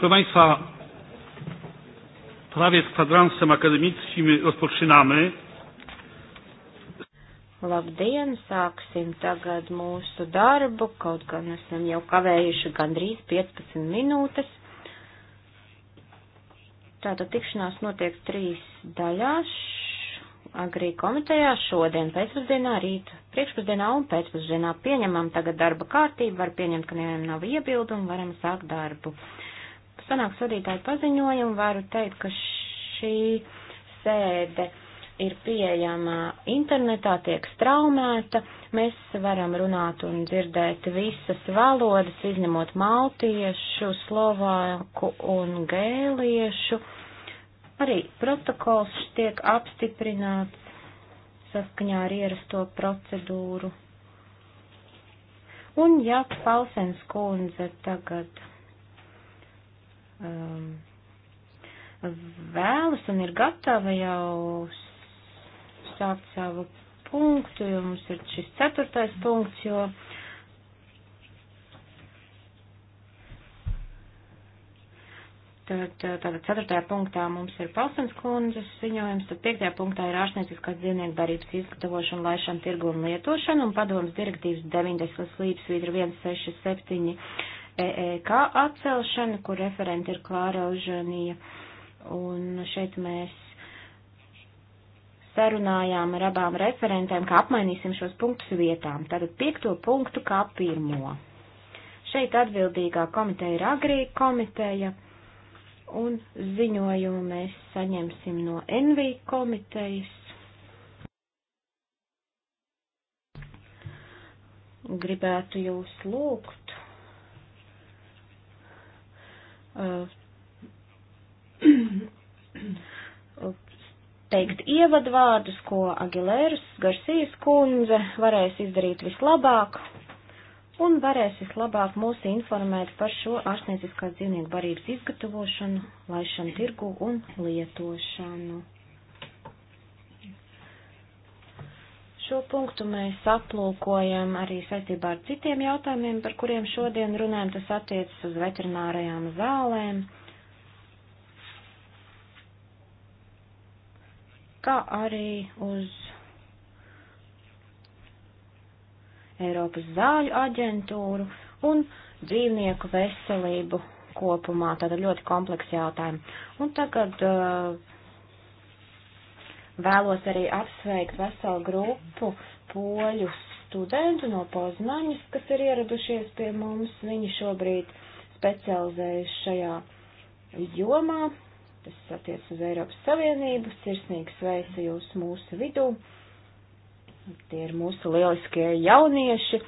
Proszę Państwa, prawie z kwadransem akademickim rozpoczynamy. Labdien, sāksim tagad mūsu darbu, kaut gan esam jau kavējuši gandrīz 15 minūtes. Tātad tikšanās notiek trīs daļās. Agrī komitejā šodien pēcpusdienā, rīt priekšpusdienā un pēcpusdienā pieņemam tagad darba kārtību, var pieņemt, ka nevienam nav iebildu un varam sākt darbu. Uh, sanāks vadītāju paziņojumu, varu teikt, ka šī sēde ir pieejama internetā, tiek straumēta. Mēs varam runāt un dzirdēt visas valodas, izņemot maltiešu, slovāku un gēliešu. Arī protokols tiek apstiprināts saskaņā ar ierasto procedūru. Un ja Pausens kundze tagad um, vēlas un ir gatava jau sākt savu punktu, jo mums ir šis ceturtais punkts, jo tad, tātad ceturtajā punktā mums ir Palsens kundzes ziņojums, tad piektajā punktā ir ārstnieciskās dzīvnieku darības izgatavošana, laišana, tirgu un lietošana un padomas direktīvas 90 līdz 167 EEK atcelšana, kur referenti ir Klāra Užanija. Un šeit mēs sarunājām ar abām referentēm, ka apmainīsim šos punktus vietām. Tātad piekto punktu kā pirmo. Šeit atbildīgā komiteja ir agrī komiteja, un ziņojumu mēs saņemsim no NV komitejas. Gribētu jūs lūgt teikt ievadvārdus, ko Agilēras Garcijas kundze varēs izdarīt vislabāk un varēs vislabāk mūs informēt par šo ārstnieciskās dzīvnieku barības izgatavošanu, laišanu tirgu un lietošanu. Šo punktu mēs aplūkojam arī saistībā ar citiem jautājumiem, par kuriem šodien runājam. Tas attiecas uz veterinārajām zālēm, kā arī uz Eiropas zāļu aģentūru un dzīvnieku veselību kopumā. Tātad ļoti kompleks jautājumi. Un tagad uh, Vēlos arī apsveikt veselu grupu poļu studentu no Poznaņas, kas ir ieradušies pie mums. Viņi šobrīd specializējas šajā jomā. Tas attiec uz Eiropas Savienību. Sirsnīgi sveicu jūs mūsu vidū. Tie ir mūsu lieliskie jaunieši.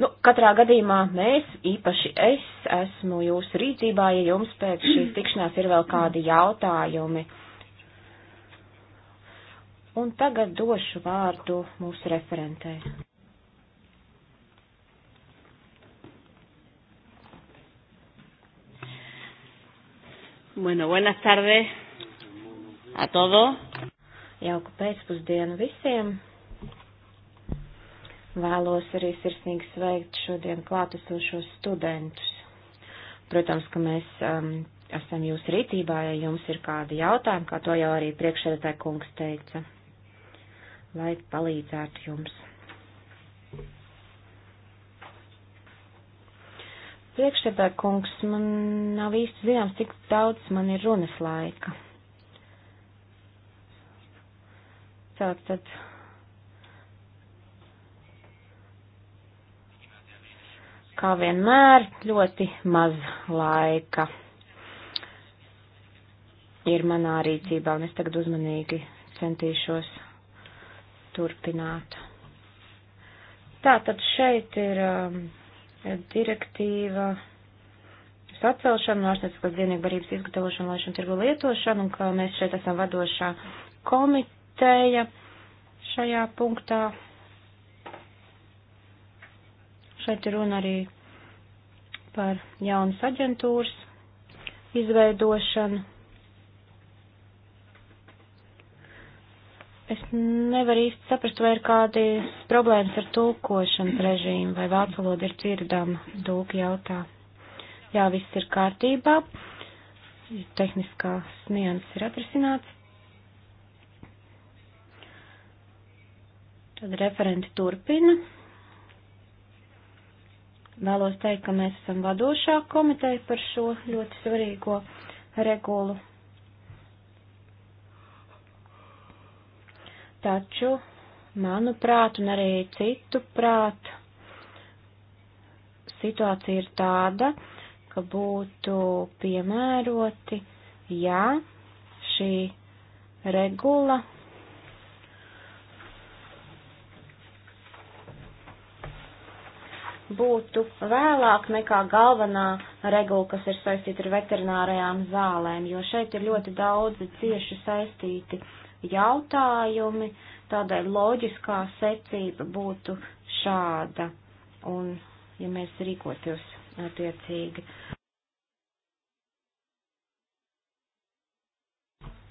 Nu, katrā gadījumā mēs, īpaši es, esmu jūsu rīcībā, ja jums pēc šīs tikšanās ir vēl kādi jautājumi. Mm Un tagad došu vārdu mūsu referentei. Bueno, buenas tardes a todos. Jauku pēcpusdienu visiem. Vēlos arī sirsnīgi sveikt šodien klātesošos studentus. Protams, ka mēs um, esam jūsu rītībā, ja jums ir kādi jautājumi, kā to jau arī priekšredatē kungs teica lai palīdzētu jums. Priekšsēdā kungs, man nav īsti zināms, cik daudz man ir runas laika. Tātad. Kā vienmēr, ļoti maz laika ir manā rīcībā, un es tagad uzmanīgi centīšos turpināt. Tātad šeit ir um, direktīva sacelšanu, ārstnieciskās vienībbarības izgatavošanu, laišanu tirgu lietošanu, un ka mēs šeit esam vadošā komiteja šajā punktā. Šeit ir runa arī par jaunas aģentūras izveidošanu, Es nevaru īsti saprast, vai ir kādi problēmas ar tūkošanas režīmu, vai vācu valoda ir dzirdama, tūki jautā. Jā, viss ir kārtībā, tehniskās nianses ir atrisināts. Tad referenti turpina. Vēlos teikt, ka mēs esam vadošā komiteja par šo ļoti svarīgo regulu Taču, manuprāt, un arī citu prāt, situācija ir tāda, ka būtu piemēroti, ja šī regula būtu vēlāk nekā galvenā regula, kas ir saistīta ar veterinārajām zālēm, jo šeit ir ļoti daudzi cieši saistīti jautājumi, tādēļ loģiskā secība būtu šāda, un ja mēs rīkotos attiecīgi.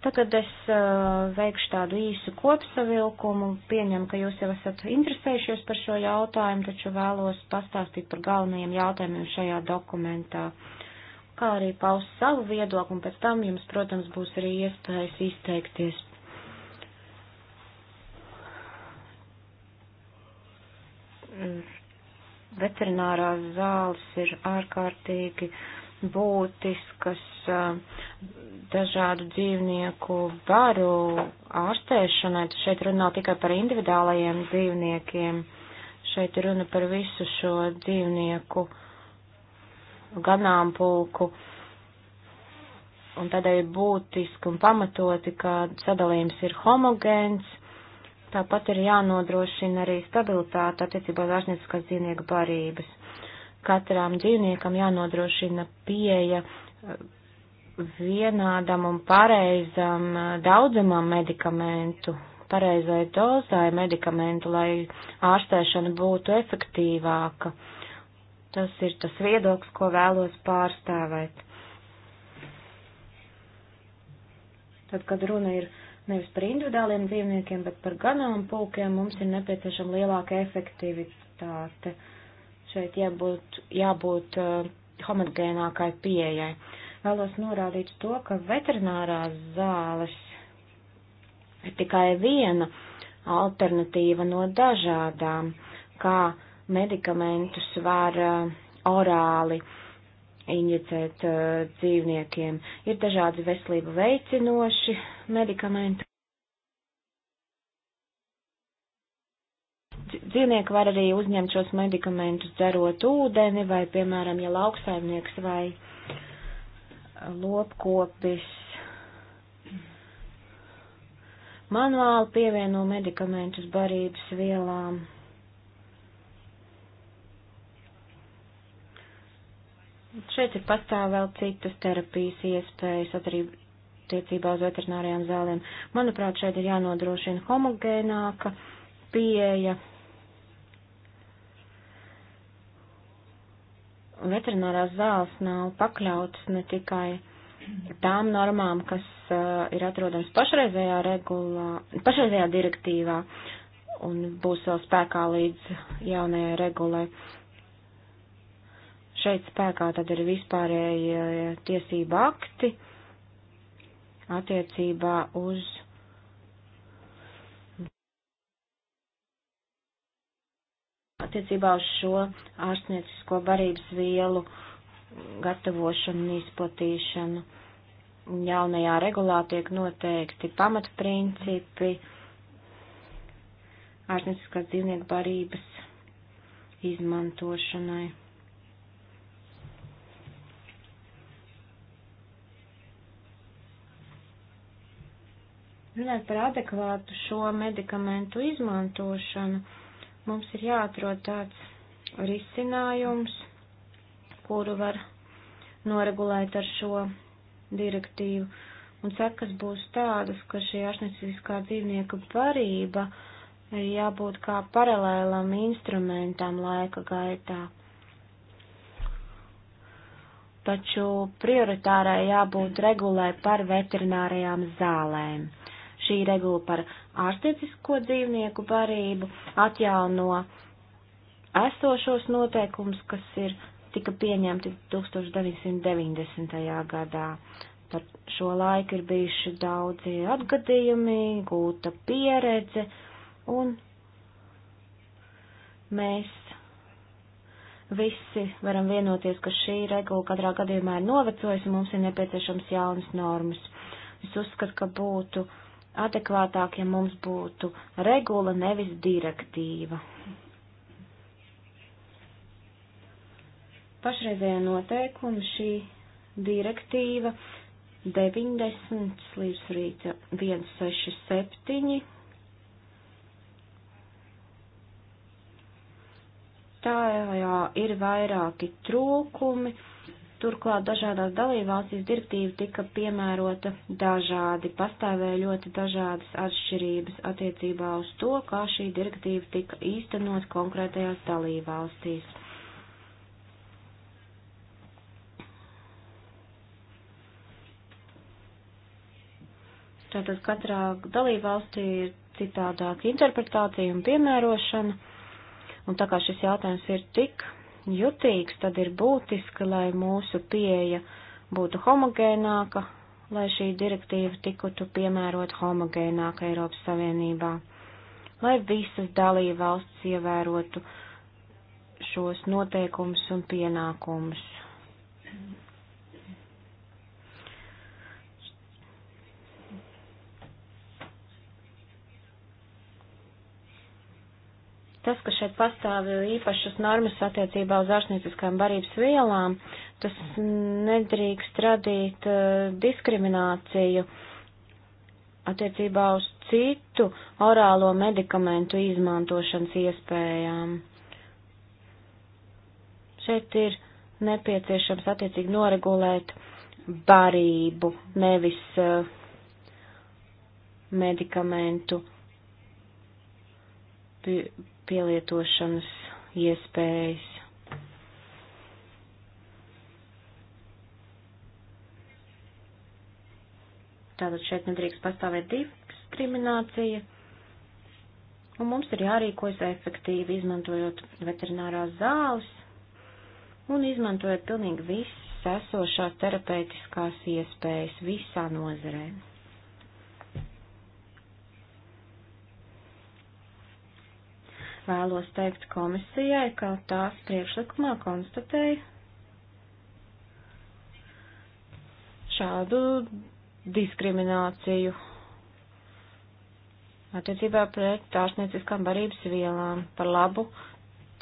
Tagad es uh, veikšu tādu īsu kopsavilkumu, pieņem, ka jūs jau esat interesējušies par šo jautājumu, taču vēlos pastāstīt par galvenajiem jautājumiem šajā dokumentā, kā arī paust savu viedokli, un pēc tam jums, protams, būs arī iespējas izteikties veterinārās zāles ir ārkārtīgi būtiskas eh, dažādu dzīvnieku varu ārstēšanai. Šeit runa nav tikai par individuālajiem dzīvniekiem, šeit runa par visu šo dzīvnieku ganāmpulku. Un tādēļ būtiski un pamatoti, ka sadalījums ir homogēns, Tāpat ir jānodrošina arī stabilitāte attiecībā uz ārstnieciskās dzīvnieku barības. Katram dzīvniekam jānodrošina pieeja eh, vienādam un pareizam eh, daudzumam medikamentu, pareizai dozai medikamentu, lai ārstēšana būtu efektīvāka. Tas ir tas viedoklis, ko vēlos pārstāvēt. Tad, kad runa ir nevis par individuāliem dzīvniekiem, bet par ganāmpulkiem mums ir nepieciešama lielāka efektivitāte. Šeit jābūt, jābūt uh, homogēnākai pieejai. Vēlos norādīt to, ka veterinārās zāles ir tikai viena alternatīva no dažādām, kā medikamentus var uh, orāli injicēt uh, dzīvniekiem. Ir dažādi veselību veicinoši medikamenti. Dzīvnieki var arī uzņemt šos medikamentus dzerot ūdeni vai, piemēram, ja lauksaimnieks vai lopkopis manuāli pievieno medikamentus barības vielām. Šeit ir pastāv vēl citas terapijas iespējas atkarībā attiecībā uz veterinārijām zālēm. Manuprāt, šeit ir jānodrošina homogēnāka pieeja. Veterinārās zāles nav pakļautas ne tikai tām normām, kas uh, ir atrodams pašreizējā regulā, pašreizējā direktīvā un būs vēl spēkā līdz jaunajai regulai šeit spēkā tad ir vispārējie tiesība akti, attiecībā uz attiecībā uz šo ārstniecisko barības vielu gatavošanu un izplatīšanu. Jaunajā regulā tiek noteikti pamatprincipi ārstnieciskās dzīvnieku barības izmantošanai. runāt par adekvātu šo medikamentu izmantošanu, mums ir jāatrod tāds risinājums, kuru var noregulēt ar šo direktīvu. Un sekas būs tādas, ka šī ārstnieciskā dzīvnieka varība ir jābūt kā paralēlam instrumentam laika gaitā. Taču prioritārai jābūt regulē par veterinārajām zālēm šī regula par ārstniecisko dzīvnieku barību atjauno esošos noteikumus, kas ir tika pieņemti 1990. gadā. Par šo laiku ir bijuši daudzi atgadījumi, gūta pieredze, un mēs visi varam vienoties, ka šī regula katrā gadījumā ir novecojusi, mums ir nepieciešams jaunas normas. Es uzskatu, ka būtu uh, adekvātāk, ja mums būtu regula, nevis direktīva. Pašreizējā noteikuma šī direktīva 90 līdz rīta 167. Tā jā, ir vairāki trūkumi Turklāt dažādās dalībvalstīs direktīva tika piemērota dažādi, pastāvēja ļoti dažādas atšķirības attiecībā uz to, kā šī direktīva tika īstenot konkrētajās dalībvalstīs. Tātad katrā dalībvalstī ir citādāka interpretācija un piemērošana, un tā kā šis jautājums ir tik jutīgs, tad ir būtiski, lai mūsu pieeja būtu homogēnāka, lai šī direktīva tiktu piemērot homogēnāk Eiropas Savienībā, lai visas dalība valsts ievērotu šos noteikumus un pienākumus. Tas, ka šeit pastāv īpašas normas attiecībā uz ārstnieciskām barības vielām, tas nedrīkst radīt uh, diskrimināciju attiecībā uz citu orālo medikamentu izmantošanas iespējām. Šeit ir nepieciešams attiecīgi noregulēt barību, nevis uh, medikamentu pielietošanas iespējas. Tātad šeit nedrīkst pastāvēt diskriminācija, un mums ir jārīkojas efektīvi, izmantojot veterinārās zāles un izmantojot pilnīgi visas esošās terapeitiskās iespējas visā nozarē. Vēlos teikt komisijai, ka tās priekšlikumā konstatēja šādu diskrimināciju attiecībā pret ārstnieciskām barības vielām par labu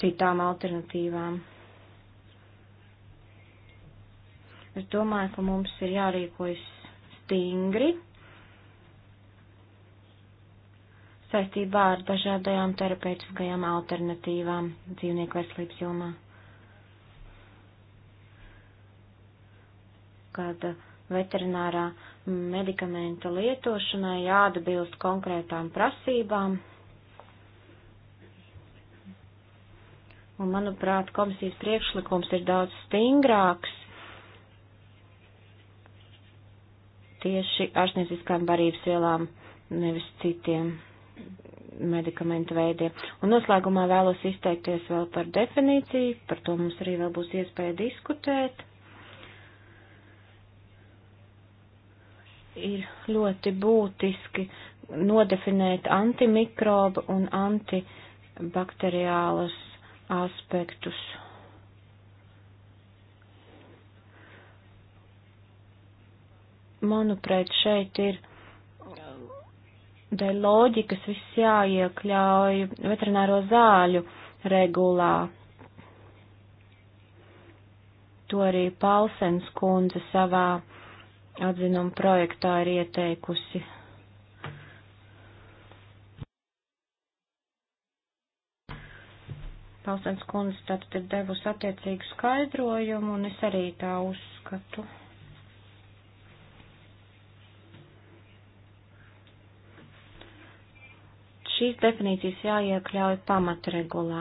citām alternatīvām. Es domāju, ka mums ir jārīkojas stingri saistībā ar dažādajām terapeitiskajām alternatīvām dzīvnieku veselības jomā. Kad veterinārā medikamenta lietošanai jāatbilst konkrētām prasībām. Un, manuprāt, komisijas priekšlikums ir daudz stingrāks tieši ārstnieciskām barības vielām, nevis citiem medikamentu veidiem. Un noslēgumā vēlos izteikties vēl par definīciju, par to mums arī vēl būs iespēja diskutēt. Ir ļoti būtiski nodefinēt antimikrobu un antibakteriālus aspektus. Manuprāt, šeit ir dēļ loģikas viss jāiekļauj veterināro zāļu regulā. To arī Palsens kundze savā atzinuma projektā ir ieteikusi. Palsens kundze tātad ir devusi attiecīgu skaidrojumu, un es arī tā uzskatu. šīs definīcijas jāiekļauj pamatregulā.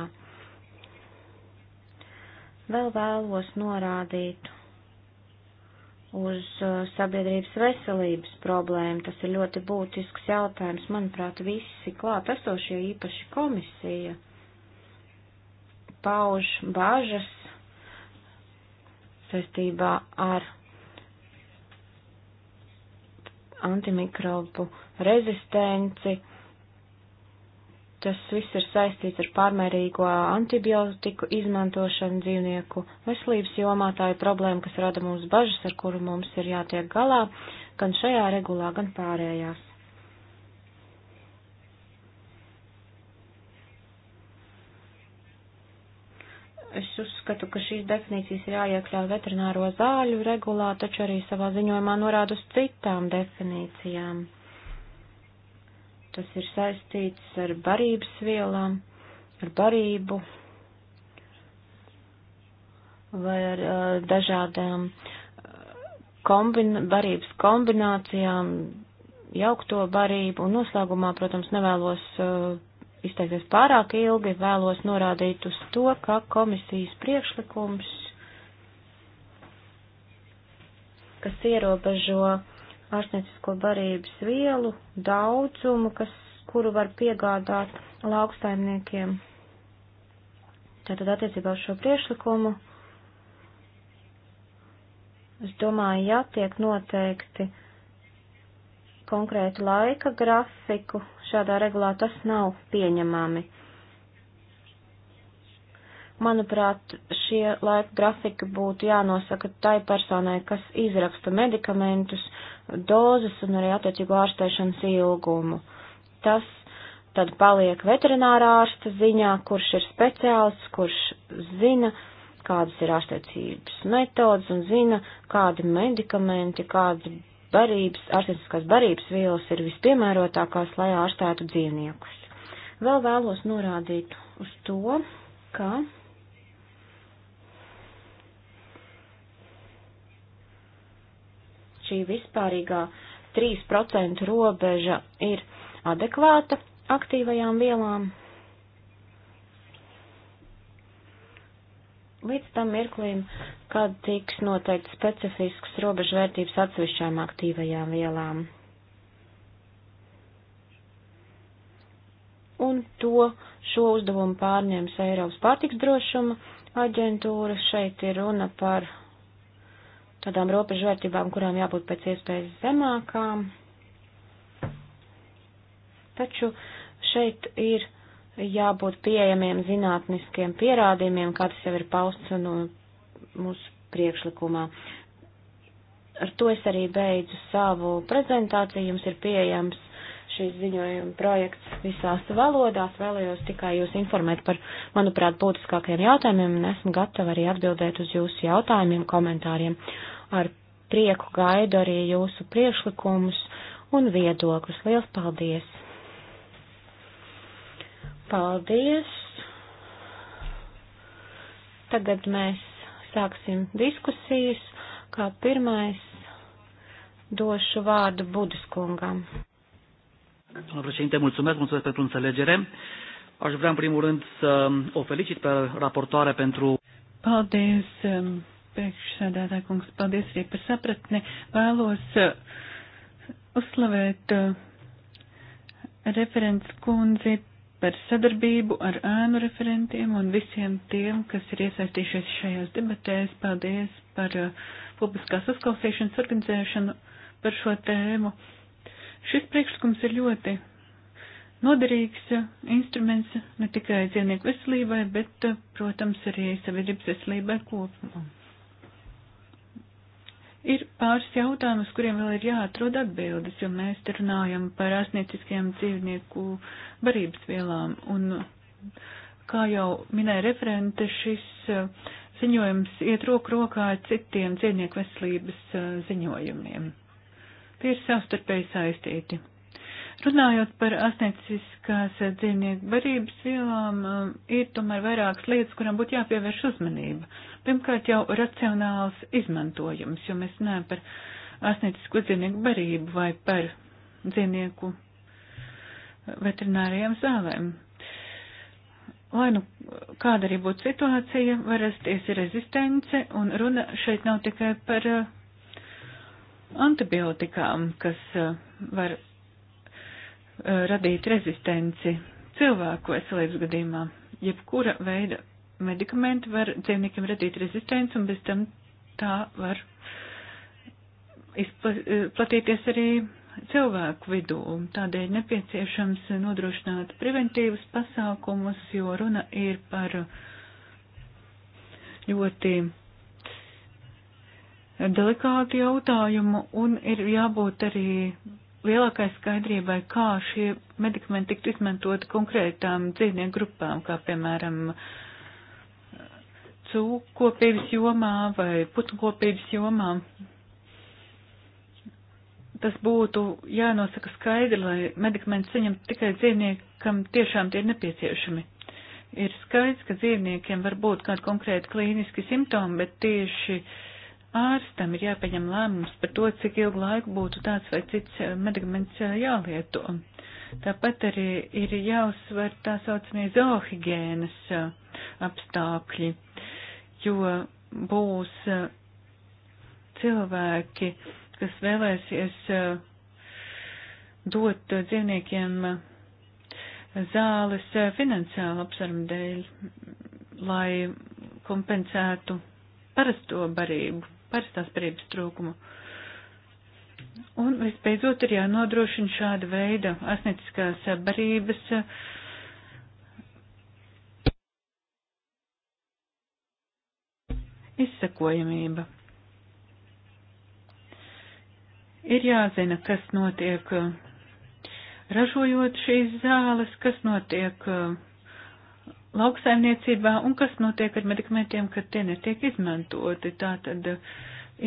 Vēl vēlos norādīt uz uh, sabiedrības veselības problēmu. Tas ir ļoti būtisks jautājums. Manuprāt, visi klāt esošie īpaši komisija pauž bāžas saistībā ar antimikrobu rezistenci Tas viss ir saistīts ar pārmērīgo antibiotiku izmantošanu dzīvnieku veselības jomā. Tā ir problēma, kas rada mums bažas, ar kuru mums ir jātiek galā, gan šajā regulā, gan pārējās. Es uzskatu, ka šīs definīcijas ir jāiekļauj veterināro zāļu regulā, taču arī savā ziņojumā norāda uz citām definīcijām. Tas ir saistīts ar barības vielām, ar barību vai ar uh, dažādām kombin barības kombinācijām, jaukto barību un noslēgumā, protams, nevēlos uh, izteikties pārāk ilgi, vēlos norādīt uz to, ka komisijas priekšlikums, kas ierobežo ārstniecisko barības vielu daudzumu, kas, kuru var piegādāt lauksaimniekiem. Tātad attiecībā uz šo priešlikumu, es domāju, ja tiek noteikti konkrēti laika grafiku, šādā regulā tas nav pieņemami. Manuprāt, šie laika grafika būtu jānosaka tai personai, kas izraksta medikamentus, uh, dozes un arī attiecīgo ārstēšanas ilgumu. Tas tad paliek veterinārā ārsta ziņā, kurš ir speciālists, kurš zina, kādas ir ārstniecības metodas un zina, kādi medikamenti, kādas barības, ārstnieciskās barības vielas ir vispiemērotākās, lai ārstētu dzīvniekus. Vēl vēlos norādīt uz to, ka šī vispārīgā 3% robeža ir adekvāta aktīvajām vielām. Līdz tam mirklim, kad tiks noteikti specifisks robežvērtības atsevišķām aktīvajām vielām. Un to šo uzdevumu pārņems Eiropas pārtiks drošuma aģentūra. Šeit ir runa par tādām robežvērtībām, kurām jābūt pēc iespējas zemākām. Taču šeit ir jābūt pieejamiem zinātniskiem pierādījumiem, kā tas jau ir pausts no mūsu priekšlikumā. Ar to es arī beidzu savu prezentāciju. Jums ir pieejams šīs ziņojuma projekts visās valodās. Vēlējos tikai jūs informēt par, manuprāt, būtiskākajiem jautājumiem un esmu gatava arī atbildēt uz jūsu jautājumiem, komentāriem. Ar prieku gaidu arī jūsu priekšlikumus un viedokļus. Liels paldies! Paldies! Tagad mēs sāksim diskusijas. Kā pirmais došu vārdu Budas kungam. Domnul președinte, mulțumesc, mulțumesc pentru înțelegere. Aș vrea în primul rând să o felicit pe raportoare pentru. Paldies, um, priekšsēdētāj kungs, paldies arī par sapratni. Vēlos uh, uzslavēt uh, referents kundzi par sadarbību ar ēnu referentiem un visiem tiem, kas ir iesaistījušies šajās debatēs. Paldies par uh, publiskās uzklausīšanas organizēšanu par šo tēmu. Uh, Šis priekšlikums ir ļoti noderīgs instruments ne tikai dzīvnieku veselībai, bet, protams, arī sabiedrības veselībai kopumā. Ir pāris jautājumi, uz kuriem vēl ir jāatrod atbildes, jo mēs te runājam par ārstnieciskajām dzīvnieku barības vielām. Un, kā jau minēja referente, šis uh, ziņojums iet roku rokā ar citiem dzīvnieku veselības uh, ziņojumiem. Tie ir savstarpēji saistīti. Runājot par asnēciskās dzīvnieku barības vielām, eh, ir tomēr vairākas lietas, kurām būtu jāpievērš uzmanība. Pirmkārt jau racionāls izmantojums, jo mēs runājam par asnēcisko dzīvnieku barību vai par dzīvnieku veterinārijām zālēm. Lai nu kāda arī būtu situācija, var rasties rezistence, un runa šeit nav tikai par uh, antibiotikām, kas eh, var eh, radīt rezistenci cilvēku veselības gadījumā. Jebkura veida medikamenti var dzīvniekiem radīt rezistenci un bez tam tā var izplatīties eh, arī cilvēku vidū. Tādēļ nepieciešams nodrošināt preventīvus pasākumus, jo runa ir par ļoti delikātu jautājumu un ir jābūt arī lielākai skaidrībai, kā šie medikamenti tiktu izmantoti konkrētām dzīvnieku grupām, kā piemēram cūkopības jomā vai putnkopības jomā. Tas būtu jānosaka skaidri, lai medikamenti saņem tikai dzīvnieki, kam tiešām tie ir nepieciešami. Ir skaidrs, ka dzīvniekiem var būt kādi konkrēti klīniski simptomi, bet tieši uh, ārstam ir jāpieņem lēmums par to, cik ilgu laiku būtu tāds vai cits eh, medikaments eh, jālieto. Tāpat arī ir jāuzsver tā saucamie zoohigienas eh, apstākļi, jo būs cilvēki, kas vēlēsies dot dzīvniekiem zāles finansiālu apsvērumu dēļ, lai kompensētu parasto barību parastās perības trūkumu. Un visbeidzot ir jānodrošina šāda veida asnetiskās barības. Izsekojamība. Ir jāzina, kas notiek ražojot šīs zāles, kas notiek uh, lauksaimniecībā un kas notiek ar medikamentiem, kad tie netiek izmantoti. Tā tad eh,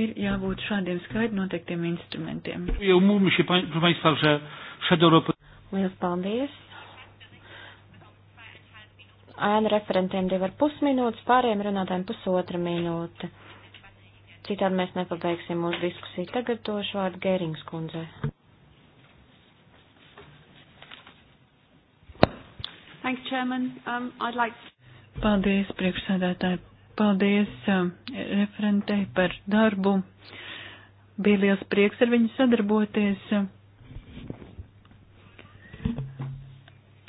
ir jābūt šādiem skaidri noteiktiem instrumentiem. Lielas paldies! Ēnu referentiem divi ar pus minūtes, pārējiem runātājiem pusotra minūte. Citādi mēs nepabeigsim mūsu diskusiju. Tagad došu vārdu Gērings kundzei. Thanks, Chairman. Um, I'd like to... Paldies, priekšsēdētāji. Paldies um, referentei par darbu. Bija liels prieks ar viņu sadarboties.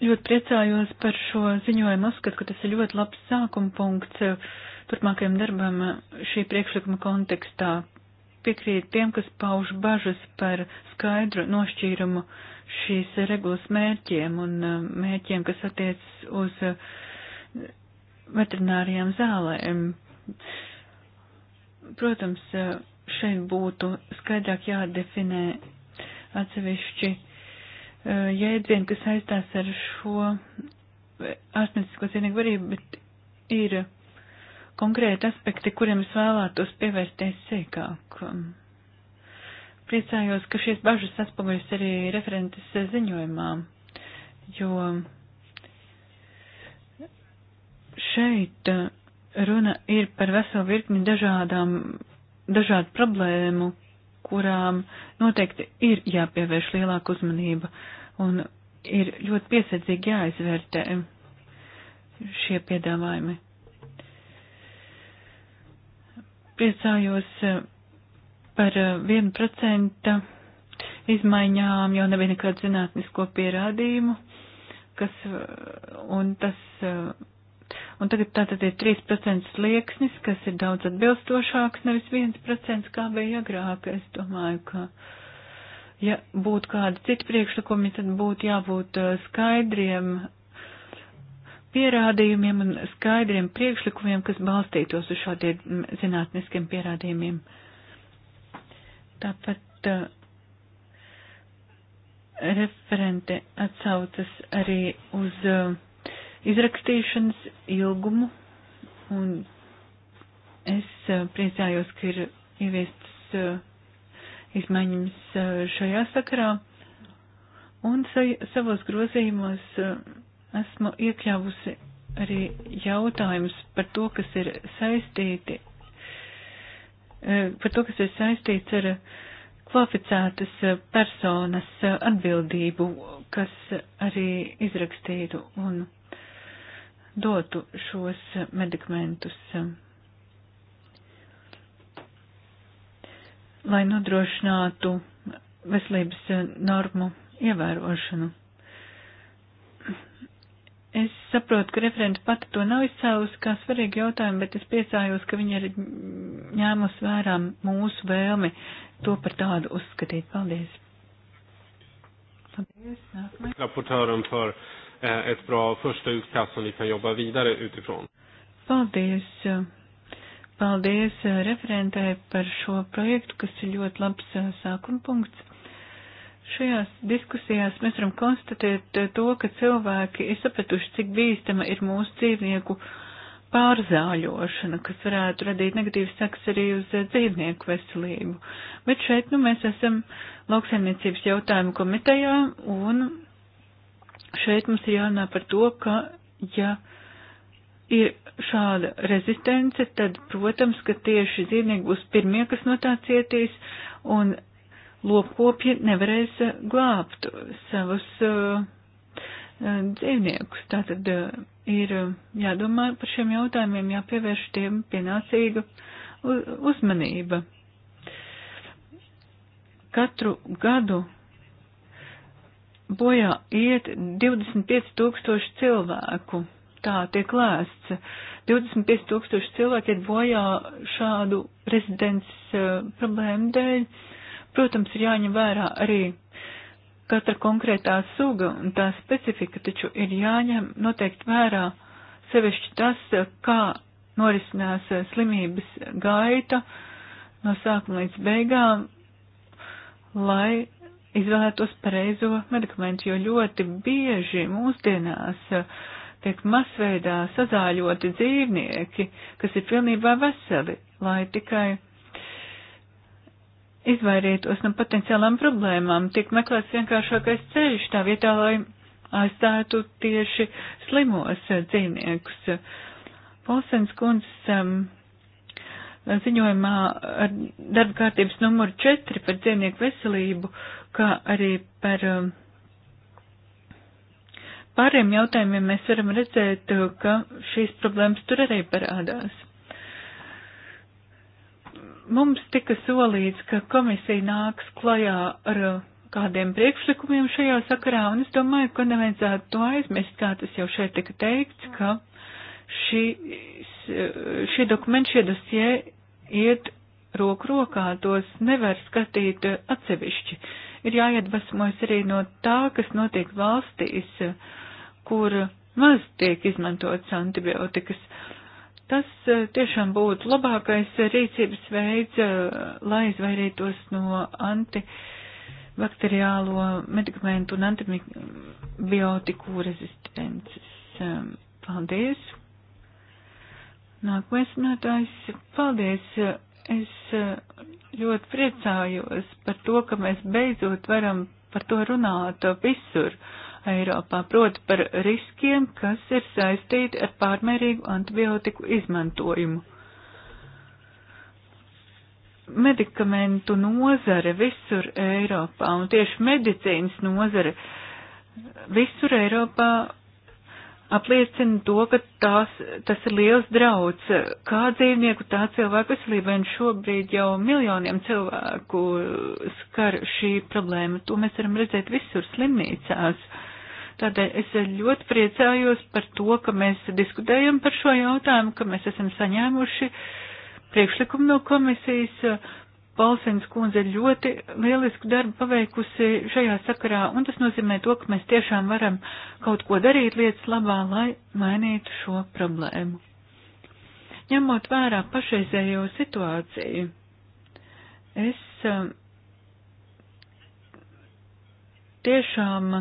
Ļoti priecājos par šo ziņojumu. Uzskatu, ka tas ir ļoti labs sākuma punkts uh, turpmākajam darbam uh, šī priekšlikuma kontekstā. Piekrīt tiem, kas pauž bažas par skaidru nošķīrumu šīs regulas mērķiem un uh, mērķiem, kas attiec uz uh, veterinārijām zālēm. Protams, uh, šeit būtu skaidrāk jādefinē atsevišķi jēdzieni, kas saistās ar šo ārstniecisko cienīgu varību, bet ir konkrēti aspekti, kuriem es vēlētos pievērsties sīkāk. Um, Priecājos, ka šīs bažas atspoguļas arī referentes ziņojumā, jo šeit uh, runa ir par veselu virkni dažādām, dažādu problēmu, kurām noteikti ir jāpievērš lielāka uzmanība un ir ļoti piesardzīgi jāizvērtē šie piedāvājumi. Priecājos uh, Par 1% eh, izmaiņām jau nebija nekādu zinātnisko pierādījumu, kas, eh, un tas, eh, un tagad tātad ir 3% slieksnis, kas ir daudz atbilstošāks, nevis 1%, kā bija agrāk. Es domāju, ka, ja būtu kādi citi priekšlikumi, tad būtu jābūt skaidriem pierādījumiem un skaidriem priekšlikumiem, kas balstītos uz šādiem mm, zinātniskiem pierādījumiem. Uh, Tāpat uh, referente atsaucas arī uz uh, izrakstīšanas ilgumu, un es uh, priecājos, ka ir ieviestas uh, izmaiņas uh, šajā sakarā, un sa savos grozījumos uh, esmu iekļāvusi arī jautājums par to, kas ir saistīti Eh, par to, kas ir saistīts ar eh, kvalificētas eh, personas atbildību, kas arī izrakstītu un dotu šos medikamentus, lai nodrošinātu veselības normu ievērošanu. Es saprotu, ka referenta pati to nav izcēlusi kā svarīgu jautājumu, bet es priecājos, ka viņa ir ņēmus vērā mūsu vēlmi to par tādu uzskatīt. Paldies! Paldies! Nākamais. par eh, ett bra första utkast som vi kan jobba vidare utifrån. Paldies! Paldies eh, referentai par šo projektu, kas ir ļoti labs eh, sākuma punkts. Šajās diskusijās mēs varam konstatēt eh, to, ka cilvēki ir sapratuši, cik bīstama ir mūsu dzīvnieku pārzāļošana, kas varētu radīt negatīvas sekas arī uz eh, dzīvnieku veselību. Bet šeit, nu, mēs esam lauksaimniecības jautājumu komitejā, un šeit mums ir jārunā par to, ka, ja ir šāda rezistence, tad, protams, ka tieši dzīvnieki būs pirmie, kas no tā cietīs, un lopkopji nevarēs eh, glābt savus uh, dzīvniekus. Tātad uh, ir jādomā par šiem jautājumiem, jāpievērš tiem pienācīga uzmanība. Katru gadu bojā iet 25 tūkstoši cilvēku. Tā tiek lēsts. 25 tūkstoši cilvēki iet bojā šādu rezidents uh, problēmu dēļ. Uh, Protams, ir jāņem vērā arī katra konkrētā suga un tā specifika, taču ir jāņem noteikti vērā sevišķi tas, kā norisinās slimības gaita no sākuma līdz beigām, lai izvēlētos pareizo medikamentu, jo ļoti bieži mūsdienās tiek masveidā sazāļoti dzīvnieki, kas ir pilnībā veseli, lai tikai izvairītos no potenciālām problēmām. Tiek meklēts vienkāršākais ceļš tā vietā, lai aizstātu tieši slimos dzīvniekus. Polsens kundzes um, ziņojumā ar darba kārtības numuru 4 par dzīvnieku veselību, kā arī par um, pāriem jautājumiem mēs varam redzēt, uh, ka šīs problēmas tur arī parādās. Mums tika solīts, ka komisija nāks klajā ar kādiem priekšlikumiem šajā sakarā, un es domāju, ka nevajadzētu to aizmirst, kā tas jau šeit tika teikts, ka šī, šie dokumenti, šie dosie iet roku rokā, tos nevar skatīt atsevišķi. Ir jāiedvesmojas arī no tā, kas notiek valstīs, kur maz tiek izmantotas antibiotikas. Uh, Tas eh, tiešām būtu labākais rīcības veids, eh, lai izvairītos no antibakteriālo medikamentu un antibiotiku rezistences. Paldies! Nākamais runātājs, paldies! Es eh, ļoti priecājos par to, ka mēs beidzot varam par to runāt visur. Uh, Eiropā, proti par riskiem, kas ir saistīti ar pārmērīgu antibiotiku izmantojumu. Medikamentu nozare visur Eiropā un tieši medicīnas nozare visur Eiropā apliecina to, ka tās, tas ir liels drauds kā dzīvnieku, tā cilvēku veselībai, un šobrīd jau miljoniem cilvēku skar šī problēma. To mēs varam redzēt visur slimnīcās. Uh, Tādēļ es ļoti priecājos par to, ka mēs diskutējam par šo jautājumu, ka mēs esam saņēmuši priekšlikumu no komisijas. Palsins kundze ir ļoti lielisku darbu paveikusi šajā sakarā, un tas nozīmē to, ka mēs tiešām varam kaut ko darīt lietas labā, lai mainītu šo problēmu. Ņemot vērā pašreizējo situāciju, es um, tiešām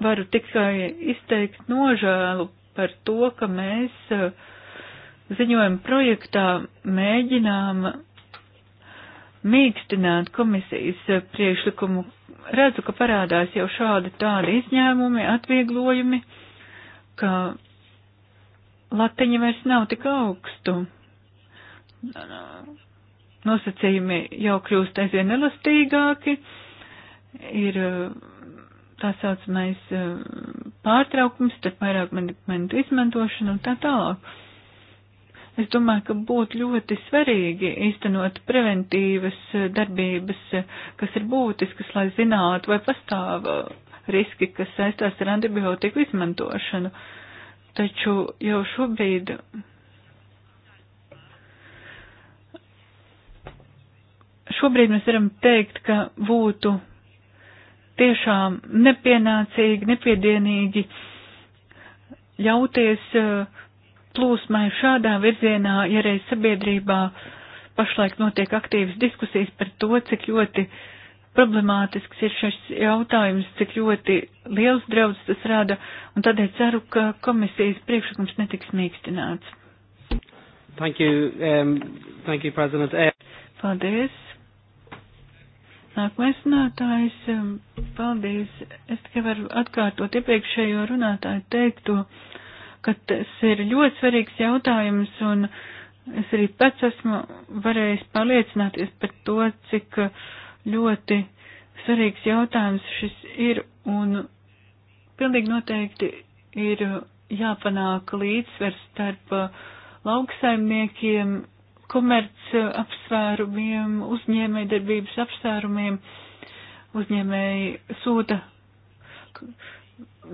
Varu tikai izteikt nožēlu par to, ka mēs eh, ziņojuma projektā mēģinām mīkstināt komisijas eh, priekšlikumu. Redzu, ka parādās jau šādi tādi izņēmumi, atvieglojumi, ka latiņa vairs nav tik augstu. Nosacījumi jau kļūst aizvien elastīgāki, ir eh, tā saucamais eh, pārtraukums, tad vairāk medikamentu izmantošana un tā tālāk. Es domāju, ka būtu ļoti svarīgi īstenot preventīvas eh, darbības, eh, kas ir būtiskas, lai zinātu, vai pastāv riski, kas saistās ar antibiotiku izmantošanu. Taču jau šobrīd šobrīd mēs varam teikt, ka būtu tiešām nepienācīgi, nepiedienīgi ļauties eh, plūsmai šādā virzienā, ja reiz sabiedrībā pašlaik notiek aktīvas diskusijas par to, cik ļoti problemātisks ir šis jautājums, cik ļoti liels draudz tas rada, un tādēļ ceru, ka komisijas priekšlikums netiks mīkstināts. Thank you, um, thank you, President. Paldies, Nākamais runātājs, um, paldies. Es tikai varu atkārtot iepriekšējo runātāju teikto, ka tas ir ļoti svarīgs jautājums un es arī pats esmu varējis pārliecināties par to, cik ļoti svarīgs jautājums šis ir un pilnīgi noteikti ir jāpanāk līdzsvers starp uh, lauksaimniekiem komerc apsvērumiem, uzņēmēja darbības apsvērumiem. Uzņēmēji sūta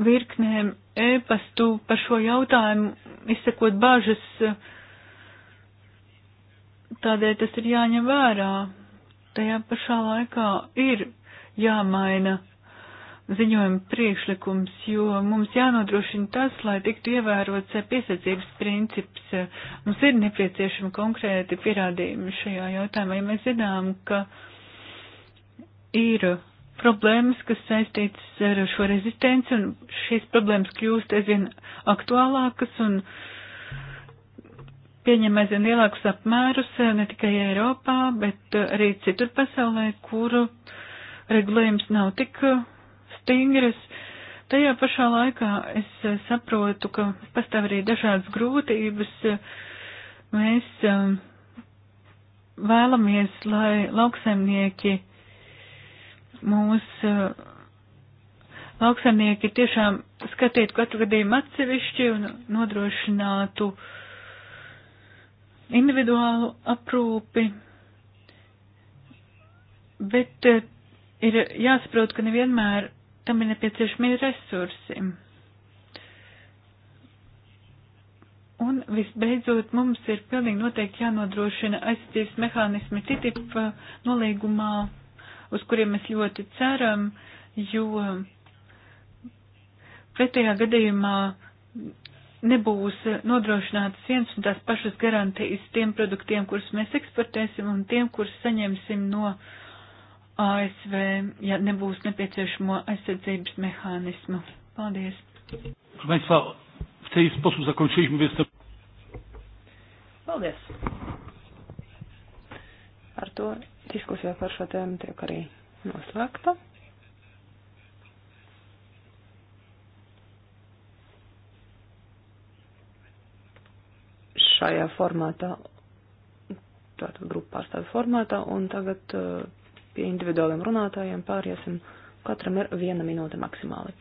virknēm ēpastu par šo jautājumu, izsakot bažas. Tādēļ tas ir jāņem vērā. Tajā pašā laikā ir jāmaina ziņojuma priekšlikums, jo mums jānodrošina tas, lai tiktu ievērots piesardzības princips. Mums ir nepieciešami konkrēti pierādījumi šajā jautājumā, ja mēs zinām, ka ir problēmas, kas saistītas ar šo rezistenci, un šīs problēmas kļūst aizvien aktuālākas un pieņem aizvien lielākus apmērus ne tikai Eiropā, bet arī citur pasaulē, kuru regulējums nav tik stingras. Tajā pašā laikā es eh, saprotu, ka pastāv arī dažādas grūtības. Mēs eh, vēlamies, lai lauksaimnieki mūs, eh, lauksaimnieki tiešām skatītu katru gadījumu atsevišķi un nodrošinātu individuālu aprūpi, bet ir jāsaprot, ka nevienmēr tam ir nepieciešami resursi. Un visbeidzot, mums ir pilnīgi noteikti jānodrošina aizsardzības mehānismi TTIP uh, nolīgumā, uz kuriem mēs ļoti ceram, jo pretējā gadījumā nebūs nodrošinātas viens un tās pašas garantijas tiem produktiem, kurus mēs eksportēsim un tiem, kurus saņemsim no uh, ASV, ja nebūs nepieciešamo aizsardzības mehānismu. Paldies! Paldies! Ar to diskusija par šo tēmu tiek arī noslēgta. Šajā formātā, tātad grupā pārstāvju formātā, un tagad uh, pie individuāliem runātājiem pāriesim. Katram ir viena minūte maksimāli.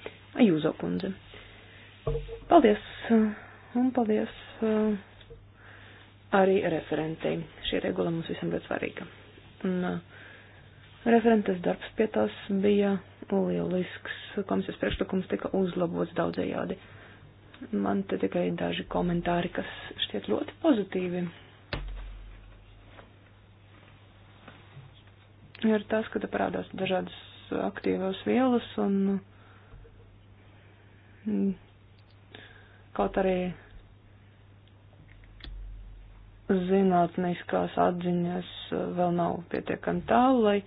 Jūzo kundze. Paldies! Uh, un paldies uh, arī referentei. Šī regula mums visam ļoti svarīga. Un uh, referentes darbs pie tās bija lielisks. Komisijas priekšlikums tika uzlabots daudzējādi. Man te tikai daži komentāri, kas šķiet ļoti pozitīvi ir tas, ka te parādās dažādas aktīvas vielas un mm, kaut arī zinātniskās atziņas vēl nav pietiekami tālu, lai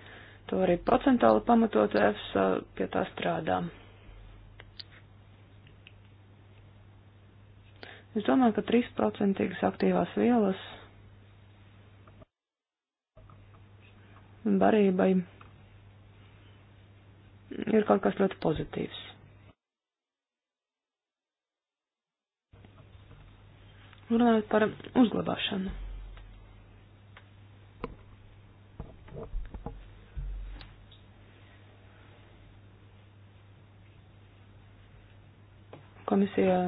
to arī procentāli pamatot EFSA pie tā strādā. Es domāju, ka 3% aktīvās vielas barībai ir kaut kas ļoti pozitīvs. Runājot par uzglabāšanu. Komisija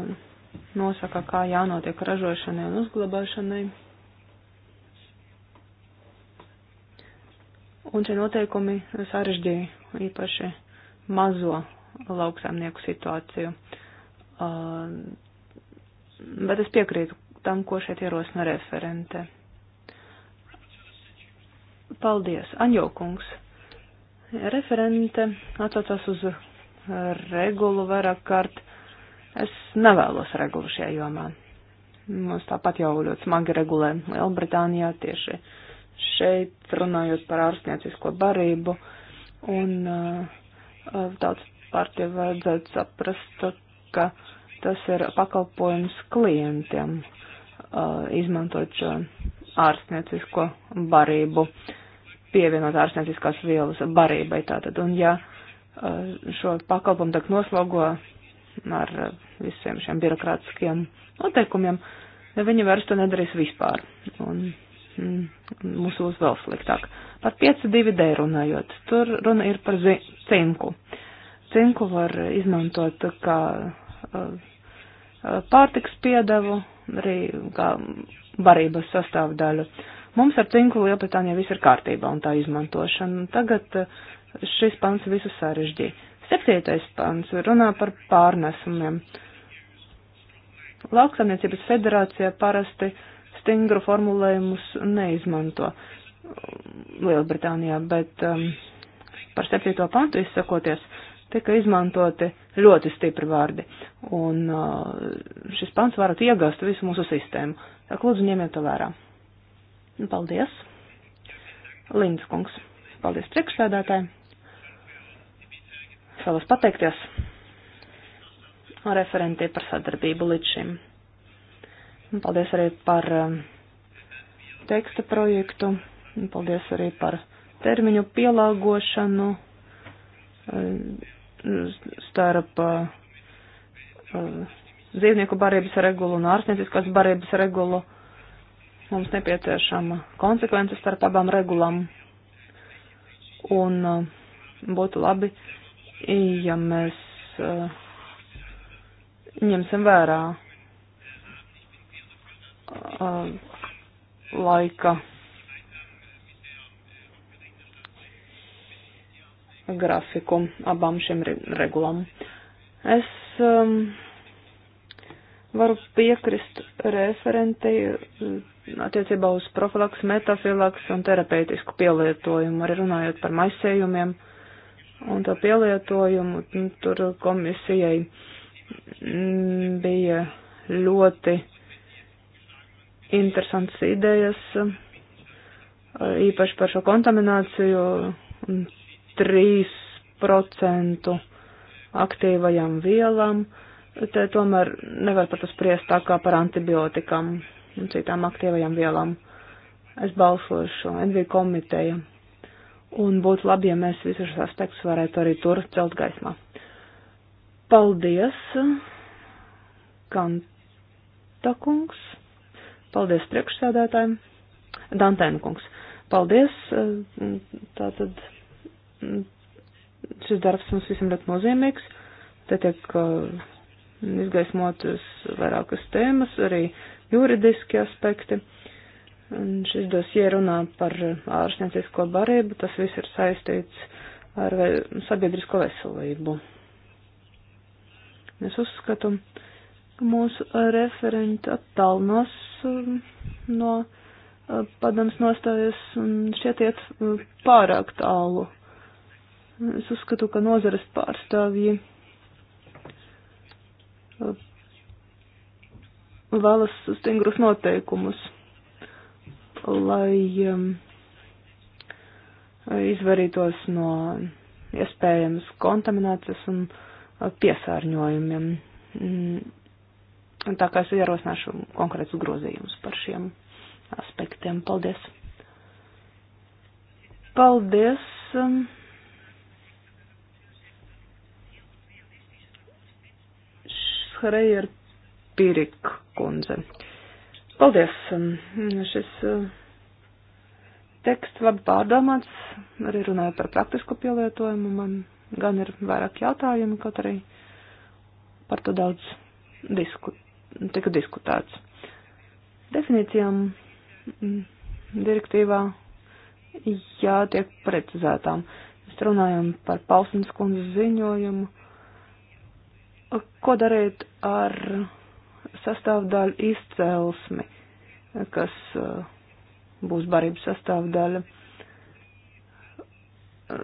nosaka, kā jānotiek ražošanai un uzglabāšanai. Un šie noteikumi sarežģīja īpaši mazo lauksaimnieku situāciju. Uh, bet es piekrītu tam, ko šeit ierosina referente. Paldies, Anjokungs. Referente atsaucās uz regulu vairāk kārt. Es nevēlos regulu šajā jomā. Mums tāpat jau ļoti smagi regulē Lielbritānijā tieši uh, šeit runājot par ārstniecisko barību, un uh, uh, daudz partija vajadzētu saprast, ka tas ir pakalpojums klientiem, uh, izmantot šo ārstniecisko barību, pievienot ārstnieciskās vielas barībai tātad. Un ja šo pakalpojumu tiek noslogo ar visiem šiem birokrātiskiem noteikumiem, viņi vairs to nedarīs vispār. Un Mm, mūs būs vēl sliktāk. Par 5,2D runājot, tur runa ir par cinku. Cinku var izmantot kā uh, pārtiks piedevu, arī kā barības sastāvdaļu. Mums ar cinku Lielbritānijā viss ir kārtībā un tā izmantošana. Tagad uh, šis pants visu sarežģīja. Septītais pants runā par pārnesumiem. Lauksaimniecības federācija parasti uh, stingru formulējumus neizmanto Lielbritānijā, bet um, par septīto pantu izsakoties tika izmantoti ļoti stipri vārdi, un uh, šis pants varat iegāst visu mūsu sistēmu. Tā kā lūdzu ņemiet to vērā. Paldies. Lindas kungs. Paldies priekšsēdētāji. Savas pateikties referentiem par sadarbību līdz šim. Paldies arī par um, teksta projektu. Paldies arī par termiņu pielāgošanu um, starp uh, um, dzīvnieku barības regulu un ārstnieciskās barības regulu. Mums nepieciešama konsekvences starp abām regulām. Un būtu labi, ja mēs uh, ņemsim vērā Uh, laika grafiku abām šīm regulām. Es um, varu piekrist referentei uh, attiecībā uz profilaks, metafilaks un terapeitisku pielietojumu, arī runājot par maisējumiem un to pielietojumu. Tur komisijai mm, bija ļoti interesantas idejas, eh, īpaši par šo kontamināciju un 3% aktīvajām vielām. Te tomēr nevar pat uzspriest tā kā par antibiotikam un citām aktīvajām vielām. Es balsošu NV komiteja. Un būtu labi, ja mēs visus šos aspektus varētu arī tur celt gaismā. Paldies, Kantakungs! Paldies priekšsēdētājiem. Dantēna kungs. Paldies. Tātad mm, šis darbs mums visiem ļoti nozīmīgs. Te tiek mm, izgaismotas vairākas tēmas, arī juridiski aspekti. Un šis dosie runā par ārstniecisko barību, tas viss ir saistīts ar sabiedrisko veselību. Es uzskatu, Mūsu referenti attālinās um, no uh, padams nostājas un šķiet iet uh, pārāk tālu. Es uzskatu, ka nozares pārstāvji uh, vēlas stingrus noteikumus, lai um, izvarītos no iespējamas kontaminācijas un piesārņojumiem. Mm, Un tā kā es ierosināšu konkrētus grozījumus par šiem aspektiem. Paldies! Paldies! Schreier Pirik kundze. Paldies! Šis eh, teksts labi pārdomāts, arī runāja par praktisku pielietojumu. Man gan ir vairāk jautājumu, kaut arī par to daudz diskutēt tika diskutēts. Definīcijām mm, direktīvā jātiek precizētām. Mēs runājam par Pausnes kundzes ziņojumu. Ko darīt ar sastāvdaļu izcelsmi, kas eh, būs barības sastāvdaļa?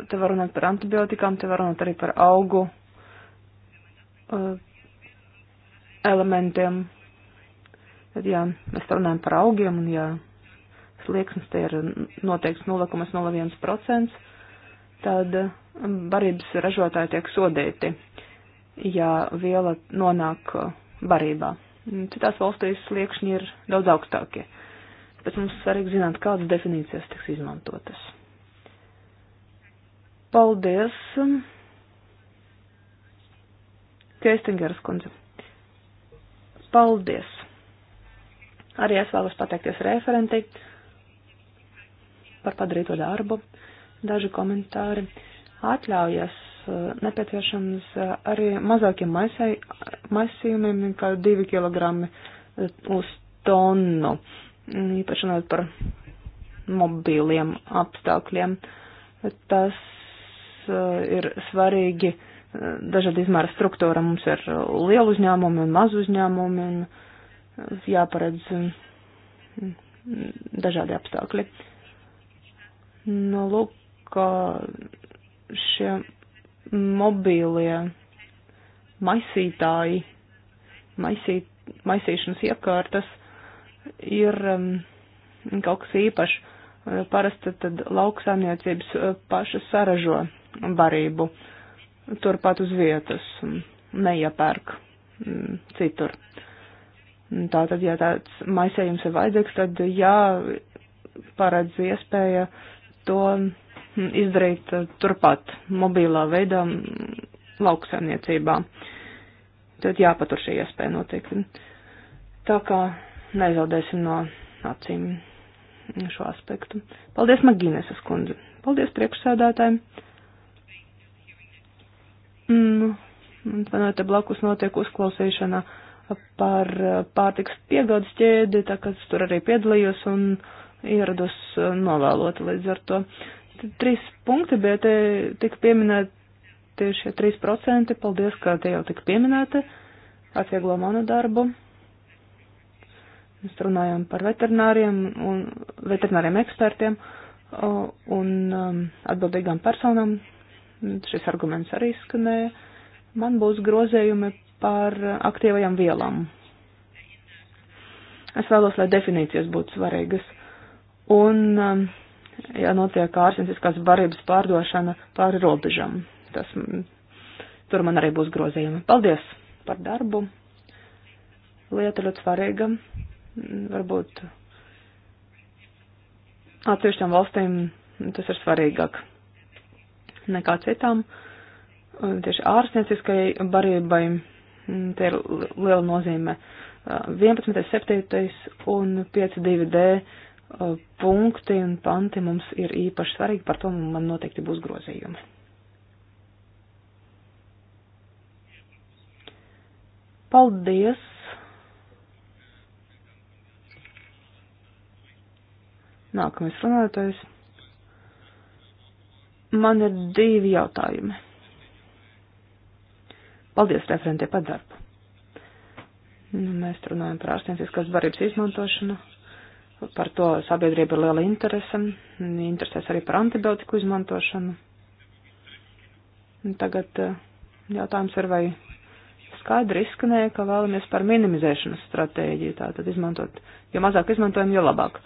Te var runāt par antibiotikām, te var runāt arī par augu eh, elementiem. Tad, ja mēs runājam par augiem un ja slieksnis te ir noteikts 0,01%, tad um, barības ražotāji tiek sodēti, ja viela nonāk uh, barībā. Citās valstīs sliekšņi ir daudz augstākie. Tāpēc mums svarīgi zināt, kādas definīcijas tiks izmantotas. Paldies! Um, Keistingers kundze. Paldies! Arī es vēlos pateikties referentei par padarīto darbu. Daži komentāri atļaujas eh, nepieciešams eh, arī mazākiem maisījumiem kā 2 kg uz tonu, mm, īpaši runājot par mobīliem apstākļiem. Tas eh, ir svarīgi dažāda izmēra struktūra. Mums ir liela uzņēmumi un mazu uzņēmumi un uh, jāparedz um, dažādi apstākļi. Nu, lūk, šie mobīlie maisītāji, maisīt, maisīšanas iekārtas ir um, kaut kas īpašs. Parasti tad lauksaimniecības uh, pašas saražo barību. Uh, turpat uz vietas, neiepērk mm, citur. Tātad, ja tāds maisējums ir vajadzīgs, tad jāparedz iespēja to mm, izdarīt turpat mobilā veidā mm, lauksaimniecībā. Tad jāpatur šī iespēja noteikti. Tā kā nezaudēsim no acīm šo aspektu. Paldies Maginesas kundze. Paldies priekšsēdētājiem. Un, mm, un te blakus notiek uzklausīšana par eh, pārtiks piegādes ķēdi, tā kā es tur arī piedalījos un ierados eh, novēlot līdz ar to. Trīs punkti, bet te eh, tika pieminēti šie 3%, paldies, ka tie jau tika pieminēti, atvieglo manu darbu. Mēs runājam par veterināriem un veterināriem ekspertiem un um, atbildīgām personām, šis arguments arī skanēja, man būs grozējumi par aktīvajām vielām. Es vēlos, lai definīcijas būtu svarīgas. Un, um, ja notiek ārstnieciskās barības pārdošana pāri robežam, tas, mm, tur man arī būs grozījumi. Paldies par darbu. Lieta ļoti svarīga. Mm, varbūt atsevišķām valstīm tas ir svarīgāk nekā citām. Tieši ārstnieciskai barībai te ir liela nozīme. 11, 7 un 5.2d punkti un panti mums ir īpaši svarīgi, par to man noteikti būs grozījumi. Paldies! Nākamais runātājs. Man ir divi jautājumi. Paldies referentē par darbu. Nu, mēs runājam par ārstnieciskās varības izmantošanu. Par to sabiedrība ir liela interese. Interesēs arī par antibiotiku izmantošanu. Tagad eh, jautājums ir, vai skaidri izskanēja, ka vēlamies par minimizēšanas stratēģiju, tātad izmantot, jo mazāk izmantojam, jo labāk.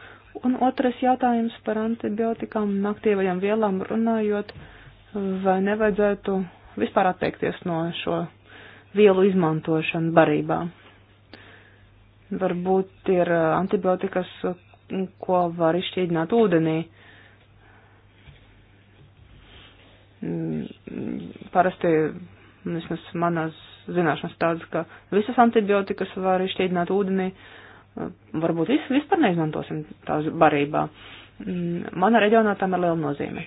Un otrais jautājums par antibiotikām un aktīvajām vielām runājot, vai nevajadzētu vispār atteikties no šo vielu izmantošanu barībā. Varbūt ir uh, antibiotikas, ko var izšķīdināt ūdenī. Mm, parasti, vismaz manas zināšanas tādas, ka visas antibiotikas var izšķīdināt ūdenī. Uh, varbūt visu vispār neizmantosim tās barībā. Mm, mana reģionā tam ir liela nozīme.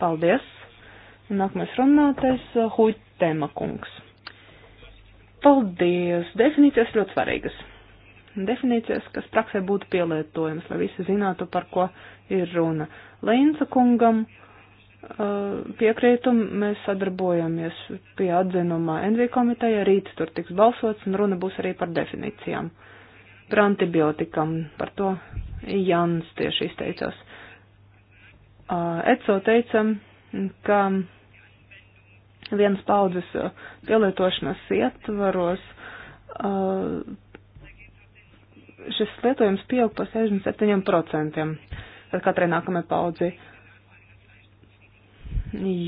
Paldies! Nākamais runātais eh, - Huitema kungs. Paldies! Definīcijas ļoti svarīgas. Definīcijas, kas praksē būtu pielietojamas, lai visi zinātu, par ko ir runa. Leinca kungam eh, piekrītu, mēs sadarbojamies pie atzinumā NV komiteja, rīt tur tiks balsots un runa būs arī par definīcijām. Uh, par antibiotikam. Par to Jans tieši izteicās. ECO teica, ka vienas paudzes pielietošanas ietvaros šis lietojums pieaug par 67%, tad katrai nākamajai paudzei,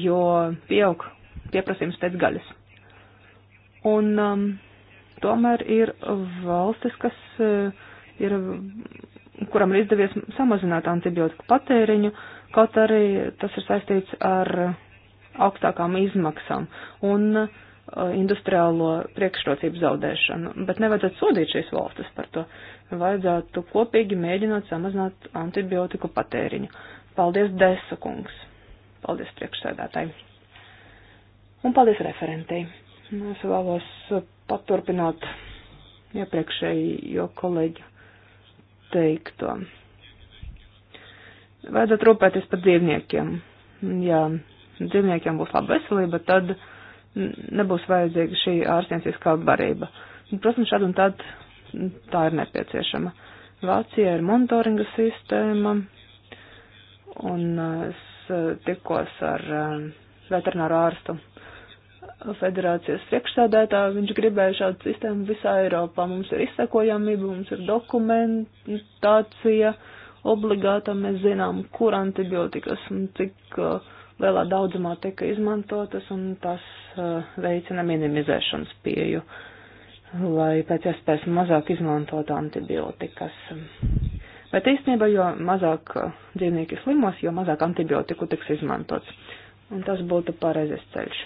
jo pieaug pieprasījums pēc gaļas. Un um, Tomēr ir valstis, kas eh, ir, kuram ir izdevies samazināt antibiotiku patēriņu, kaut arī tas ir saistīts ar augstākām izmaksām un eh, industriālo priekšrocību zaudēšanu. Bet nevajadzētu sodīt šīs valstis par to. Vajadzētu kopīgi mēģināt samazināt antibiotiku patēriņu. Paldies, Desa kungs! Paldies priekšsēdētāji! Un paldies referentei! Es vēlos paturpināt iepriekšējo kolēģu teikto. Vajadzētu rūpēties par dzīvniekiem. Ja dzīvniekiem būs laba veselība, tad nebūs vajadzīga šī ārstnieciskā barība. Protams, šad un tad tā ir nepieciešama. Vācijā ir monitoringa sistēma, un es tikos ar eh, veterināru ārstu federācijas priekšsēdētā, viņš gribēja šādu sistēmu visā Eiropā. Mums ir izsekojamība, mums ir dokumentācija obligāta, mēs zinām, kur antibiotikas un cik uh, lielā daudzumā tika izmantotas, un tas uh, veicina minimizēšanas pieju, lai pēc iespējas mazāk izmantot antibiotikas. Bet īstenībā, jo mazāk uh, dzīvnieki slimos, jo mazāk antibiotiku tiks izmantots. Un tas būtu pareizes ceļš.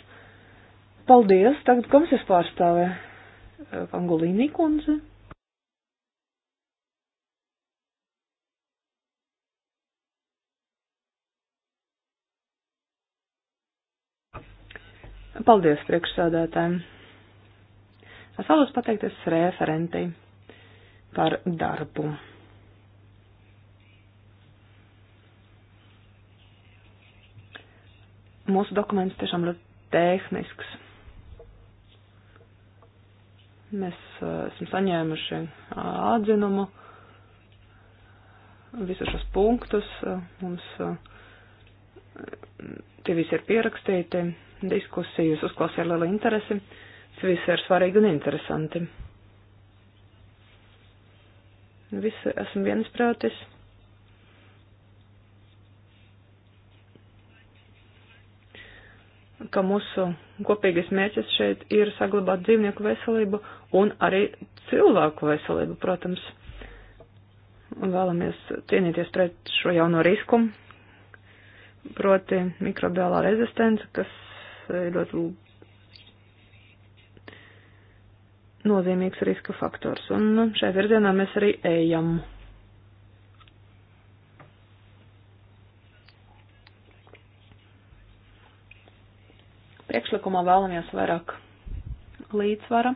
Paldies. Tagad komisijas pārstāvē eh, Angolīnī kundze. Paldies priekšsādātājiem. Es vēlos pateikties referentei par darbu. Mūsu dokuments tiešām ļoti tehnisks. Mēs uh, esam saņēmuši uh, atzinumu visus šos punktus. Uh, mums tie visi ir pierakstīti, diskusijas uzklausīja ar lielu interesi. Tas viss ir svarīgi un interesanti. Visi esam viensprātis. ka mūsu kopīgais mērķis šeit ir saglabāt dzīvnieku veselību un arī cilvēku veselību, protams. Vēlamies cīnīties pret šo jauno risku, proti mikrobiālā rezistence, kas ļoti nozīmīgs riska faktors. Un šai virzienā mēs arī ejam. Priekšlikumā vēlamies vairāk līdzsvara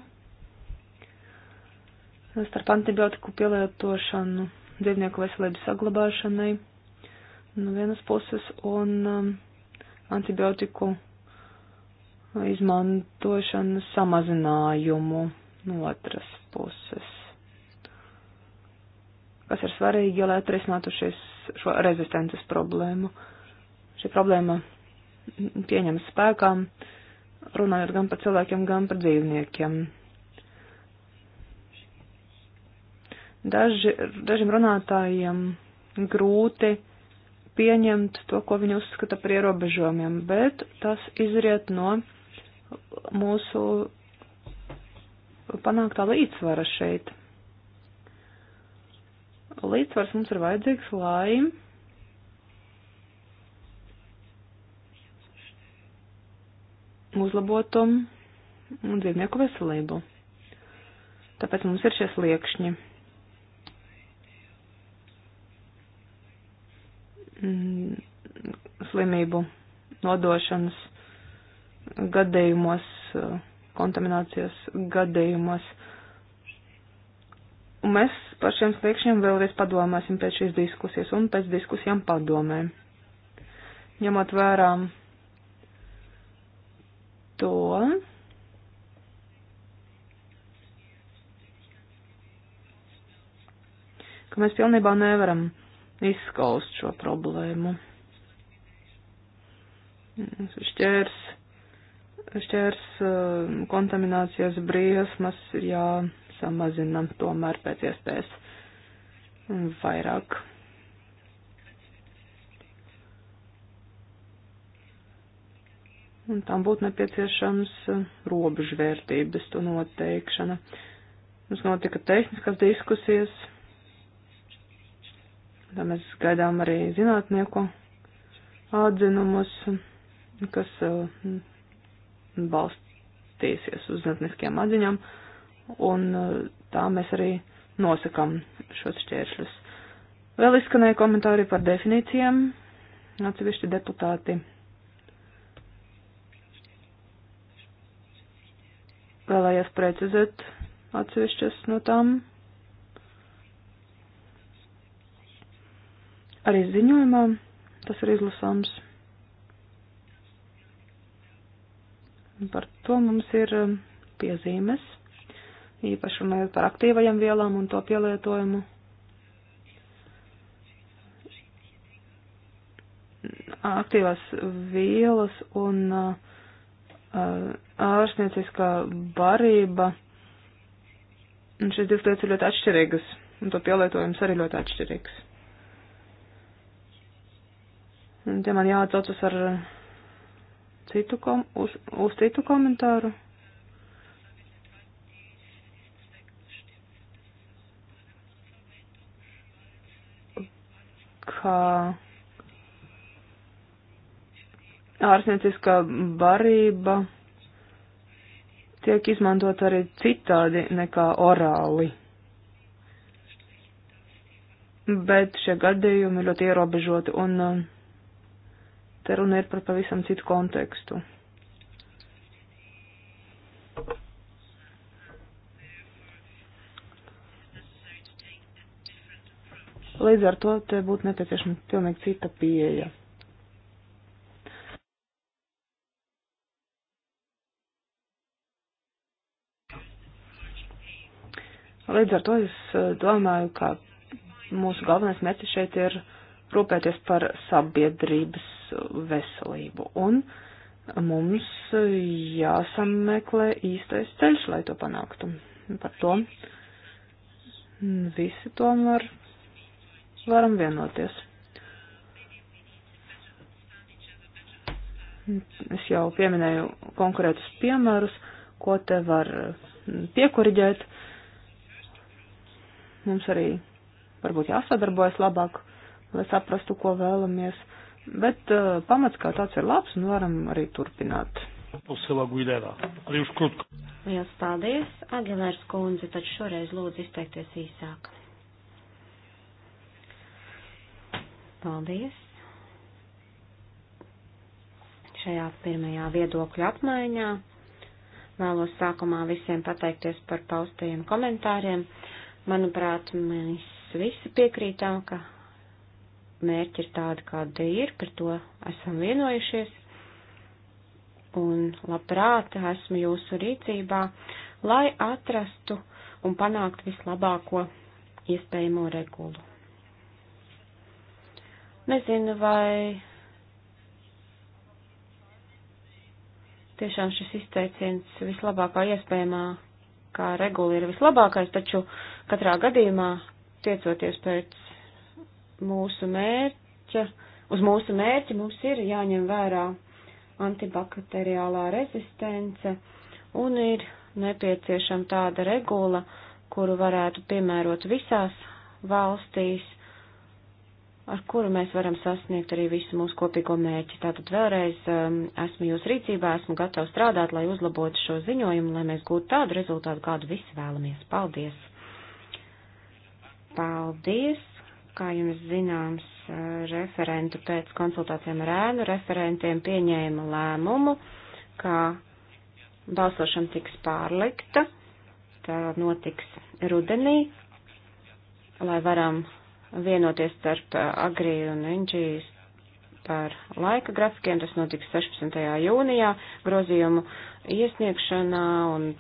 starp antibiotiku pielietošanu dzīvnieku veselības saglabāšanai no vienas puses un um, antibiotiku izmantošanu samazinājumu no otras puses. Kas ir svarīgi, lai atrisinātu šis, šo rezistences problēmu. Šī problēma pieņems spēkām, runājot gan par cilvēkiem, gan par dzīvniekiem. daži, dažiem runātājiem grūti pieņemt to, ko viņi uzskata par ierobežojumiem, bet tas izriet no mūsu panāktā līdzsvara šeit. Līdzsvars mums ir vajadzīgs, lai uzlabotu dzīvnieku veselību. Tāpēc mums ir šie sliekšņi. Mm, slimību nodošanas gadījumos, kontaminācijas gadījumos. Un mēs par šiem sliekšņiem vēlreiz padomāsim pēc šīs diskusijas un pēc diskusijām padomē. Ņemot vērā to, ka mēs pilnībā nevaram izskaust šo problēmu. Šķērs, šķērs um, kontaminācijas briesmas ir jāsamazina tomēr pēc iespējas vairāk. un tam būtu nepieciešams uh, robežvērtības to noteikšana. Mums notika tehniskas diskusijas Tā mēs gaidām arī zinātnieku atzinumus, kas mm, balstīsies uz zinātniskiem atziņām, un mm, tā mēs arī nosakam šos šķēršļus. Vēl izskanēja komentāri par definīcijām, atsevišķi deputāti. Vēlējās precizēt atsevišķas no tām. Arī ziņojumā tas ir izlasāms. Par to mums ir um, piezīmes, īpaši runājot par aktīvajām vielām un to pielietojumu. Aktīvās vielas un uh, uh, ārstnieciskā barība. Un šīs divas lietas ir ļoti atšķirīgas, un to pielietojums arī ļoti atšķirīgs. Te man jāatcaucas ar eh, citu kom uz, uz citu komentāru. Kā ārstnieciskā barība tiek izmantot arī citādi nekā orāli. Bet šie gadījumi ļoti ierobežoti un uh, te runa ir par pavisam citu kontekstu. Līdz ar to te būtu nepieciešama pilnīgi cita pieeja. Līdz ar to es eh, domāju, ka mūsu galvenais mērķis šeit ir rūpēties par sabiedrības veselību. Un mums jāsameklē īstais ceļš, lai to panāktu. Par to visi tomēr varam vienoties. Es jau pieminēju konkrētus piemērus, ko te var piekuriģēt. Mums arī varbūt jāsadarbojas labāk, lai saprastu, ko vēlamies Bet uh, pamats kā tāds ir labs un varam arī turpināt. Lielas paldies, Agilērs kundze, taču šoreiz lūdzu izteikties īsāk. Paldies. Šajā pirmajā viedokļa apmaiņā vēlos sākumā visiem pateikties par paustajiem komentāriem. Manuprāt, mēs visi piekrītām, ka mērķi ir tādi, kādi ir, par to esam vienojušies. Un labprāt esmu jūsu rīcībā, lai atrastu un panāktu vislabāko iespējamo regulu. Nezinu, vai tiešām šis izteiciens vislabākā iespējamā, kā regula ir vislabākais, taču katrā gadījumā, tiecoties pēc mūsu mērķa, uz mūsu mērķi mums ir jāņem vērā antibakteriālā rezistence un ir nepieciešama tāda regula, kuru varētu piemērot visās valstīs, ar kuru mēs varam sasniegt arī visu mūsu kopīgo mērķi. Tātad vēlreiz um, esmu jūs rīcībā, esmu gatavs strādāt, lai uzlabotu šo ziņojumu, lai mēs gūtu tādu rezultātu, kādu visi vēlamies. Paldies! Paldies! Kā jums zināms, eh, referentu pēc konsultācijām ar ēnu referentiem pieņēma lēmumu, ka balsošana tiks pārlikta, tā notiks rudenī, lai varam vienoties starp eh, Agri un Inģijas par laika grafikiem. Tas notiks 16. jūnijā grozījumu iesniegšanā un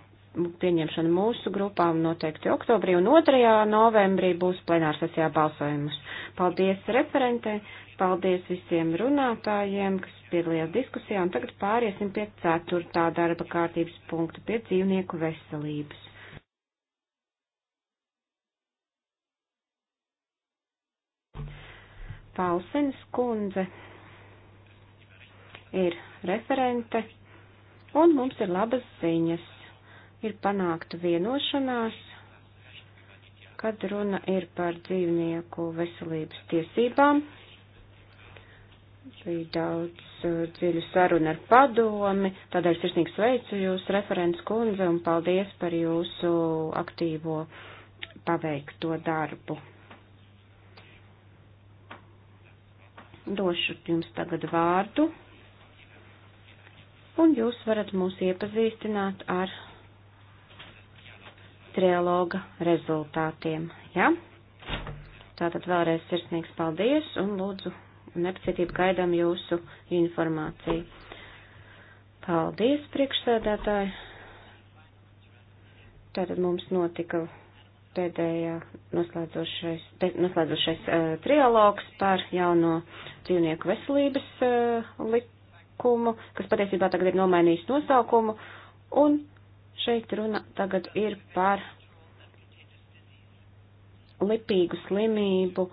pieņemšanu mūsu grupām noteikti oktobrī un 2. novembrī būs plenārsesijā balsojumus. Paldies referentē, paldies visiem runātājiem, kas piedalījās diskusijā, un tagad pāriesim pie 4. darba kārtības punktu pie dzīvnieku veselības. Palsenes kundze ir referente, un mums ir labas ziņas ir panākta vienošanās, kad runa ir par dzīvnieku veselības tiesībām. Bija daudz uh, dziļu sarunu ar padomi, tādēļ sirsnīgi sveicu jūs, referents kundze, un paldies par jūsu aktīvo paveikto darbu. Došu jums tagad vārdu, un jūs varat mūs iepazīstināt ar trialoga rezultātiem. Ja? Tātad vēlreiz sirsnīgs paldies un lūdzu nepacietību gaidām jūsu informāciju. Paldies, priekšsēdētāji. Tātad mums notika pēdējā noslēdzošais, noslēdzošais uh, trialogs par jauno dzīvnieku veselības uh, likumu, kas patiesībā tagad ir nomainījis nosaukumu, un šeit runa tagad ir par lipīgu slimību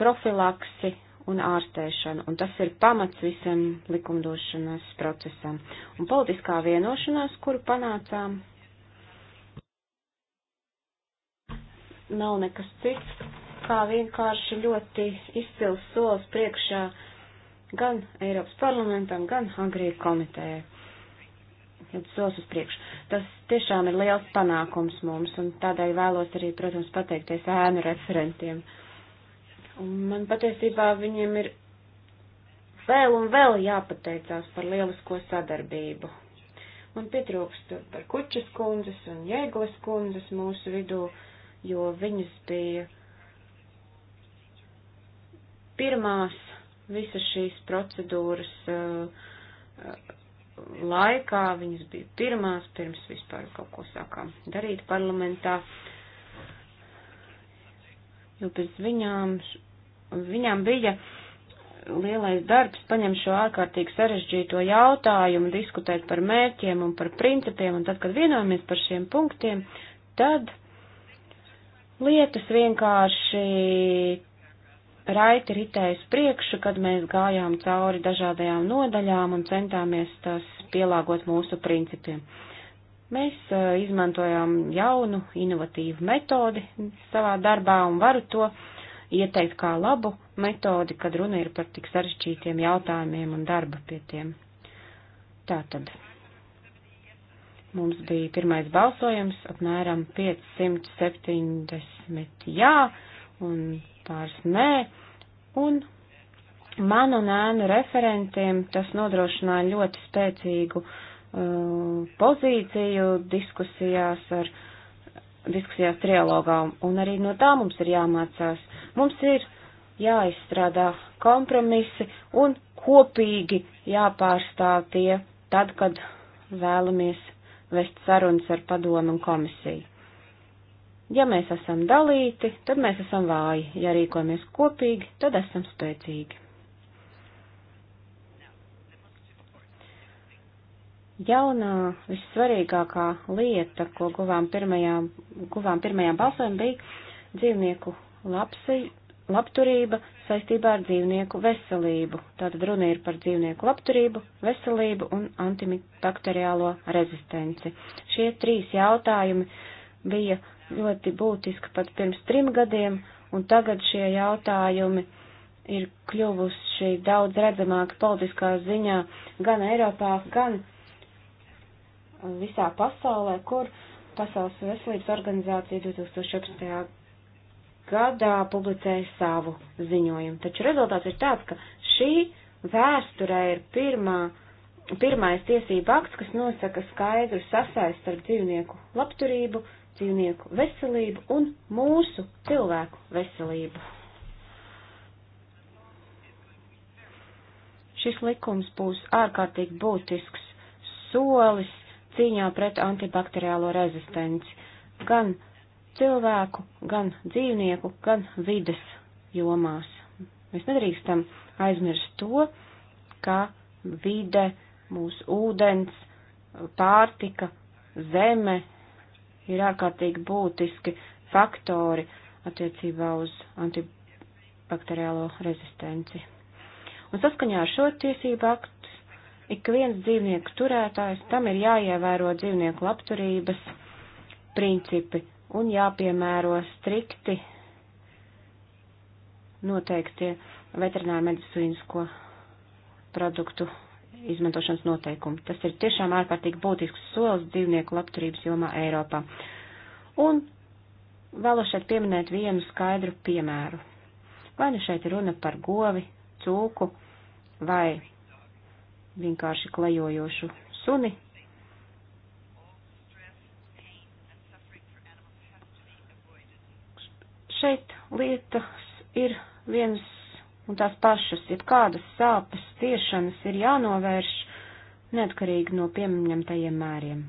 profilaksi un ārstēšanu, un tas ir pamats visam likumdošanas procesam. Un politiskā vienošanās, kuru panācām, nav nekas cits, kā vienkārši ļoti izcils solis priekšā gan Eiropas parlamentam, gan Agrija komitējai solis uz priekšu. Tas tiešām ir liels panākums mums, un tādēļ vēlos arī, protams, pateikties ēnu referentiem. Un man patiesībā viņiem ir vēl un vēl jāpateicās par lielisko sadarbību. Man pietrūkst par kučas kundzes un jēglas kundzes mūsu vidū, jo viņas bija pirmās visas šīs procedūras uh, uh laikā, viņas bija pirmās, pirms vispār kaut ko sākām darīt parlamentā, jo pēc viņām, viņām bija lielais darbs paņemt šo ārkārtīgi sarežģīto jautājumu, diskutēt par mērķiem un par principiem, un tad, kad vienojamies par šiem punktiem, tad lietas vienkārši raiti ritēja uz priekšu, kad mēs gājām cauri dažādajām nodaļām un centāmies tās pielāgot mūsu principiem. Mēs uh, izmantojām jaunu, inovatīvu metodi savā darbā un varu to ieteikt kā labu metodi, kad runa ir par tik sarežģītiem jautājumiem un darba pie tiem. Tātad. Mums bija pirmais balsojums, apmēram 570 jā un pāris nē, un man un ēnu referentiem tas nodrošināja ļoti spēcīgu uh, pozīciju diskusijās ar diskusijās trialogā, un arī no tā mums ir jāmācās. Mums ir jāizstrādā kompromisi un kopīgi jāpārstāv tie tad, kad vēlamies vest sarunas ar padomu un komisiju. Ja mēs esam dalīti, tad mēs esam vāji, ja rīkojamies kopīgi, tad esam spēcīgi. Jaunā vissvarīgākā lieta, ko guvām pirmajā, guvām pirmajā balsojumā, bija dzīvnieku labsi, labturība saistībā ar dzīvnieku veselību. Tātad runa ir par dzīvnieku labturību, veselību un antibakteriālo rezistenci. Šie trīs jautājumi bija ļoti būtiska pat pirms trim gadiem, un tagad šie jautājumi ir kļuvuši daudz redzamāki politiskā ziņā gan Eiropā, gan visā pasaulē, kur Pasaules veselības organizācija 2014. gadā publicēja savu ziņojumu. Taču rezultāts ir tāds, ka šī vēsturē ir pirmā, pirmais tiesība akts, kas nosaka skaidru sasaist starp dzīvnieku labturību, dzīvnieku veselību un mūsu cilvēku veselību. Šis likums būs ārkārtīgi būtisks solis cīņā pret antibakteriālo rezistenci gan cilvēku, gan dzīvnieku, gan vides jomās. Mēs nedrīkstam aizmirst to, ka vide, mūsu ūdens, pārtika, zeme, ir ārkārtīgi būtiski faktori attiecībā uz antibakteriālo rezistenci. Un saskaņā ar šo tiesību aktu ik viens dzīvnieku turētājs tam ir jāievēro dzīvnieku labturības principi un jāpiemēro strikti noteiktie veterinārmedicīnisko produktu izmantošanas noteikumi. Tas ir tiešām ārkārtīgi būtisks solis dzīvnieku labturības jomā Eiropā. Un vēlos šeit pieminēt vienu skaidru piemēru. Vai nu šeit ir runa par govi, cūku vai vienkārši klejojošu suni. Šeit lietas ir viens un tās pašas, ja kādas sāpes, ciešanas ir jānovērš neatkarīgi no pieņemtajiem mēriem.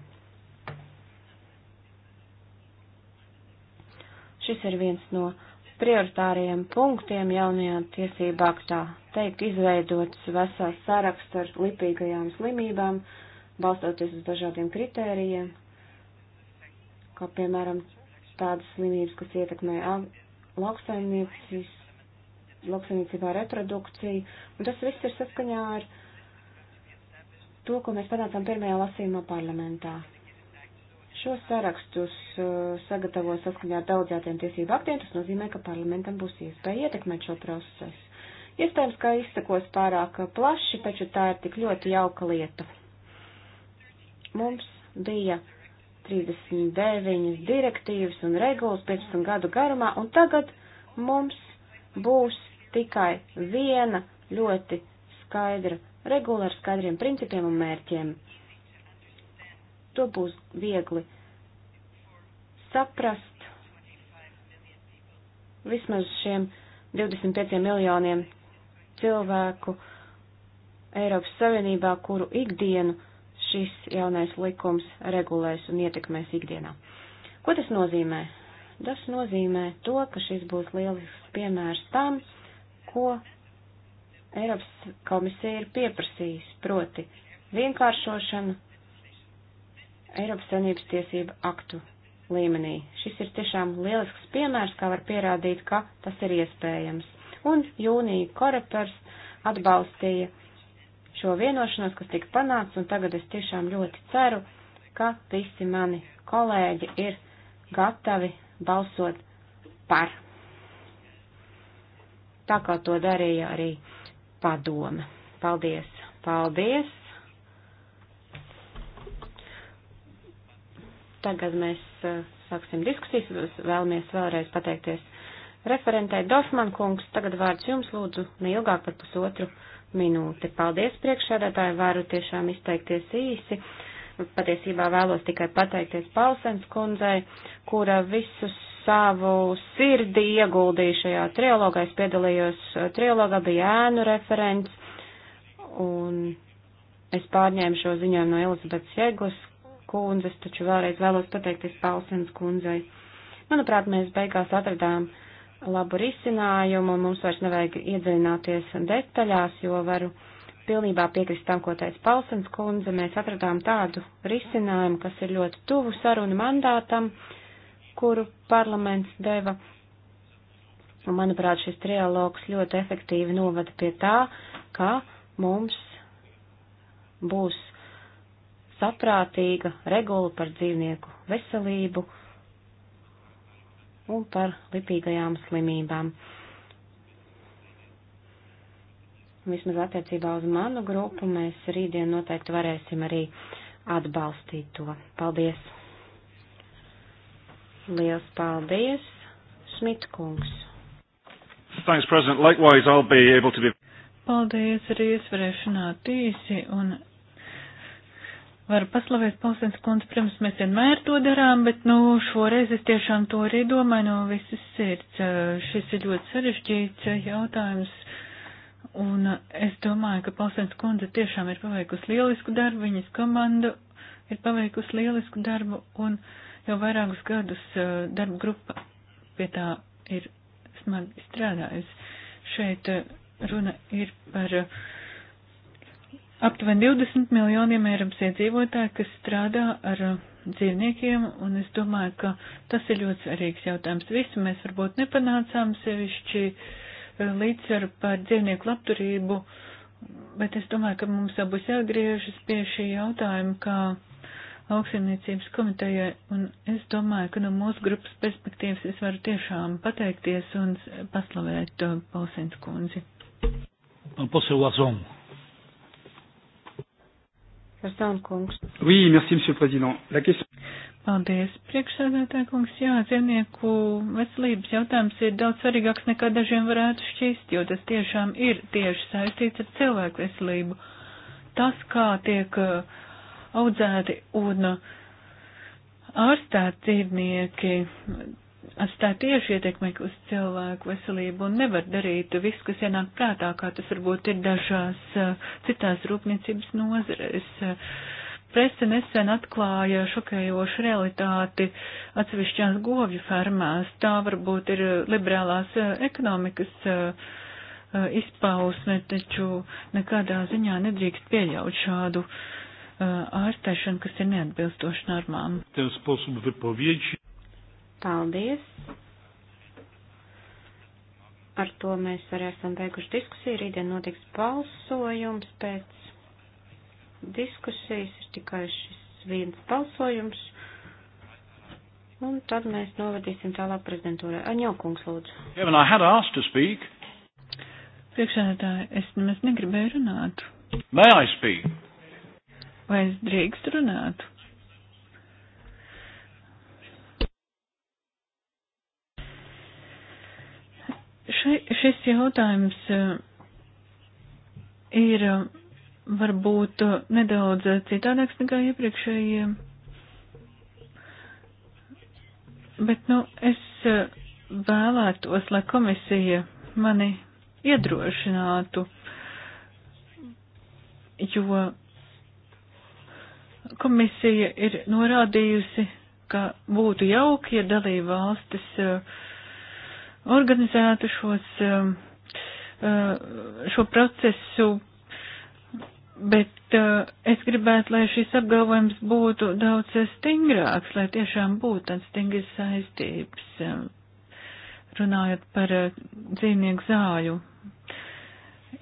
Šis ir viens no prioritāriem punktiem jaunajā tiesība aktā. Teikt, izveidots vesels saraksts ar lipīgajām slimībām, balstoties uz dažādiem kritērijiem, kā piemēram tādas slimības, kas ietekmē lauksaimniecības lauksaimniecībā reprodukciju, un tas viss ir saskaņā ar to, ko mēs panācām pirmajā lasījumā parlamentā. Šo sarakstus uh, sagatavo saskaņā ar daudzētiem tiesību aktiem, tas nozīmē, ka parlamentam būs iespēja ietekmēt šo procesu. Iespējams, ka izsakos pārāk plaši, taču tā ir tik ļoti jauka lieta. Mums bija 39 direktīvas un regulas 15 gadu garumā, un tagad mums būs tikai viena ļoti skaidra regula ar skaidriem principiem un mērķiem. To būs viegli saprast vismaz šiem 25 miljoniem cilvēku Eiropas Savienībā, kuru ikdienu šis jaunais likums regulēs un ietekmēs ikdienā. Ko tas nozīmē? Tas nozīmē to, ka šis būs lielisks piemērs tam, ko Eiropas komisija ir pieprasījusi, proti vienkāršošanu Eiropas Savienības tiesību aktu līmenī. Šis ir tiešām lielisks piemērs, kā var pierādīt, ka tas ir iespējams. Un jūnija korepers atbalstīja šo vienošanos, kas tika panāks, un tagad es tiešām ļoti ceru, ka visi mani kolēģi ir gatavi balsot par tā kā to darīja arī padome. Paldies! Paldies! Tagad mēs uh, sāksim diskusijas. Vēlamies vēlreiz pateikties referentē Dorfman kungs. Tagad vārds jums lūdzu neilgāk par pusotru minūti. Paldies priekšsēdētāji, varu tiešām izteikties īsi. Patiesībā vēlos tikai pateikties Palsens kundzei, kura visus savu sirdi ieguldīju šajā trilogā. Es piedalījos uh, trilogā, bija ēnu referents, un es pārņēmu šo ziņojumu no Elizabetes Jēglas kundzes, taču vēlreiz vēlos pateikties Paulsens kundzei. Manuprāt, mēs beigās atradām labu risinājumu, un mums vairs nevajag iedziļināties detaļās, jo varu pilnībā piekrist tam, ko teica Paulsens kundze. Mēs atradām tādu risinājumu, kas ir ļoti tuvu sarunu mandātam. Uh, kuru parlaments deva. Un, manuprāt, šis trialogs ļoti efektīvi novada pie tā, ka mums būs saprātīga regula par dzīvnieku veselību un par lipīgajām slimībām. Vismaz attiecībā uz manu grupu mēs rītdien noteikti varēsim arī atbalstīt to. Paldies! Liels paldies, Šmitkungs. Thanks, President. Likewise, I'll be able to be. Paldies, arī es varēšu runāt īsi un varu paslavēt Pausens kundzi, pirms mēs vienmēr to darām, bet, nu, šoreiz es tiešām to arī domāju no visas sirds. Šis ir ļoti sarežģīts jautājums. Un es domāju, ka Pausens kundze tiešām ir paveikusi lielisku darbu, viņas komanda ir paveikusi lielisku darbu, un uh, Jau vairākus gadus eh, darba grupa pie tā ir smagi strādājusi. Šeit eh, runa ir par eh, aptuveni 20 miljoniem Eiropas iedzīvotāju, kas strādā ar dzīvniekiem, un es domāju, ka tas ir ļoti svarīgs jautājums. Visu mēs varbūt nepanācām sevišķi līdzsvaru par dzīvnieku labturību, bet es domāju, ka mums jau būs jāgriežas pie šī jautājuma, kā lauksaimniecības komitejai, un es domāju, ka no mūsu grupas perspektīvas es varu tiešām pateikties un paslavēt Pausens kundzi. Oui, merci, monsieur le président. La question... Paldies, priekšsēdētāj kungs. Jā, dzīvnieku veselības jautājums ir daudz svarīgāks nekā dažiem varētu šķist, jo tas tiešām ir tieši saistīts ar cilvēku veselību. Tas, kā tiek uh, audzēti un ārstēt dzīvnieki atstāja tieši ietekmi uz cilvēku veselību un nevar darīt visu, kas ienāk prātā, kā tas varbūt ir dažās eh, citās rūpniecības nozares. Prese nesen atklāja šokējošu realitāti atsevišķās govju fermās. Tā varbūt ir liberālās eh, ekonomikas eh, izpausme, taču nekādā ziņā nedrīkst pieļaut šādu uh, Uh, ārstēšanu, kas ir neatbilstoši normām. Paldies! Ar to mēs arī esam beiguši diskusiju. Rītdien notiks balsojums pēc diskusijas. Ir tikai šis viens balsojums. Un tad mēs novadīsim tālāk prezidentūrai. Aņokungs, lūdzu. Yeah, Priekšsēdētāji, es nemaz negribēju runāt. May I speak? Vai es drīkstu runāt? Šai, šis jautājums eh, ir eh, varbūt nedaudz citādāks nekā iepriekšējie. Bet, nu, es eh, vēlētos, lai komisija mani iedrošinātu, jo Komisija ir norādījusi, ka būtu jauki, ja dalība valstis eh, organizētu šos, eh, eh, šo procesu, bet es gribētu, lai šis apgalvojums būtu daudz stingrāks, lai tiešām būtu tāds stingrs saistības, runājot par dzīvnieku zāļu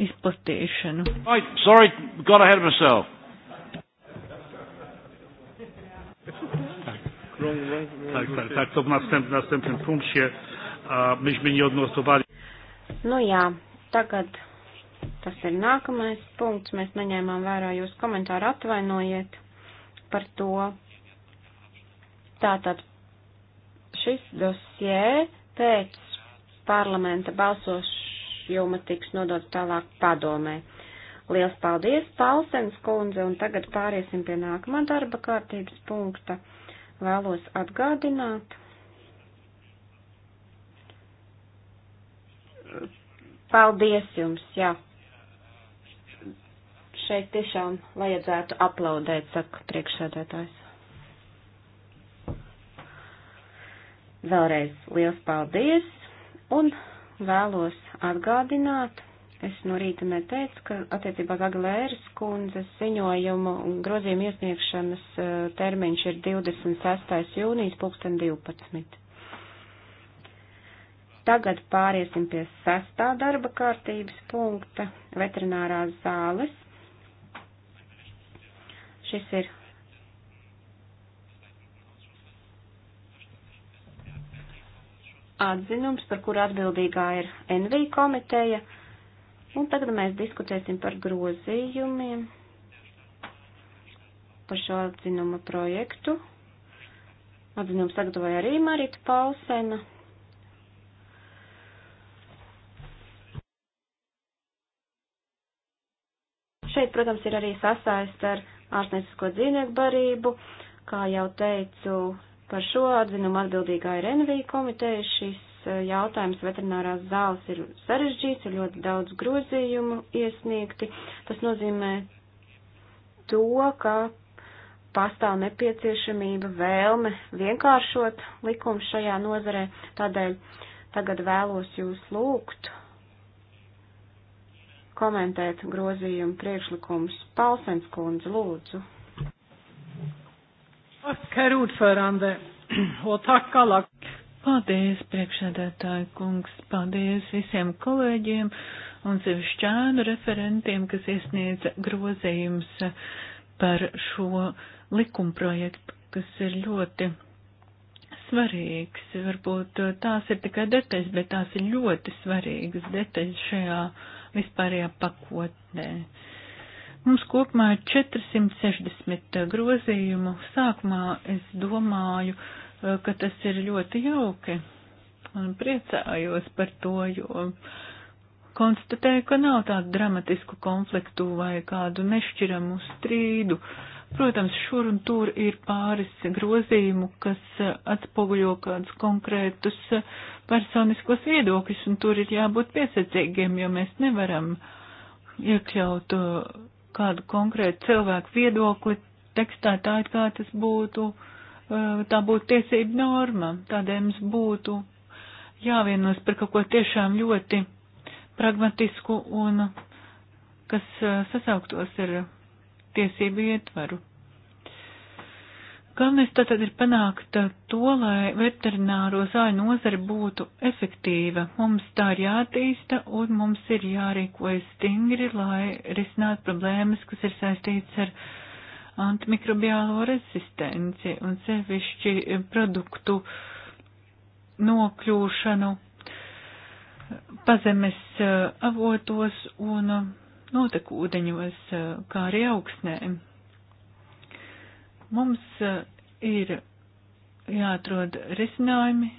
izplatīšanu. I, sorry, got ahead of myself. Tak, tak, tak, to w następ, następnym punkcie, a myśmy nie odnotowali. Nu jā, tagad tas ir nākamais punkts, mēs neņēmām vērā jūsu komentāru atvainojiet par to. Tātad šis dosie pēc parlamenta balsošuma tiks nodots tālāk padomē. Liels paldies, Palsens kundze, un tagad pāriesim pie nākamā darba kārtības punkta vēlos atgādināt Paldies jums, jā. Šeit tiešām vajadzētu aplaudēt, saka priekšsēdētājs. Vēlreiz liels paldies un vēlos atgādināt, Es no rīta neteicu, ka attiecībā uz Agilēras kundzes ziņojumu grozījuma iesniegšanas eh, termiņš ir 26. jūnijas 2012. Tagad pāriesim pie sestā darba kārtības punkta - veterinārās zāles. Šis ir atzinums, par kuru atbildīgā ir NV komiteja. Un tagad mēs diskutēsim par grozījumiem, par šo atzinuma projektu. Atzinumu sagatavoja arī Marita Paulsena. Šeit, protams, ir arī sasaist ar ārstniecisko dzīvnieku barību. Kā jau teicu, par šo atzinumu atbildīgā ir NV komiteja. Šis Eh, jautājums veterinārās zāles ir sarežģīts, ir ļoti daudz grozījumu iesniegti. Tas nozīmē to, ka pastāv nepieciešamība, vēlme vienkāršot likumu šajā nozarē. Tādēļ tagad vēlos jūs lūgt komentēt grozījumu priekšlikumus. Palsens kundze, lūdzu. Herr ordförande, och tack alla. Paldies, priekšsēdētāji kungs, paldies visiem kolēģiem un sevišķēnu referentiem, kas iesniedza grozījums par šo likumprojektu, kas ir ļoti svarīgs. Varbūt tās ir tikai detaļas, bet tās ir ļoti svarīgas detaļas šajā vispārējā pakotnē. Mums kopumā ir 460 grozījumu. Sākumā es domāju, Eh, ka tas ir ļoti jauki. Un priecājos par to, jo konstatēju, ka nav tādu dramatisku konfliktu vai kādu nešķiramu strīdu. Protams, šur un tur ir pāris grozījumu, kas atspoguļo kādus konkrētus personiskos viedokļus, un tur ir jābūt piesardzīgiem, jo mēs nevaram iekļaut eh, kādu konkrētu cilvēku viedokli tekstā tā, it kā tas būtu uh, Eh, tā būtu tiesība norma. Tādēļ mums būtu jāvienos par kaut ko tiešām ļoti pragmatisku un kas eh, sasauktos ar tiesību ietvaru. Galvenais tātad ir panākt eh, to, lai veterināro zāļu nozare būtu efektīva. Mums tā ir jātīsta un mums ir jārīkojas stingri, lai risinātu problēmas, kas ir saistītas ar antimikrobiālo rezistenci un sevišķi produktu nokļūšanu pazemes eh, avotos un eh, notekūdeņos, eh, kā arī augstnē. Mums ir jāatrod risinājumi,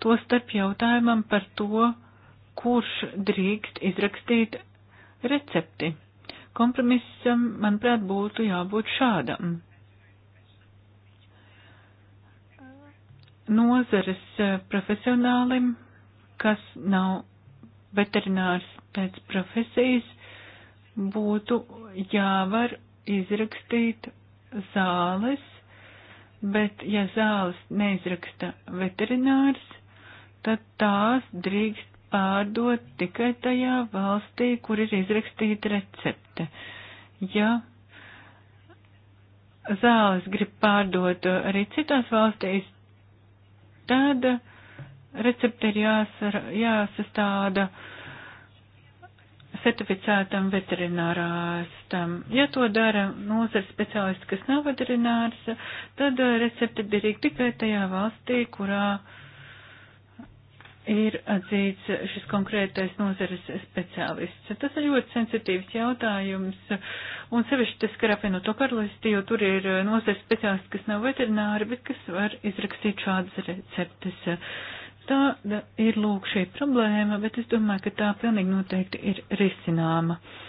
to starp jautājumam par to, kurš drīkst izrakstīt recepti Kompromisam, manuprāt, būtu jābūt šādam. Nozares eh, profesionālim, kas nav veterinārs pēc profesijas, būtu jāvar izrakstīt zāles, bet ja zāles neizraksta veterinārs, tad tās drīkst pārdot tikai tajā valstī, kur ir izrakstīta recepte. Ja zāles grib pārdot arī citās valstīs, tad recepte ir jāsar, jāsastāda certificētam veterinārāstam. Ja to dara nozars speciālisti, kas nav veterinārs, tad recepte derīga tikai tajā valstī, kurā uh, ir atzīts šis konkrētais nozares speciālists. Tas ir ļoti sensitīvs jautājums, un sevišķi tas, ka apvienot to karalisti, jo tur ir nozares speciālisti, kas nav veterināri, bet kas var izrakstīt šādas receptes. Tā ir lūk šī problēma, bet es domāju, ka tā pilnīgi noteikti ir risināma. Uh,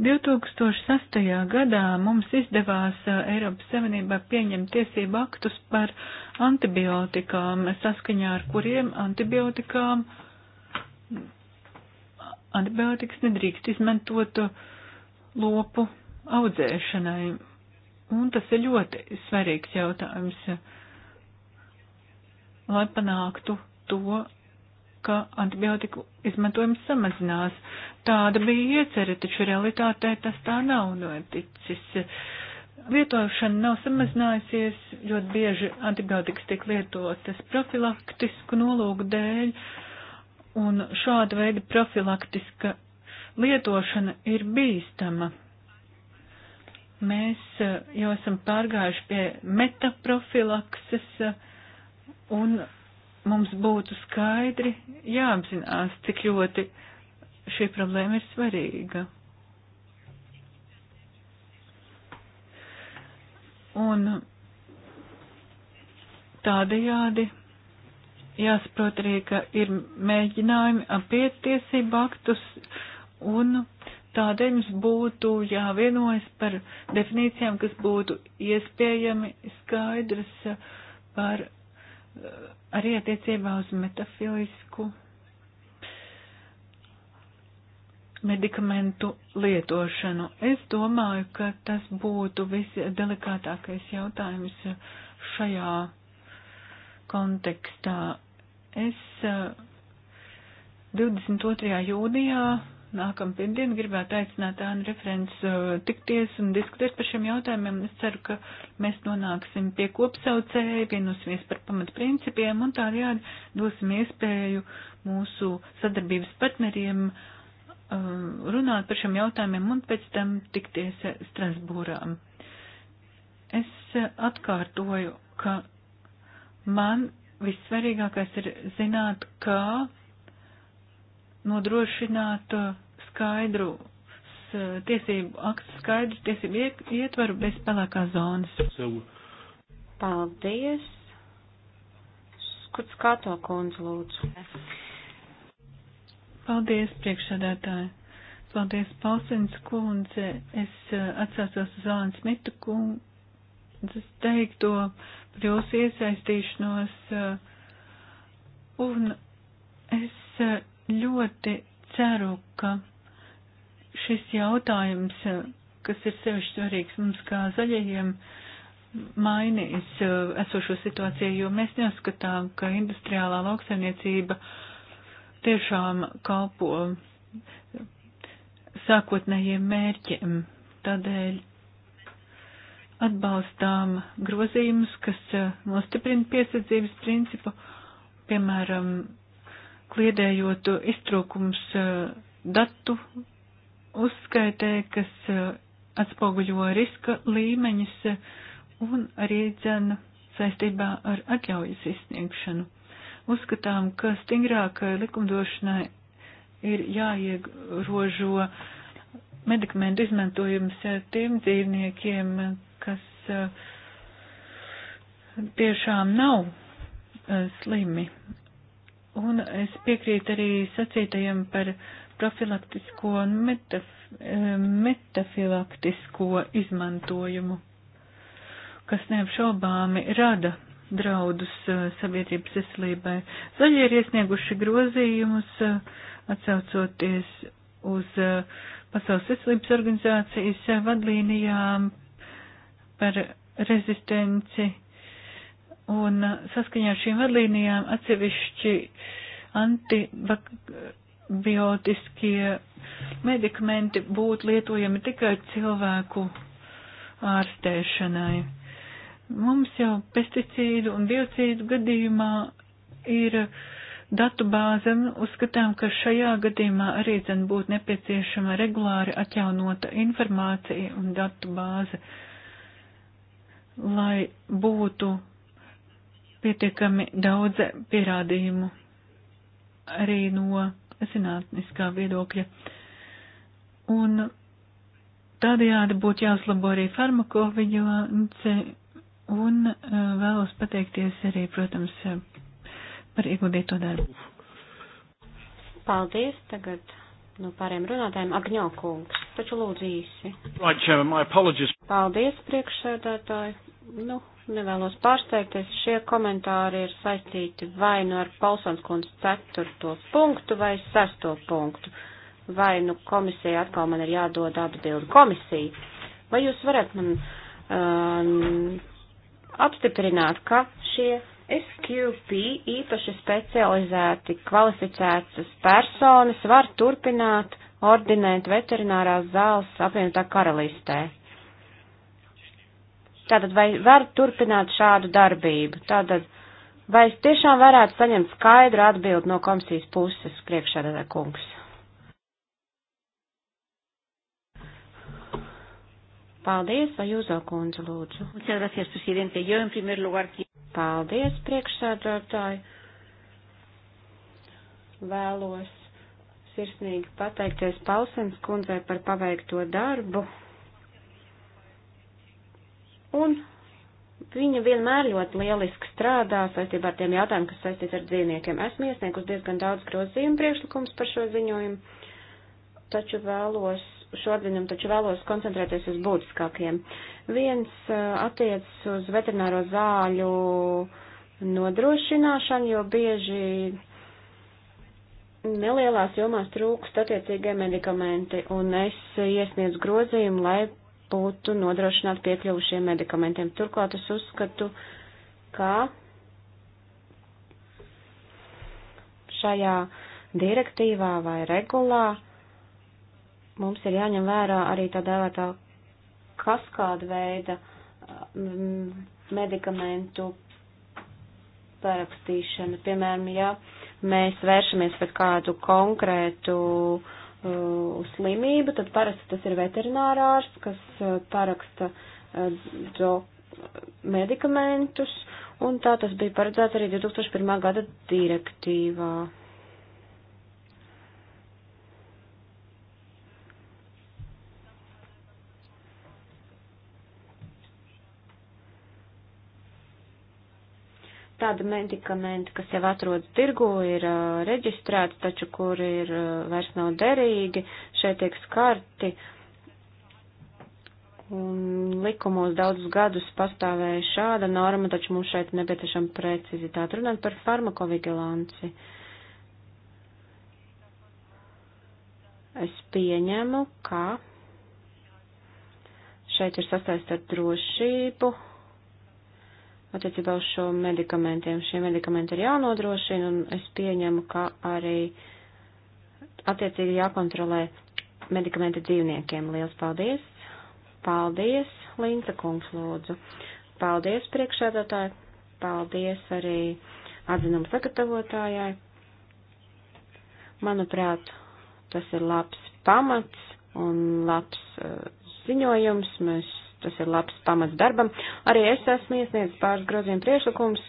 2008. gadā mums izdevās Eiropas Savienībā pieņemt tiesību aktus par antibiotikām, saskaņā ar kuriem antibiotikām antibiotikas nedrīkst izmantot lopu audzēšanai. Un tas ir ļoti svarīgs jautājums, lai panāktu to, ka antibiotiku izmantojums samazinās. Tāda bija iecerē, taču realitātē tas tā nav noticis. Lietošana nav samazinājusies, ļoti bieži antibiotikas tiek lietotas profilaktisku nolūku dēļ, un šāda veida profilaktiska lietošana ir bīstama. Mēs eh, jau esam pārgājuši pie metaprofilakses eh, un mums būtu skaidri jāapzinās, cik ļoti šī problēma ir svarīga. Un tādējādi jāsaprot arī, ka ir mēģinājumi apiet tiesību aktus un tādēļ mums būtu jāvienojas par definīcijām, kas būtu iespējami skaidras par arī attiecībā uz metafizisku medikamentu lietošanu. Es domāju, ka tas būtu visdelikātākais jautājums šajā kontekstā. Es 22. Eh, jūnijā nākamā pirmdiena gribētu aicināt Ānu referents uh, tikties un diskutēt par šiem jautājumiem. Es ceru, ka mēs nonāksim pie kopsaucēja, vienosimies par pamatprincipiem un tādējādi dosim iespēju mūsu sadarbības partneriem uh, runāt par šiem jautājumiem un pēc tam tikties Strasbūrā. Es uh, atkārtoju, ka man vissvarīgākais ir zināt, kā nodrošināt uh, skaidru uh, tiesību aktu, skaidru tiesību ietvaru bez pelēkā zonas. Paldies. Skuts Kato kundze lūdzu. Paldies, priekšsādātāji. Paldies, Pausins kundze. Es uh, atsācos uz Alans Mitu kundzes teikto par jūsu iesaistīšanos. Un es ļoti ceru, ka šis jautājums, kas ir sevišķi svarīgs mums kā zaļajiem, mainīs uh, esošo situāciju, jo mēs neuzskatām, ka industriālā lauksaimniecība tiešām kalpo sākotnējiem mērķiem. Tādēļ atbalstām grozījumus, kas uh, nostiprina piesardzības principu, piemēram, kliedējot iztrūkums eh, datu uzskaitē, kas eh, atspoguļo riska līmeņus eh, un arī dzēna saistībā ar atļaujas izsniegšanu. Uzskatām, ka stingrākai likumdošanai ir jāiegrožo medikamentu izmantojums tiem dzīvniekiem, kas tiešām nav slimi Un es piekrītu arī sacītajam par profilaktisko un metaf eh, metafilaktisko izmantojumu, kas neapšaubāmi rada draudus eh, sabiedrības veselībai. Zaļie ir iesnieguši grozījumus, eh, atsaucoties uz Pasaules veselības organizācijas vadlīnijām par rezistenci Un uh, saskaņā ar šīm vadlīnijām atsevišķi antibiotiskie medikamenti būtu lietojami tikai cilvēku ārstēšanai. Mums jau pesticīdu un biocīdu gadījumā ir datu bāze, uzskatām, ka šajā gadījumā arī dzen būtu nepieciešama regulāri atjaunota informācija un datu bāze, lai būtu pietiekami daudz pierādījumu arī no zinātniskā viedokļa. Un tādējādi būtu jāuzlabo arī farmakovigilance un eh, vēlos pateikties arī, protams, par ieguldīto darbu. Paldies tagad no pāriem runātājiem. Agņokungs, taču lūdzu īsi. Right, Chairman, my apologies. Paldies, priekšsēdētāji. Nu, Nevēlos pārsteigties, šie komentāri ir saistīti vai nu ar Palsons kundzes ceturto punktu vai sesto punktu, vai nu komisija atkal man ir jādod atbildi komisija. Vai jūs varat man um, apstiprināt, ka šie SQP īpaši specializēti kvalificētas personas var turpināt ordinēt veterinārās zāles apvienotā karalistē. Tātad vai var turpināt šādu darbību? Tātad vai es tiešām varētu saņemt skaidru atbildi no komisijas puses priekšādā kungs? Paldies, vai jūzo kundze lūdzu. Muchas gracias, presidente. Yo en primer lugar. Paldies, priekšsēdētāji. Vēlos sirsnīgi pateikties Pausens kundzei par paveikto darbu. Un viņa vienmēr ļoti lieliski strādā saistībā ar tiem jautājumiem, kas saistīti ar dzīvniekiem. Esmu iesniegus diezgan daudz grozījumu priekšlikums par šo ziņojumu, taču vēlos, šo atzinumu taču vēlos koncentrēties uz būtiskākiem. Viens uh, attiec uz veterināro zāļu nodrošināšanu, jo bieži nelielās jomās trūkst attiecīgie medikamenti, un es iesniedzu grozījumu, lai būtu nodrošināt piekļuvu šiem medikamentiem. Turklāt es uzskatu, ka šajā direktīvā vai regulā mums ir jāņem vērā arī tā dēvētā kaskāda veida mm, medikamentu parakstīšana. Piemēram, ja mēs vēršamies pret kādu konkrētu uh, Uh, uz slimību, tad parasti tas ir veterinārārs, kas uh, paraksta do, uh, medikamentus, un tā tas bija paredzēts arī 2001. gada direktīvā. tādi medikamenti, kas jau atrodas tirgu, ir uh, reģistrēti, taču kur ir uh, vairs nav derīgi, šeit tiek skarti. Un likumos daudzus gadus pastāvēja šāda norma, taču mums šeit nepieciešama precizitāte. Runāt par farmakovigilanci. Es pieņemu, ka šeit ir sasaist ar drošību attiecībā uz šo medikamentiem. Šie medikamenti ir jānodrošina, un es pieņemu, ka arī attiecīgi jākontrolē medikamenti dzīvniekiem. Liels paldies! Paldies, Linda kungs, lūdzu! Paldies, priekšsēdētāji! Paldies arī atzinumu sagatavotājai! Manuprāt, tas ir labs pamats un labs uh, ziņojums. Mēs tas ir labs pamats darbam. Arī es esmu iesniedzis pāris grozījumu priešlikums,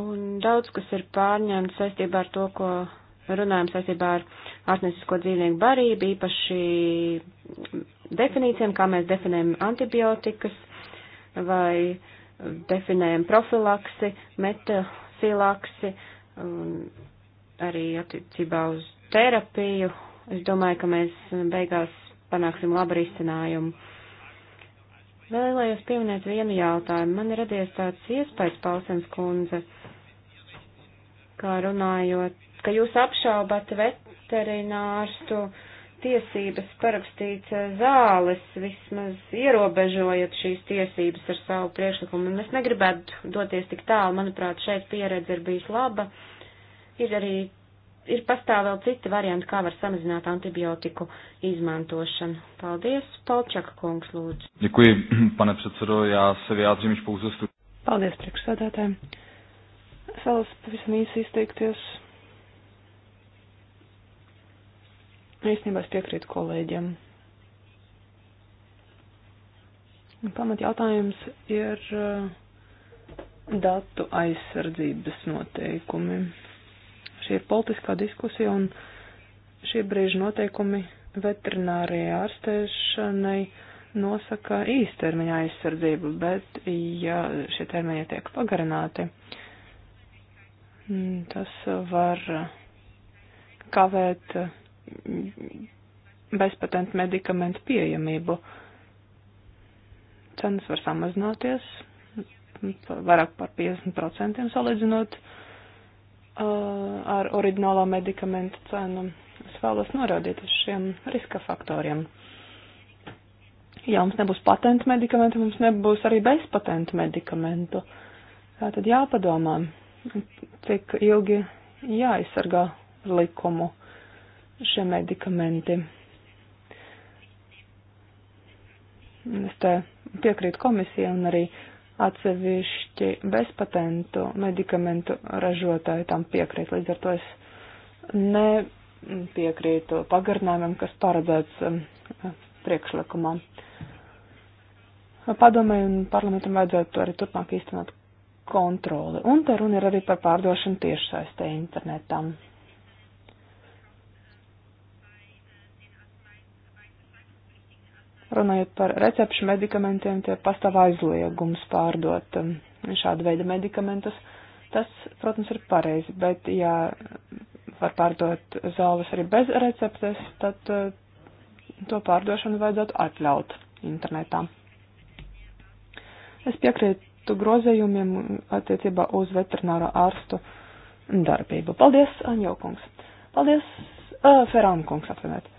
un daudz, kas ir pārņemts saistībā ar to, ko runājam saistībā ar ārstniecisko dzīvnieku barību, īpaši definīcijām, kā mēs definējam antibiotikas vai definējam profilaksi, metafilaksi, arī attiecībā uz terapiju. Es domāju, ka mēs beigās panāksim labu risinājumu. Vēlējos pieminēt vienu jautājumu. Man ir radies tāds iespējas, Pausens kundze, kā runājot, ka jūs apšaubat veterinārstu tiesības parakstīt zāles, vismaz ierobežojot šīs tiesības ar savu priekšlikumu. Un es negribētu doties tik tālu, manuprāt, šeit pieredze ir bijis laba. Ir arī ir pastāv vēl citi varianti, kā var samazināt antibiotiku izmantošanu. Paldies, Palčaka kungs, lūdzu. Děkuji, pane předsedo, já se vyjádřím již pouze studi. Paldies, priekšsādātājiem. Es vēlos pavisam īsi izteikties. Īstenībā es piekrītu kolēģiem. Pamat jautājums ir uh, datu aizsardzības noteikumi. Šī ir politiskā diskusija un šī brīža noteikumi veterinārijai ārstēšanai nosaka īstermiņa aizsardzību, bet ja šie termiņi tiek pagarināti, mm, tas var kavēt bezpatentu medikamentu pieejamību. Cenas var samazināties vairāk par 50% salīdzinot Uh, ar oriģinālo medikamentu cenu. Es vēlos norādīt uz šiem riska faktoriem. Ja mums nebūs patentu medikamentu, mums nebūs arī bezpatentu medikamentu. Tā tad jāpadomā, cik ilgi jāaizsargā likumu šie medikamenti. Es te piekrītu komisijai un arī uh, atsevišķi bezpatentu medikamentu ražotāji tam piekrīt. Līdz ar to es nepiekrītu pagarinājumam, kas paredzēts um, priekšlikumā. Padomēju un parlamentam vajadzētu arī turpmāk īstenot kontroli. Un te runa ir arī par pārdošanu tiešsaistē internetam. Runājot par recepšu medikamentiem, tie pastāv aizliegums pārdot um, šādu veidu medikamentus. Tas, protams, ir pareizi, bet ja var pārdot zāles arī bez receptes, tad uh, to pārdošanu vajadzētu atļaut internetā. Es piekrītu grozējumiem attiecībā uz veterināro ārstu darbību. Paldies, Anjokungs! Paldies, uh, Ferānkungs, atvainojiet!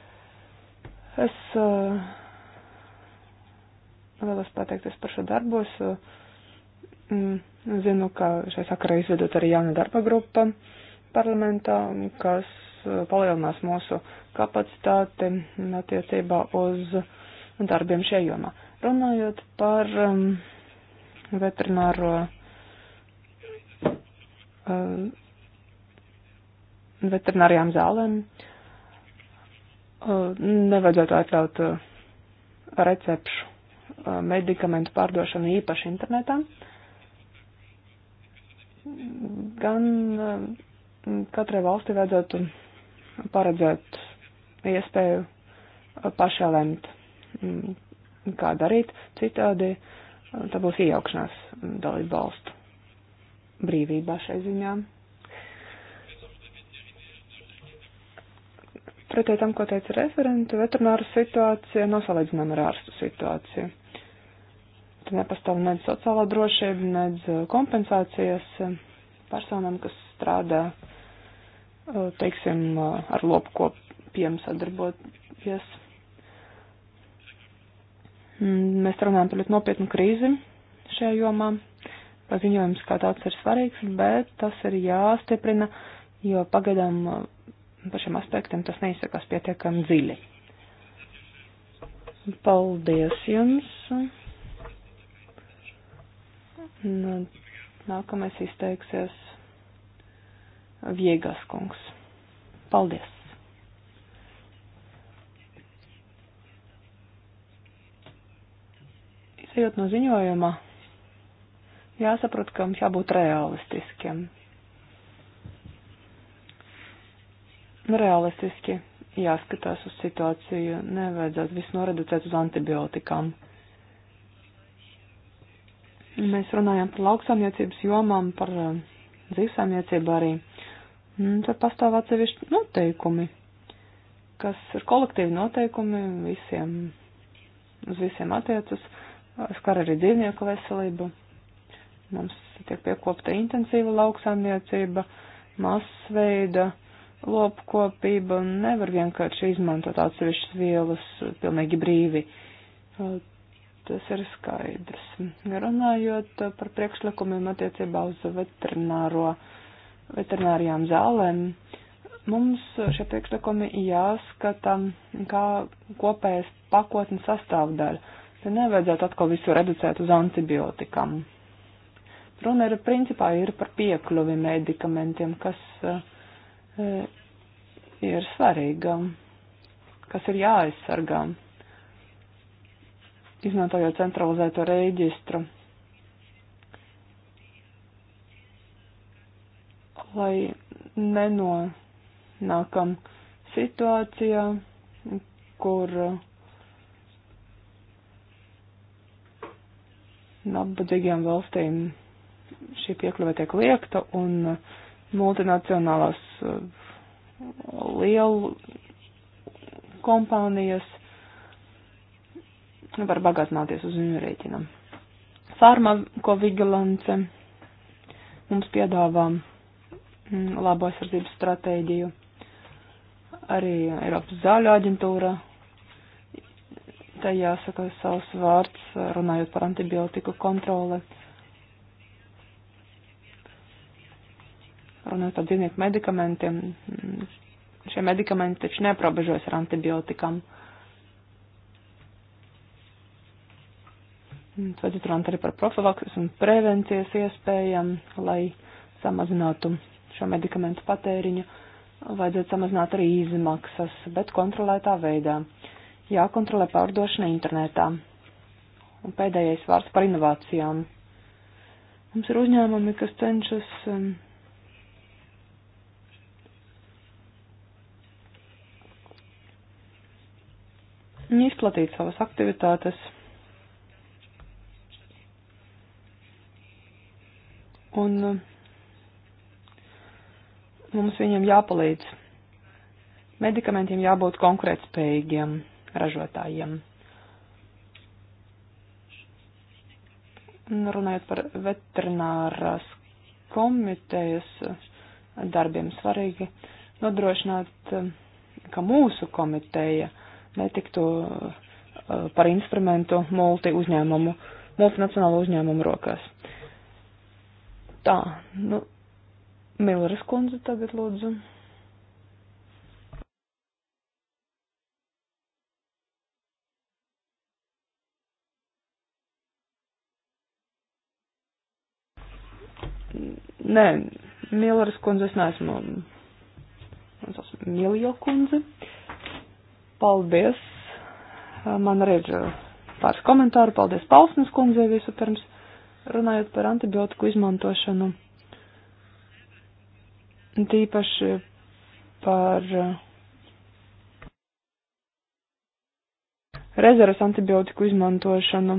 Es uh, vēlos pateikties par šo darbos. Eh, mm, zinu, ka šai sakarā izvedot arī jauna darba grupa parlamentā, kas eh, palielinās mūsu kapacitāti attiecībā uz darbiem šajā jomā. Runājot par um, veterināro um, eh, veterinārijām zālēm, um, nevajadzētu atļaut recepšu Uh, medikamentu pārdošanu īpaši internetā, gan uh, katrai valsti vajadzētu paredzēt iespēju uh, pašā lemt, mm, kā darīt, citādi tā būs iejaukšanās dalību valstu brīvībā šai ziņā. Pretēji tam, ko teica referenti, veterināra situācija nav salīdzināma ar ārstu situāciju nepastāv nedz sociālā drošība, nedz eh, kompensācijas eh, personam, kas strādā, eh, teiksim, ar lopkopiem sadarboties. Mm, mēs runājam par ļoti nopietnu krīzi šajā jomā. Paziņojums kā tāds ir svarīgs, bet tas ir jāstiprina, jo pagaidām par šiem aspektiem tas neizsakās pietiekami dziļi. Paldies jums! Uh, nākamais izteiksies Viegas kungs. Paldies! Izejot no ziņojuma, jāsaprot, ka mums jābūt realistiskiem. Nu, realistiski jāskatās uz situāciju, nevajadzētu visu noreducēt uz antibiotikām. Mēs runājam par lauksamniecības jomām, par eh, dzīvesamniecību arī. Un tur pastāv atsevišķi noteikumi, kas ir kolektīvi noteikumi visiem, uz visiem attiecas, skar arī dzīvnieku veselību. Mums tiek piekopta intensīva lauksamniecība, masveida lopkopība, nevar vienkārši izmantot atsevišķas vielas pilnīgi brīvi. Tas ir skaidrs. Runājot par priekšlikumiem attiecībā uz veterināro, veterinārijām zālēm, mums šie priekšlikumi jāskata kā kopējas pakotnes sastāvdaļa. Te nevajadzētu atkal visu reducēt uz antibiotikam. Runa ir principā ir par piekļuvi medikamentiem, kas uh, ir svarīga, kas ir jāaizsargā izmantojot centralizēto reģistru, lai nenonākam situācijā, kur uh, nabadzīgiem valstīm šī piekļuve tiek liekta un uh, multinacionālās uh, lielu kompānijas Nu, var bagātināties uz viņu rēķinam. Farmakovigilance mums piedāvā mm, labo aizsardzības stratēģiju. Arī Eiropas zāļu aģentūra, te jāsaka savs vārds, runājot par antibiotiku kontroli. Runājot par dzīvnieku medikamentiem, šie medikamenti taču neaprobežojas ar antibiotikām. Uh, Tad ir runāt arī par profilakses un prevencijas iespējām, lai samazinātu šo medikamentu patēriņu. Vajadzētu samazināt arī izmaksas, bet kontrolētā veidā. Jākontrolē pārdošana internetā. Un pēdējais vārds par inovācijām. Mums ir uzņēmumi, kas cenšas um, izplatīt savas aktivitātes Un uh, mums viņiem jāpalīdz. Medikamentiem jābūt konkurētspējīgiem ražotājiem. Runājot par veterinārās komitejas darbiem svarīgi nodrošināt, uh, ka mūsu komiteja netiktu uh, par instrumentu multi uzņēmumu, multinacionālu uzņēmumu rokās. Tā, nu, Milleris kundze tagad lūdzu. Nē, Milleris kundze es neesmu. Es esmu Miljo kundze. Paldies. Man redz pāris komentāru. Paldies Palsnes kundzei visu pirms. Runājot par antibiotiku izmantošanu, tīpaši par eh, rezervas antibiotiku izmantošanu,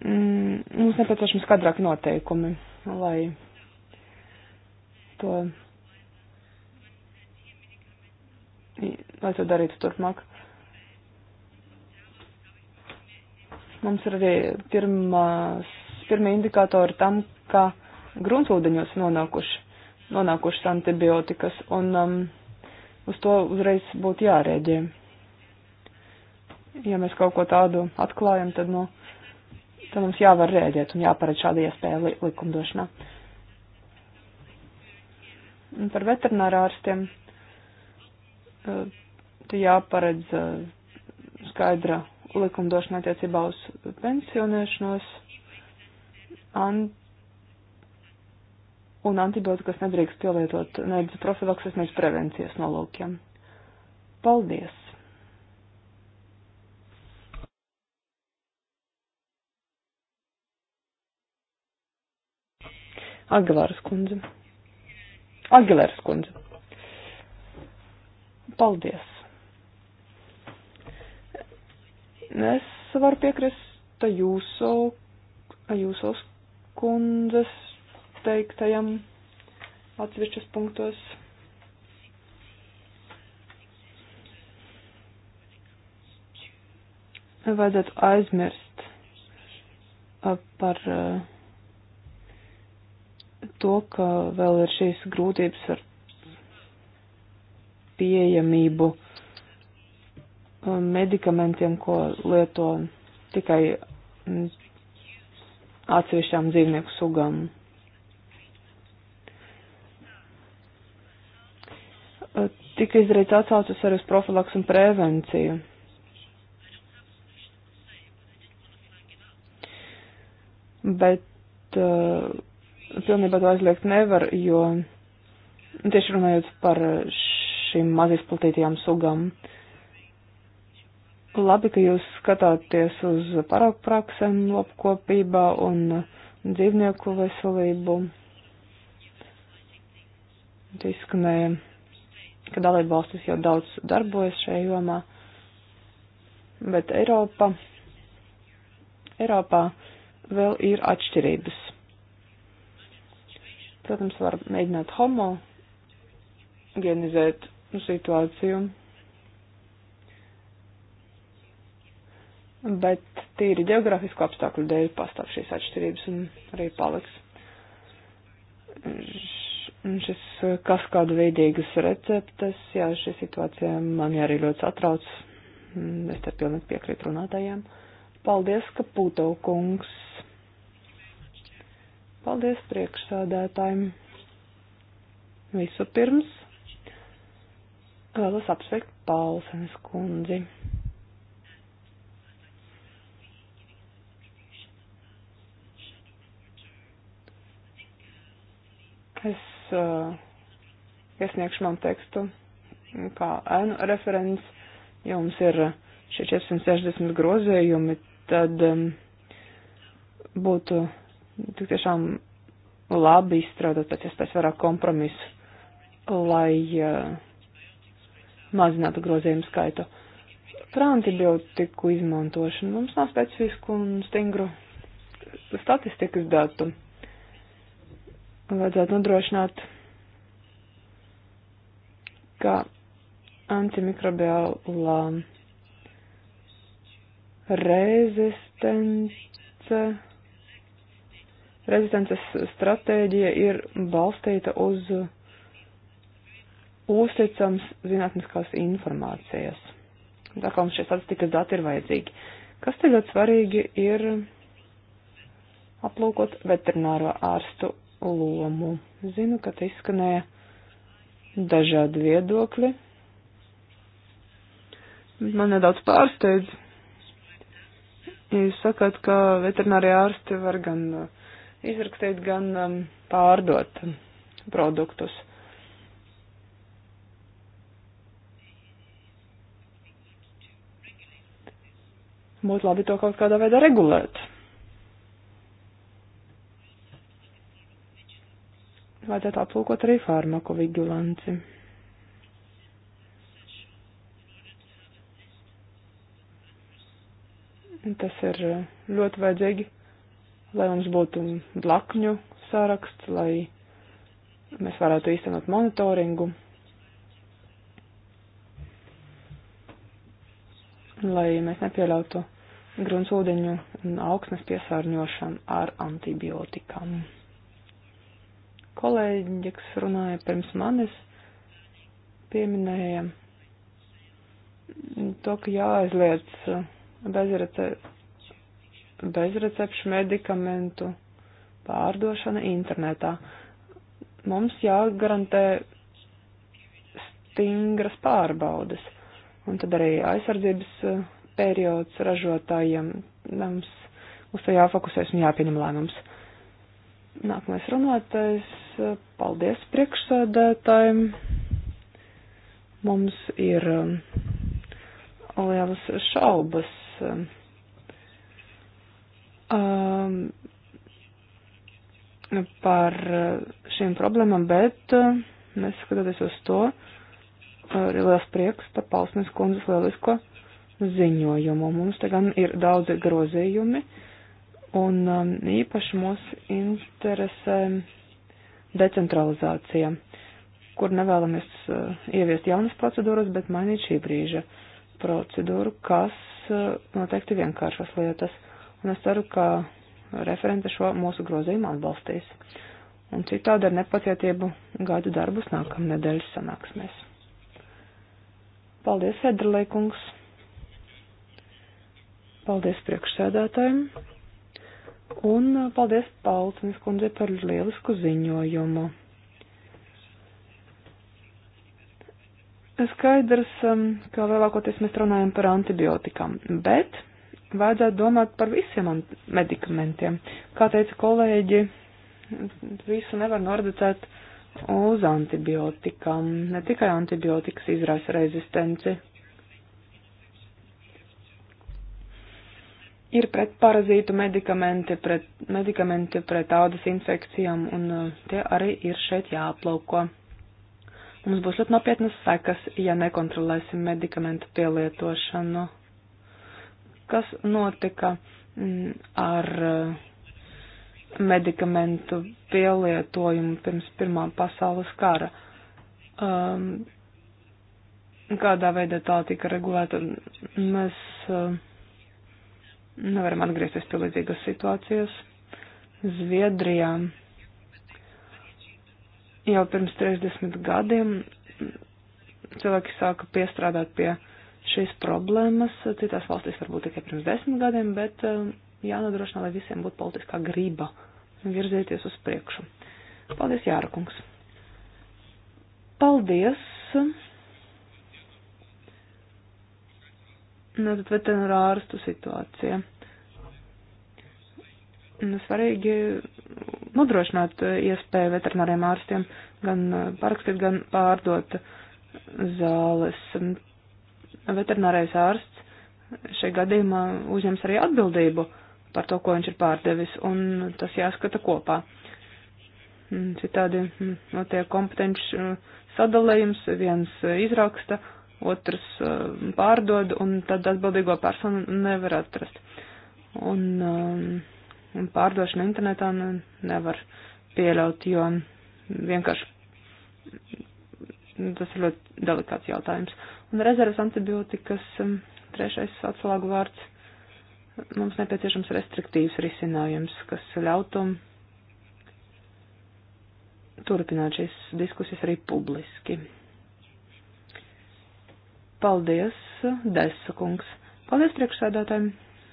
mm, mums nepieciešams skaidrāki noteikumi, lai to, lai to darītu turpmāk. Mums ir arī pirmās pirmie indikatori tam, ka gruntsūdeņos nonākuši, nonākušas antibiotikas, un um, uz to uzreiz būtu jārēģē. Ja mēs kaut ko tādu atklājam, tad, nu, tad mums jāvar rēģēt un jāparedz šāda iespēja li likumdošanā. Un par veterinārārstiem uh, te jāparedz uh, skaidra likumdošana attiecībā uz pensionēšanos Ant un antibiotikas nedrīkst pielietot nevis profilakses, nevis prevencijas nolūkiem. Paldies! Agilāras kundze. Agilāras kundze. Paldies. Es varu piekrist jūsu, jūsos kundzes teiktajam atsevišķos punktos. Vajadzētu aizmirst uh, par uh, to, ka vēl ir šīs grūtības ar pieejamību uh, medikamentiem, ko lieto tikai mm, atsevišķām dzīvnieku sugām. Tika izdarīts atsaucas arī uz profilaks un prevenciju. Bet uh, pilnībā to aizliegt nevar, jo tieši runājot par šīm maz izplatītajām sugām, uh, Labi, ka jūs skatāties uz paraugu praksēm lopkopībā un dzīvnieku veselību. Izskanēja, ka dalībvalstis jau daudz darbojas šajā jomā, bet Eiropa, Eiropā vēl ir atšķirības. Protams, var mēģināt homogenizēt situāciju bet tīri geogrāfisku apstākļu dēļ pastāv šīs atšķirības un arī paliks. Un šis kaskādu veidīgas receptes, jā, šī situācija mani arī ļoti satrauc. Es te pilnīgi piekrītu runātājiem. Paldies, ka pūtau kungs. Paldies priekšsādētājiem. Visu pirms vēlos apsveikt Paulsenes kundzi. Es uh, iesniegšu man tekstu kā ēnu referents. Ja mums ir šie 460 grozējumi, tad um, būtu tik tiešām labi izstrādāt pēc iespējas vairāk kompromisu, lai uh, mazinātu grozījumu skaitu. Par antibiotiku izmantošanu mums nav specifisku un stingru statistikas datu vajadzētu nodrošināt, ka antimikrobiālā rezistence, rezistences stratēģija ir balstīta uz uzticams zinātniskās informācijas. Tā kā mums šie statistikas dati ir vajadzīgi. Kas te ļoti svarīgi ir aplūkot veterināro ārstu lomu. Zinu, ka te izskanēja dažādi viedokļi. Man nedaudz pārsteidz. Jūs sakāt, ka veterinārie ārsti var gan uh, izrakstīt, gan um, pārdot um, produktus. Būtu labi to kaut kādā veidā regulēt. vajadzētu aplūkot arī farmakovigilanci. Tas ir ļoti vajadzīgi, lai mums būtu blakņu saraksts, lai mēs varētu īstenot monitoringu, lai mēs nepieļautu gruntsūdeņu un augsnes piesārņošanu ar antibiotikām. Kolēģi, kas runāja pirms manis, pieminēja to, ka jāaizliedz bezrece, bezrecepšu medikamentu pārdošana internetā. Mums jāgarantē stingras pārbaudes, un tad arī aizsardzības eh, periods ražotājiem. Mums uz to jāfokusēs un jāpieņem lēmums. Nākamais runātais. Paldies priekšsēdētājiem. Mums ir um, lielas šaubas. Um, par uh, šīm problēmām, bet uh, neskatoties uz to, arī liels prieks par Palsnes kundzes lielisko ziņojumu. Mums te gan ir daudzi grozījumi. Uh, Un um, īpaši mūs interesē decentralizācija, kur nevēlamies uh, ieviest jaunas procedūras, bet mainīt šī brīža procedūru, kas uh, noteikti vienkāršas lietas. Un es ceru, ka referente šo mūsu grozījumu atbalstīs. Un citādi ar nepacietību gaidu darbus nākamnedēļas sanāksmēs. Paldies, Edrlaikungs! Paldies priekšsēdētājiem! Un uh, paldies Paltnes kundze par lielisku ziņojumu. Skaidrs, um, ka lielākoties mēs runājam par antibiotikām, bet vajadzētu domāt par visiem medikamentiem. Kā teica kolēģi, visu nevar noredzēt uz antibiotikām. Ne tikai antibiotikas izraisa rezistenci. ir pretparazītu medikamenti, pret, medikamenti pret audas infekcijām, un uh, tie arī ir šeit jāaplauko. Mums būs ļoti nopietnas sekas, ja nekontrolēsim medikamentu pielietošanu. Kas notika mm, ar uh, medikamentu pielietojumu pirms Pirmā pasaules kara? Um, kādā veidā tā tika regulēta? Mēs uh, nevaram atgriezties pie līdzīgas situācijas. Zviedrijā jau pirms 30 gadiem cilvēki sāka piestrādāt pie šīs problēmas. Citās valstīs varbūt tikai pirms 10 gadiem, bet eh, jānodrošina, lai visiem būtu politiskā grība virzīties uz priekšu. Paldies, Jāra kungs! Paldies! Tātad nu, veterinārā ārstu situācija. Nu, svarīgi nodrošināt uh, iespēju veterināriem ārstiem gan uh, parakstīt, gan pārdot zāles. Veterinārais ārsts šajā gadījumā uzņems arī atbildību par to, ko viņš ir pārdevis, un tas jāskata kopā. Mm, citādi mm, notiek kompetenci uh, sadalījums, viens izraksta, otrs eh, pārdod, un tad atbildīgo personu nevar atrast. Un, eh, un pārdošana internetā nevar pieļaut, jo vienkārši tas ir ļoti delikāts jautājums. Un rezerves antibiotikas eh, trešais atslēgu vārds. Mums nepieciešams restriktīvs risinājums, kas ļautu turpināt šīs diskusijas arī publiski. Paldies, Desa kungs. Paldies priekšsēdātājiem.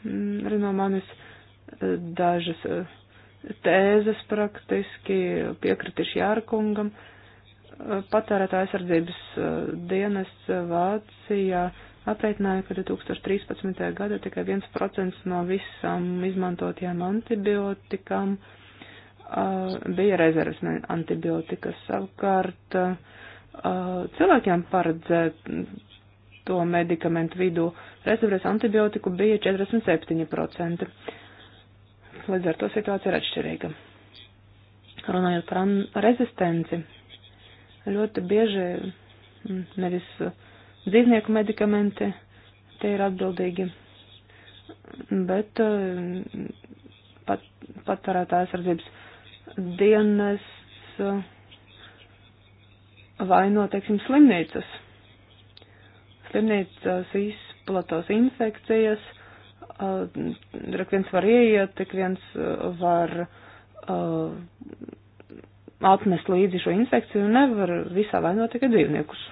Mm, arī no manis eh, dažas eh, tēzes praktiski piekritiši Jārkungam. Eh, Patērētā aizsardzības dienas Vācijā apreitināja, ka 2013. gada tikai 1% no visām izmantotajām antibiotikām bija rezerves antibiotikas. Savukārt cilvēkiem paredzēt to medikamentu vidū. Receptūras antibiotiku bija 47%. Līdz ar to situācija ir atšķirīga. Runājot par rezistenci, ļoti bieži mm, nevis uh, dzīvnieku medikamenti tie ir atbildīgi, bet uh, pat, patērētā aizsardzības dienas uh, vai no, teiksim, slimnīcas slimnīcas izplatās infekcijas, tik uh, viens var ieiet, tik viens uh, var uh, atmest līdzi šo infekciju un nevar visā vainot tikai dzīvniekus.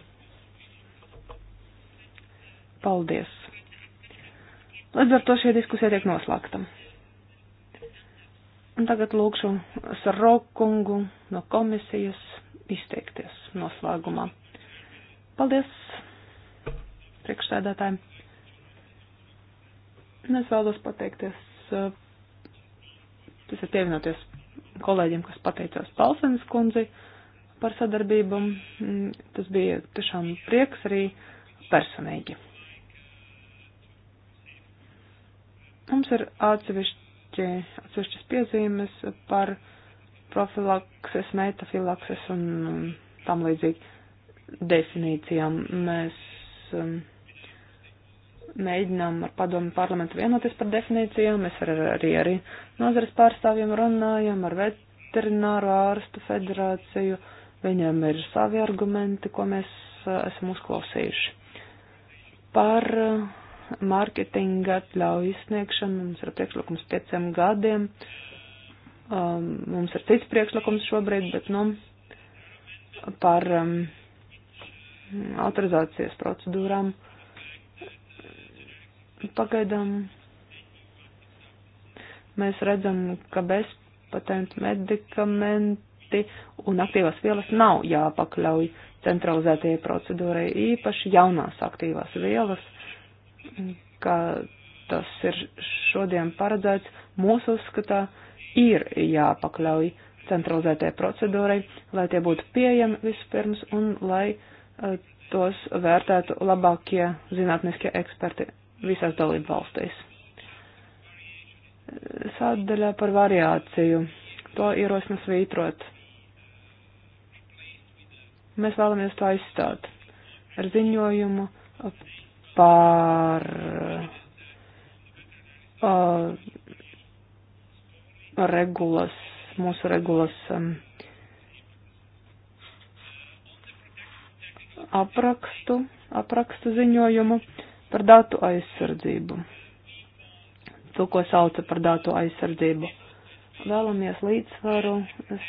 Paldies! Līdz ar to šī diskusija tiek noslēgta. Un tagad lūkšu Sarokungu no komisijas izteikties noslēgumā. Paldies! priekšsēdētājiem. Es vēlos pateikties, tas eh, ir pievienoties kolēģiem, kas pateicās Palsenes kundzi par sadarbību. Mm, tas bija tiešām prieks arī personīgi. Mums ir atsevišķi, atsevišķas piezīmes par profilakses, metafilakses un mm, tam līdzīgi definīcijām. Mēs um, mēģinām ar padomu parlamentu vienoties par definīcijām. Mēs ar, arī, arī nozares pārstāvjiem runājam, ar veterināru ārstu federāciju. Viņiem ir savi argumenti, ko mēs eh, esam uzklausījuši. Par eh, mārketinga atļauju izsniegšanu mums ir priekšlikums pieciem gadiem. Um, mums ir cits priekšlikums šobrīd, bet, nu, par um, autorizācijas procedūrām Pagaidām mēs redzam, ka bez patentu medikamenti un aktīvās vielas nav jāpakļauj centralizētajai procedūrai, īpaši jaunās aktīvās vielas, kā tas ir šodien paredzēts, mūsu uzskatā ir jāpakļauj centralizētajai procedūrai, lai tie būtu pieejami vispirms un lai eh, tos vērtētu labākie zinātniskie eksperti visās dalību valstīs. Sādaļā par variāciju. To ierosina svītrot. Mēs vēlamies to aizstāt ar ziņojumu par uh, regulas, mūsu regulas um, aprakstu, aprakstu ziņojumu. Uh, par datu aizsardzību. To, ko sauca par datu aizsardzību. Vēlamies līdzsvaru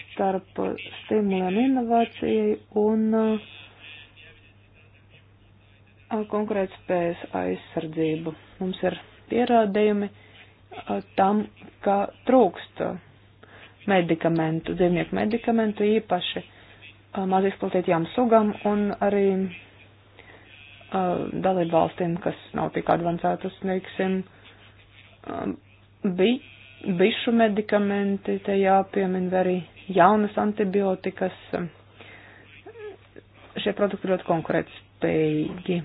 starp stimuliem inovācijai un konkurētspējas aizsardzību. Mums ir pierādījumi tam, ka trūkst medikamentu, dzīvnieku medikamentu īpaši maz izplatītajām sugām un arī Uh, dalību valstīm, kas nav tik advancētas, teiksim, um, bi, bišu medikamenti, te jāpiemin arī jaunas antibiotikas. Šie produkti ļoti konkurētspējīgi.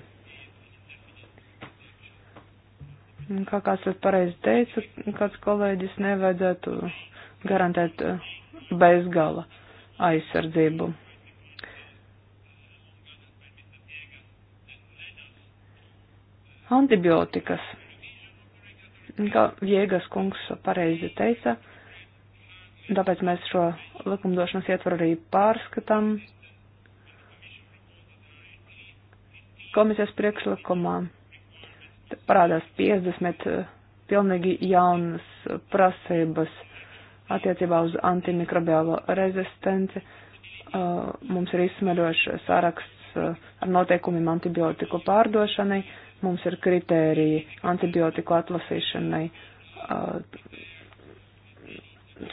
Kā kāds pareizi teica, kāds kolēģis nevajadzētu garantēt uh, bezgala aizsardzību Antibiotikas, kā Jēgas kungs pareizi teica, tāpēc mēs šo likumdošanas ietvaru arī pārskatām. Komisijas priekšlikumā parādās 50 eh, pilnīgi jaunas prasības attiecībā uz antimikrobiālo rezistenci. Eh, mums ir izsmeļošs saraksts eh, ar noteikumiem antibiotiku pārdošanai, Mums ir kritērija antibiotiku atlasīšanai,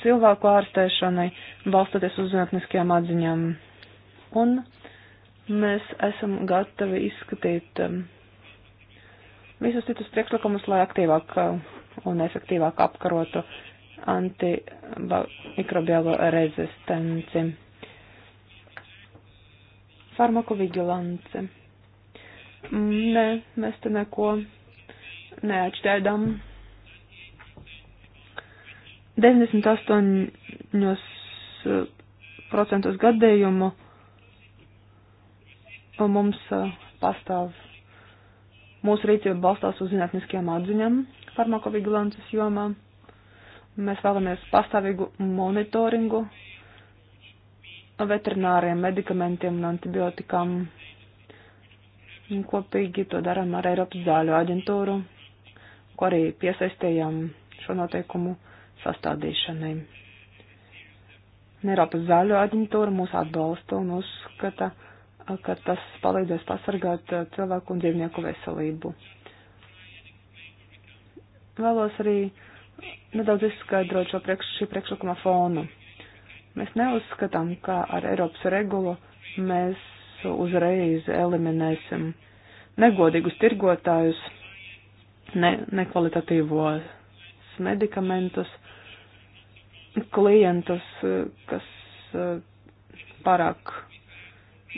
cilvēku ārstēšanai, balstoties uz zinātniskajām atziņām. Un mēs esam gatavi izskatīt visus citus priekšlikumus, lai aktīvāk un efektīvāk apkarotu antimikrobiālo rezistenci. Farmakovigilance. Nē, mēs te neko neatšķēdām. 98% gadījumu mums pastāv. Mūsu rīcība balstās uz zinātniskajām atziņām farmakovigilances jomā. Mēs vēlamies pastāvīgu monitoringu veterināriem medikamentiem un antibiotikām Un kopīgi to darām ar Eiropas zāļu aģentūru, ko arī piesaistījām šo noteikumu sastādīšanai. Un Eiropas zāļu aģentūra mūs atbalsta un uzskata, ka tas palīdzēs pasargāt uh, cilvēku un dzīvnieku veselību. Vēlos arī nedaudz izskaidrot šo priekš, šī priekšlikuma fonu. Mēs neuzskatām, ka ar Eiropas regulu mēs uzreiz eliminēsim negodīgus tirgotājus, ne, nekvalitatīvos medikamentus, klientus, kas eh, pārāk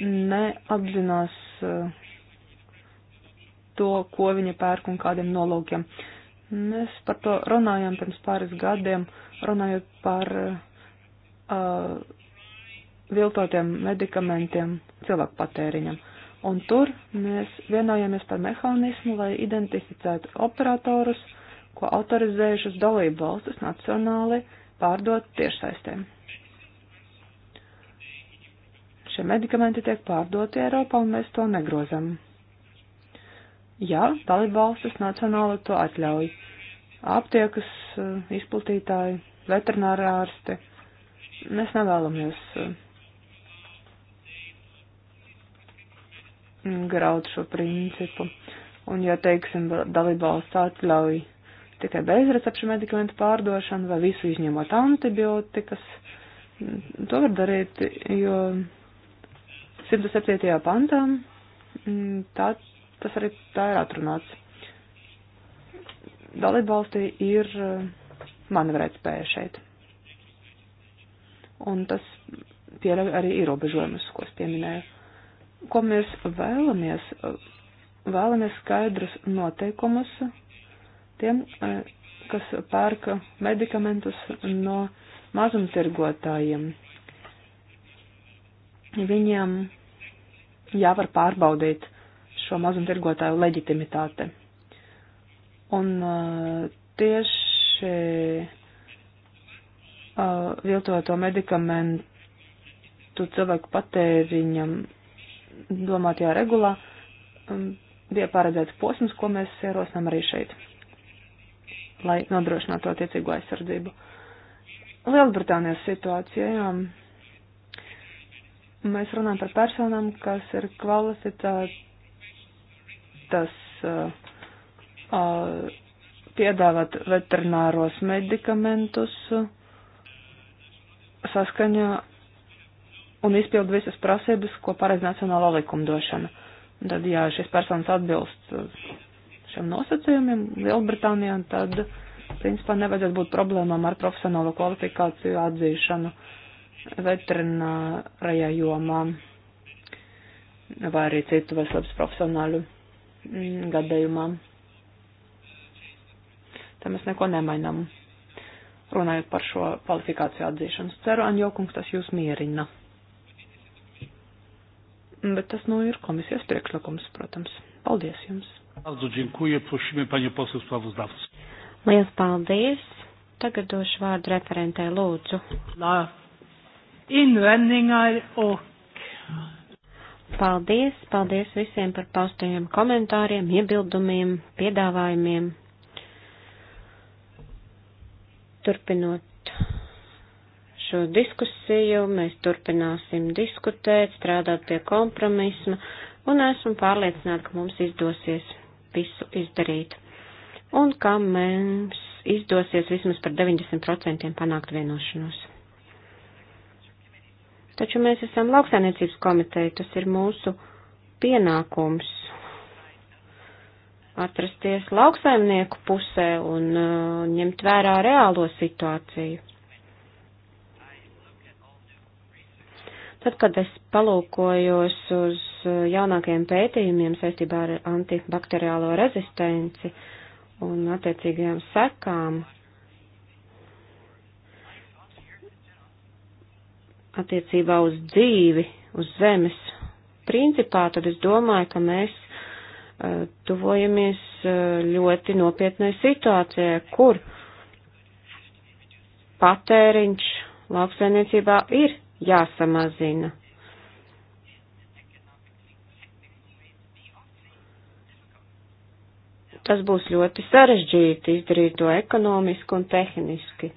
neapzinās eh, to, ko viņi pērk un kādiem nolūkiem. Mēs par to runājām pirms pāris gadiem, runājot par uh, viltotiem medikamentiem cilvēku patēriņam. Un tur mēs vienojamies par mehānismu, lai identificētu operatorus, ko autorizējušas dalību valstis nacionāli pārdot tiešsaistēm. Šie medikamenti tiek pārdoti Eiropā, un mēs to negrozam. Ja dalību valstis nacionāli to atļauj, aptiekas eh, izplatītāji, veterinārārsti, mēs nevēlamies eh, graut šo principu. Un, ja, teiksim, dalībvalsts atļauj tikai bezrecepšu medikamentu pārdošanu vai visu izņemot antibiotikas, mm, to var darīt, jo 107. pantā mm, tā, tas arī tā ir atrunāts. Dalībvalstī ir eh, manevrēt spēja šeit. Un tas pieļauj arī ierobežojumus, ko es pieminēju ko mēs vēlamies. Vēlamies skaidrus noteikumus tiem, e, kas pērka medikamentus no mazumtirgotājiem. Viņiem jāvar pārbaudīt šo mazumtirgotāju leģitimitāte. Un uh, tieši uh, viltoto medikamentu cilvēku patēriņam domātajā regulā um, bija paredzēts posms, ko mēs ierosinām arī šeit, lai nodrošinātu attiecīgo aizsardzību. Lielbritānijas situācijā jā, mēs runājam par personām, kas ir kvalificētas uh, uh, piedāvāt veterināros medikamentus uh, saskaņā un izpild visas prasības, ko paredz nacionālā likumdošana. Tad, ja šis personas atbilst uh, šiem nosacījumiem Lielbritānijā, tad, principā, nevajadzētu būt problēmām ar profesionālo kvalifikāciju atzīšanu veterinārajā jomā vai arī citu veselības profesionāļu mm, gadījumā. Te mēs neko nemainām. Runājot par šo kvalifikāciju atzīšanas ceru, Anjokungs, tas jūs mierina. Bet tas nu ir komisijas priekšlikums, protams. Paldies jums! Bardzo dziękuję. Prosimy panie poseł sprawozdawcę. Liels paldies. Tagad došu vārdu referentē lūdzu. Lā. Invenningar ok. Paldies, paldies visiem par paustajiem komentāriem, iebildumiem, piedāvājumiem. Turpinot šo diskusiju, mēs turpināsim diskutēt, strādāt pie kompromisma, un esmu pārliecināta, ka mums izdosies visu izdarīt, un ka mums izdosies vismaz par 90% panākt vienošanos. Taču mēs esam lauksainiecības komiteja, tas ir mūsu pienākums atrasties lauksaimnieku pusē un uh, ņemt vērā reālo situāciju. Tad, kad es palūkojos uz eh, jaunākajiem pētījumiem saistībā ar antibakteriālo rezistenci un attiecīgajām sekām, attiecībā uz dzīvi, uz zemes principā, tad es domāju, ka mēs uh, tuvojamies uh, ļoti nopietnai situācijai, kur patēriņš lauksainiecībā ir jāsamazina. Tas būs ļoti sarežģīti izdarīt to ekonomiski un tehniski.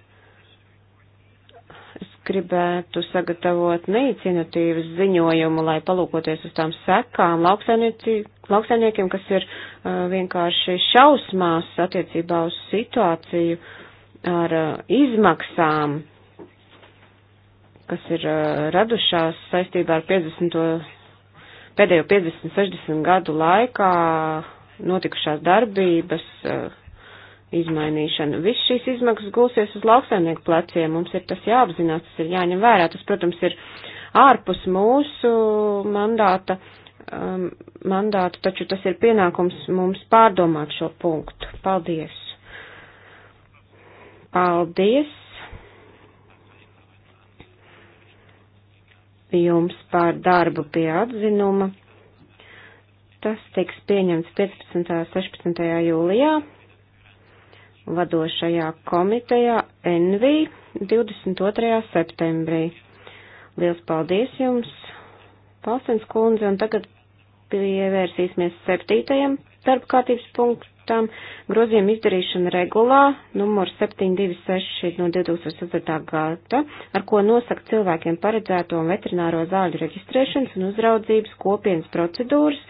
Es gribētu sagatavot neicinatīvas ziņojumu, lai palūkoties uz tām sekām lauksainiekiem, kas ir uh, vienkārši šausmās attiecībā uz situāciju ar uh, izmaksām kas ir uh, radušās saistībā ar 50. pēdējo 50-60 gadu laikā notikušās darbības uh, izmainīšana. Viss šīs izmaksas gulsies uz lauksaimnieku pleciem, mums ir tas jāapzinās, tas ir jāņem vērā, tas, protams, ir ārpus mūsu mandāta, um, mandātu, taču tas ir pienākums mums pārdomāt šo punktu. Paldies! Paldies! jums par darbu pie atzinuma. Tas tiks pieņemts 15. un 16. jūlijā vadošajā komitejā NV 22. septembrī. Liels paldies jums, Palsens kundze, un tagad pievērsīsimies septītajam darbkārtības punktam tam grozījumu izdarīšana regulā numur 726 no 2004. gada, ar ko nosaka cilvēkiem paredzēto un veterināro zāļu reģistrēšanas un uzraudzības kopienas procedūras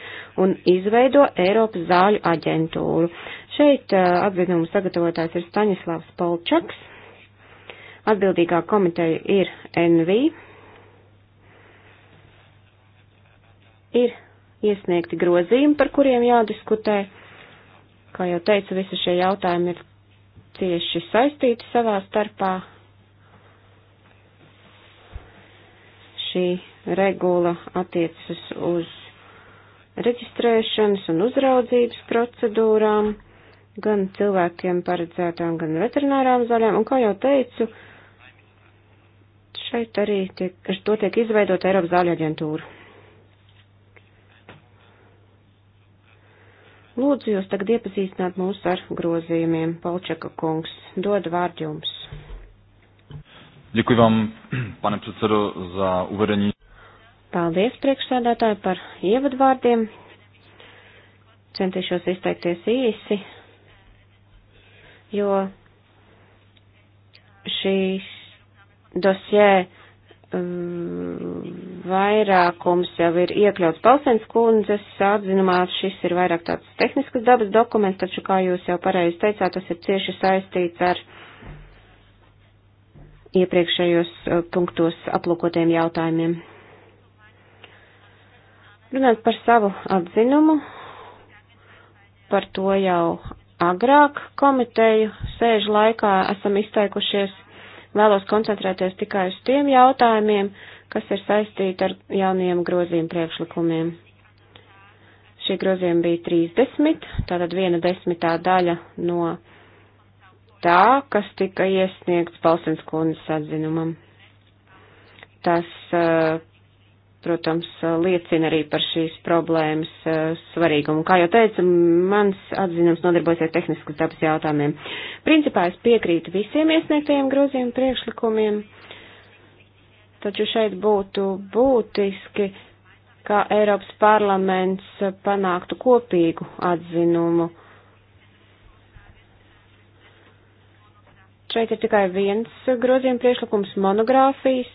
un izveido Eiropas zāļu aģentūru. Šeit uh, atzinumu sagatavotājs ir Staņislavs Polčaks, atbildīgā komiteja ir NV, ir iesniegti grozījumi, par kuriem jādiskutē. Kā jau teicu, visi šie jautājumi ir cieši saistīti savā starpā. Šī regula attiecas uz reģistrēšanas un uzraudzības procedūrām, gan cilvēkiem paredzētām, gan veterinārām zaļām, un kā jau teicu, šeit arī tiek, to tiek izveidot Eiropas zāļu aģentūra. Lūdzu, jūs tagad iepazīstināt mūs ar grozījumiem. Palčeka kungs, dod vārdu jums. Děkuji vám, pane předsedo, za uvedení. Paldies priekšsēdētāji par ievadvārdiem. Centīšos izteikties īsi, jo šīs dosjē um, mm, vairākums jau ir iekļauts Palsens kundzes atzinumā, šis ir vairāk tāds tehniskas dabas dokuments, taču, kā jūs jau pareizi teicāt, tas ir cieši saistīts ar iepriekšējos eh, punktos aplūkotiem jautājumiem. Runāt par savu atzinumu, par to jau agrāk komiteju sēžu laikā esam izteikušies, vēlos koncentrēties tikai uz tiem jautājumiem, kas ir saistīti ar jauniem grozījumu priekšlikumiem. Šie grozījumi bija 30, tātad viena desmitā daļa no tā, kas tika iesniegts Palsens kundzes atzinumam. Tas, eh, protams, liecina arī par šīs problēmas eh, svarīgumu. Kā jau teicu, mans atzinums nodarbosies tehniskas dabas jautājumiem. Principā es piekrītu visiem iesniegtajiem grozījumu priekšlikumiem. Taču šeit būtu būtiski, kā Eiropas parlaments panāktu kopīgu atzinumu. Šeit ir tikai viens grozījuma priešlikums monogrāfijas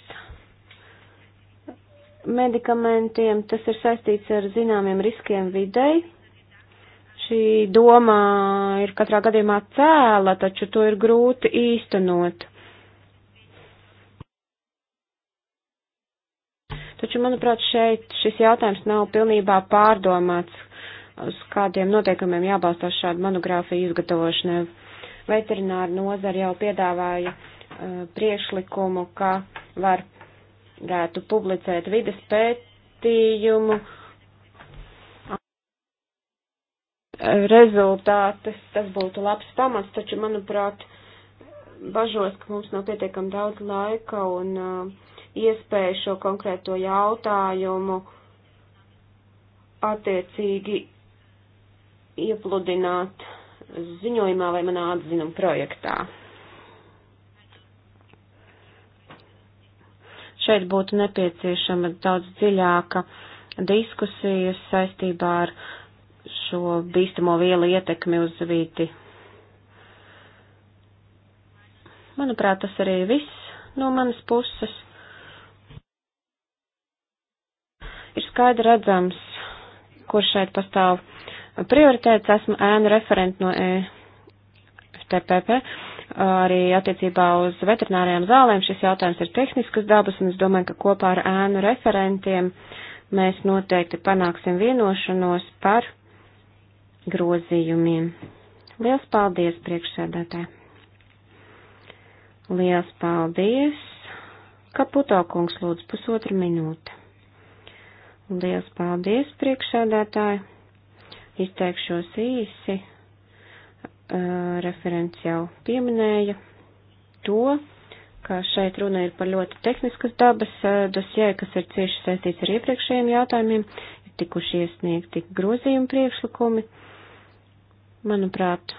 medikamentiem. Tas ir saistīts ar zināmiem riskiem videi. Šī doma ir katrā gadījumā cēla, taču to ir grūti īstenot. Taču, manuprāt, šeit šis jautājums nav pilnībā pārdomāts, uz kādiem noteikumiem jābalstās šādu monogrāfiju izgatavošanai. Veterināra nozara jau piedāvāja uh, priekšlikumu, ka var varētu publicēt vides pētījumu uh, rezultātus. Tas būtu labs pamats, taču, manuprāt, bažos, ka mums nav pietiekami daudz laika un uh, iespēju šo konkrēto jautājumu attiecīgi iepludināt ziņojumā vai manā atzinuma projektā. Šeit būtu nepieciešama daudz dziļāka diskusija saistībā ar šo bīstamo vielu ietekmi uz vīti. Manuprāt, tas arī viss no manas puses. ir skaidri redzams, kur šeit pastāv prioritēts. Esmu ēnu referenti no e FTPP. Arī attiecībā uz veterinārijām zālēm šis jautājums ir tehniskas dabas, un es domāju, ka kopā ar ēnu referentiem mēs noteikti panāksim vienošanos par grozījumiem. Liels paldies, priekšsēdētāji! Liels paldies! Kaputo kungs lūdzu pusotru minūti. Liels paldies, priekšsēdētāji. Izteikšos īsi. Uh, referents jau pieminēja to, ka šeit runa ir par ļoti tehniskas dabas uh, dosjē, kas ir cieši saistīts ar iepriekšējiem jautājumiem, ir tikuši iesniegti grozījumi priekšlikumi. Manuprāt,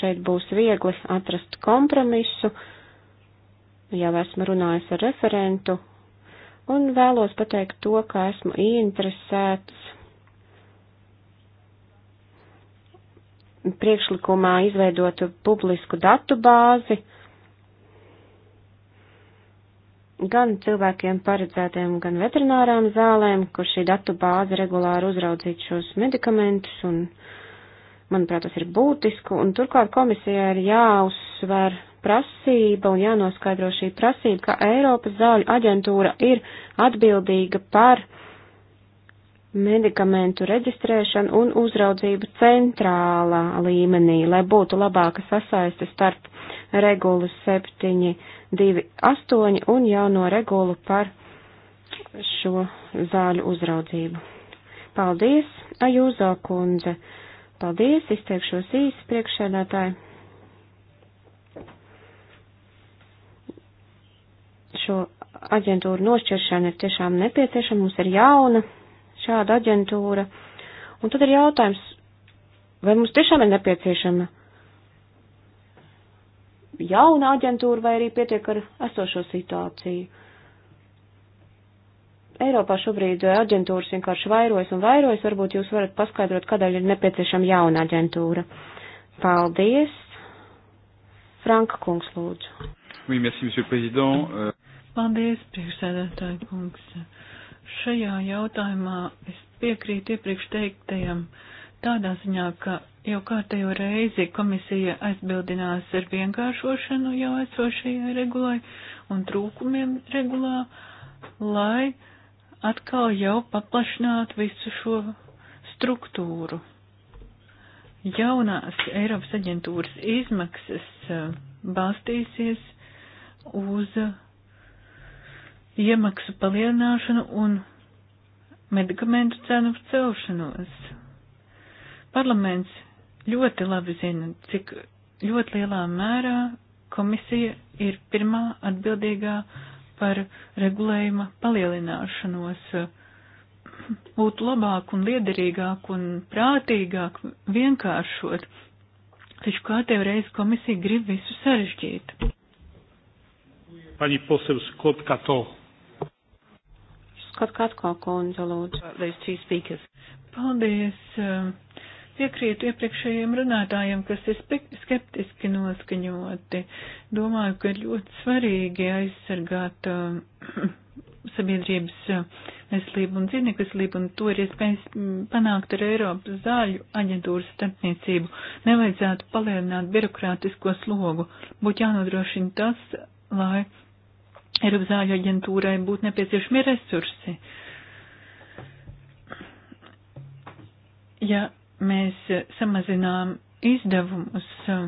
šeit būs viegli atrast kompromisu. Jau esmu runājis ar referentu, un vēlos pateikt to, ka esmu ieinteresēts priekšlikumā izveidot publisku datu bāzi gan cilvēkiem paredzētiem, gan veterinārām zālēm, kur šī datu bāze regulāri uzraudzīt šos medikamentus, un, manuprāt, tas ir būtiski, un turklāt komisijai ir jāuzsver prasība un jānoskaidro šī prasība, ka Eiropas zāļu aģentūra ir atbildīga par medikamentu reģistrēšanu un uzraudzību centrālā līmenī, lai būtu labāka sasaiste starp regulu 728 un jauno regulu par šo zāļu uzraudzību. Paldies, Ajūzo kundze! Paldies, izteikšos īsi priekšsēdētāji! šo aģentūru nošķiršana ir tiešām nepieciešama, mums ir jauna šāda aģentūra. Un tad ir jautājums, vai mums tiešām ir nepieciešama jauna aģentūra vai arī pietiek ar esošo situāciju. Eiropā šobrīd aģentūras vienkārši vairojas un vairojas, varbūt jūs varat paskaidrot, kādēļ ir nepieciešama jauna aģentūra. Paldies! Franka kungs lūdzu. Oui, merci, monsieur le président. Euh, Paldies, priekšsēdētāji kungs. Šajā jautājumā es piekrītu iepriekš teiktajam tādā ziņā, ka jau kārtējo reizi komisija aizbildinās ar vienkāršošanu jau esošajai regulai un trūkumiem regulā, lai atkal jau paplašinātu visu šo struktūru. Jaunās Eiropas aģentūras izmaksas uh, balstīsies uz iemaksu palielināšanu un medikamentu cenu celšanos. Parlaments ļoti labi zina, cik ļoti lielā mērā komisija ir pirmā atbildīgā par regulējuma palielināšanos. Būtu labāk un liederīgāk un prātīgāk vienkāršot, taču kā tev reiz komisija grib visu sarežģīt. Pani posev Skotka to Skot Katko kundze, lūdzu. Uh, Paldies. Um, piekrītu iepriekšējiem runātājiem, kas ir skeptiski noskaņoti. Domāju, ka ir ļoti svarīgi aizsargāt um, uh, sabiedrības veselību un dzīvnieku un to ir iespējams mm, panākt ar Eiropas zāļu aģentūras starpniecību. Nevajadzētu palielināt birokrātisko slogu. Būtu jānodrošina tas, lai Eiropas zāļu aģentūrai būtu nepieciešami resursi. Ja mēs samazinām izdevumus uh,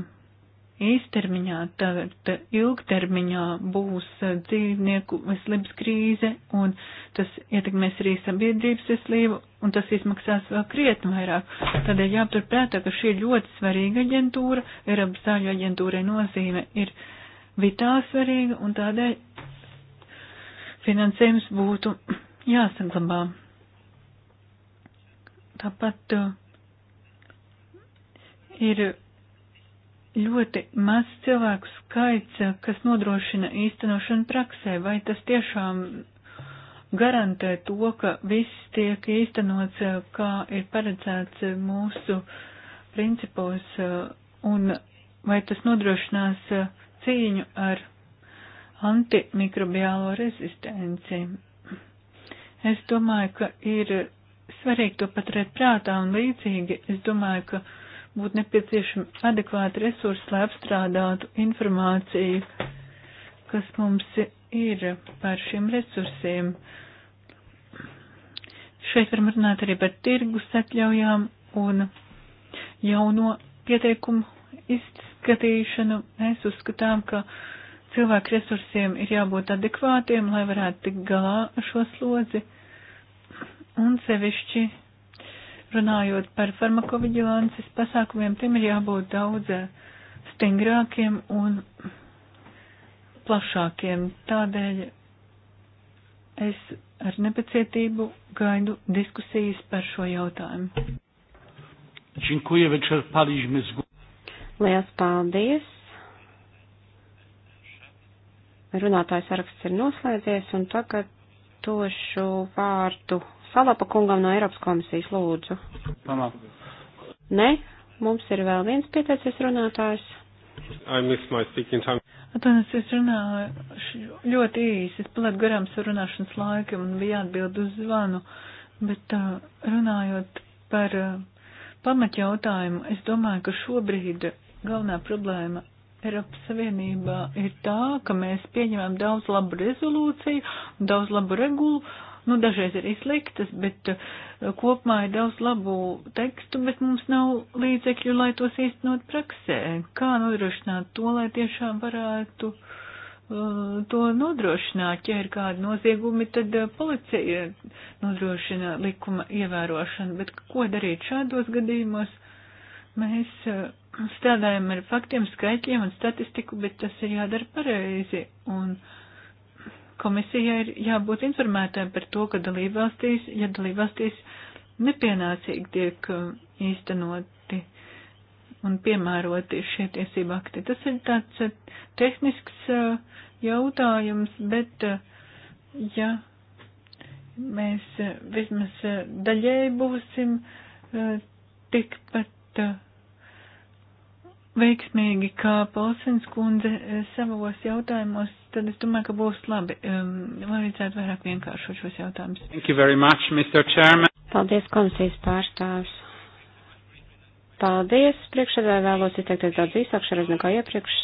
īstermiņā, tad ilgtermiņā būs uh, dzīvnieku veselības krīze, un tas ietekmēs arī sabiedrības veselību, un tas izmaksās vēl krietni vairāk. Tādēļ jāpaturprātā, ka šī ļoti svarīga aģentūra, Eiropas zāļu aģentūrai nozīme ir vitāli svarīga, un tādēļ finansējums būtu jāsaglabā. Tāpat uh, ir ļoti maz cilvēku skaits, uh, kas nodrošina īstenošanu praksē, vai tas tiešām garantē to, ka viss tiek īstenots, uh, kā ir paredzēts mūsu principos, un vai tas nodrošinās cīņu ar antimikrobiālo rezistenci. Es domāju, ka ir svarīgi to paturēt prātā un līdzīgi. Es domāju, ka būtu nepieciešami adekvāti resursi, lai apstrādātu informāciju, kas mums ir par šiem resursiem. Šeit varam runāt arī par tirgus atļaujām un jauno pieteikumu izskatīšanu. Mēs uzskatām, ka cilvēku resursiem ir jābūt adekvātiem, lai varētu tikt galā ar šo slodzi. Un sevišķi runājot par farmakoviģilances pasākumiem, tiem ir jābūt daudz stingrākiem un plašākiem. Tādēļ es ar nepacietību gaidu diskusijas par šo jautājumu. Činkuja, Liels paldies! runātājs saraksts ir noslēdzies, un tagad došu vārdu Salapa kungam no Eiropas komisijas lūdzu. Pamā. Nē, mums ir vēl viens pieteicies runātājs. Atvainojos, es runāju ļoti īsi, es palētu garām savu runāšanas laiku, man bija jāatbild uz zvanu, bet uh, runājot par uh, pamatjautājumu, es domāju, ka šobrīd galvenā problēma Eiropas Savienībā ir tā, ka mēs pieņemam daudz labu rezolūciju, daudz labu regulu, nu dažreiz ir izliktas, bet eh, kopumā ir daudz labu tekstu, bet mums nav līdzekļu, lai tos īstenot praksē. Kā nodrošināt to, lai tiešām varētu uh, to nodrošināt, ja ir kādi noziegumi, tad eh, policija nodrošina likuma ievērošanu, bet ko darīt šādos gadījumos? Mēs eh, strādājam ar faktiem, skaitļiem un statistiku, bet tas ir jādara pareizi. Un komisija ir jābūt informētājiem par to, ka dalībvalstīs, ja dalībvalstīs nepienācīgi tiek eh, īstenoti un piemēroti šie tiesību akti. Tas ir tāds eh, tehnisks jautājums, bet ja mēs vismaz daļēji būsim tikpat veiksmīgi, kā Polsens kundze eh, savos jautājumos, tad es domāju, ka būs labi. Um, vajadzētu vairāk vienkāršot šos jautājumus. Thank you very much, Mr. Chairman. Paldies, komisijas pārstāvs. Paldies, priekšsēdē vēlos izteikties daudz īsāk šoreiz nekā iepriekš.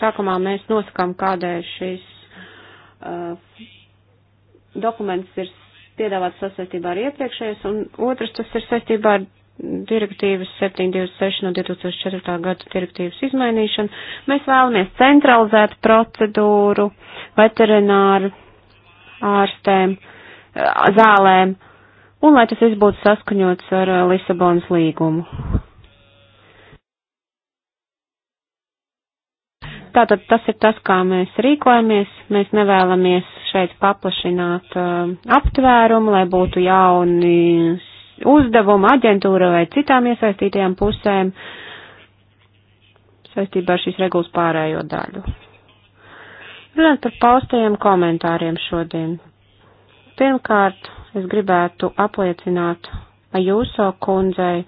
Sākumā mēs nosakām, kādēļ šis uh, dokuments ir piedāvāts sasaistībā ar iepriekšējais, un otrs tas ir saistībā ar direktīvas 726 no 2004. gada direktīvas izmainīšanu. Mēs vēlamies centralizēt procedūru veterināru ārstēm, zālēm, un lai tas viss būtu saskaņots ar eh, Lisabonas līgumu. Tātad tas ir tas, kā mēs rīkojamies. Mēs nevēlamies šeit paplašināt uh, aptvērumu, lai būtu jaunas uzdevumu aģentūra vai citām iesaistītajām pusēm saistībā ar šīs regulas pārējo daļu. Runāt par paustajiem komentāriem šodien. Pirmkārt, es gribētu apliecināt Ajūso kundzei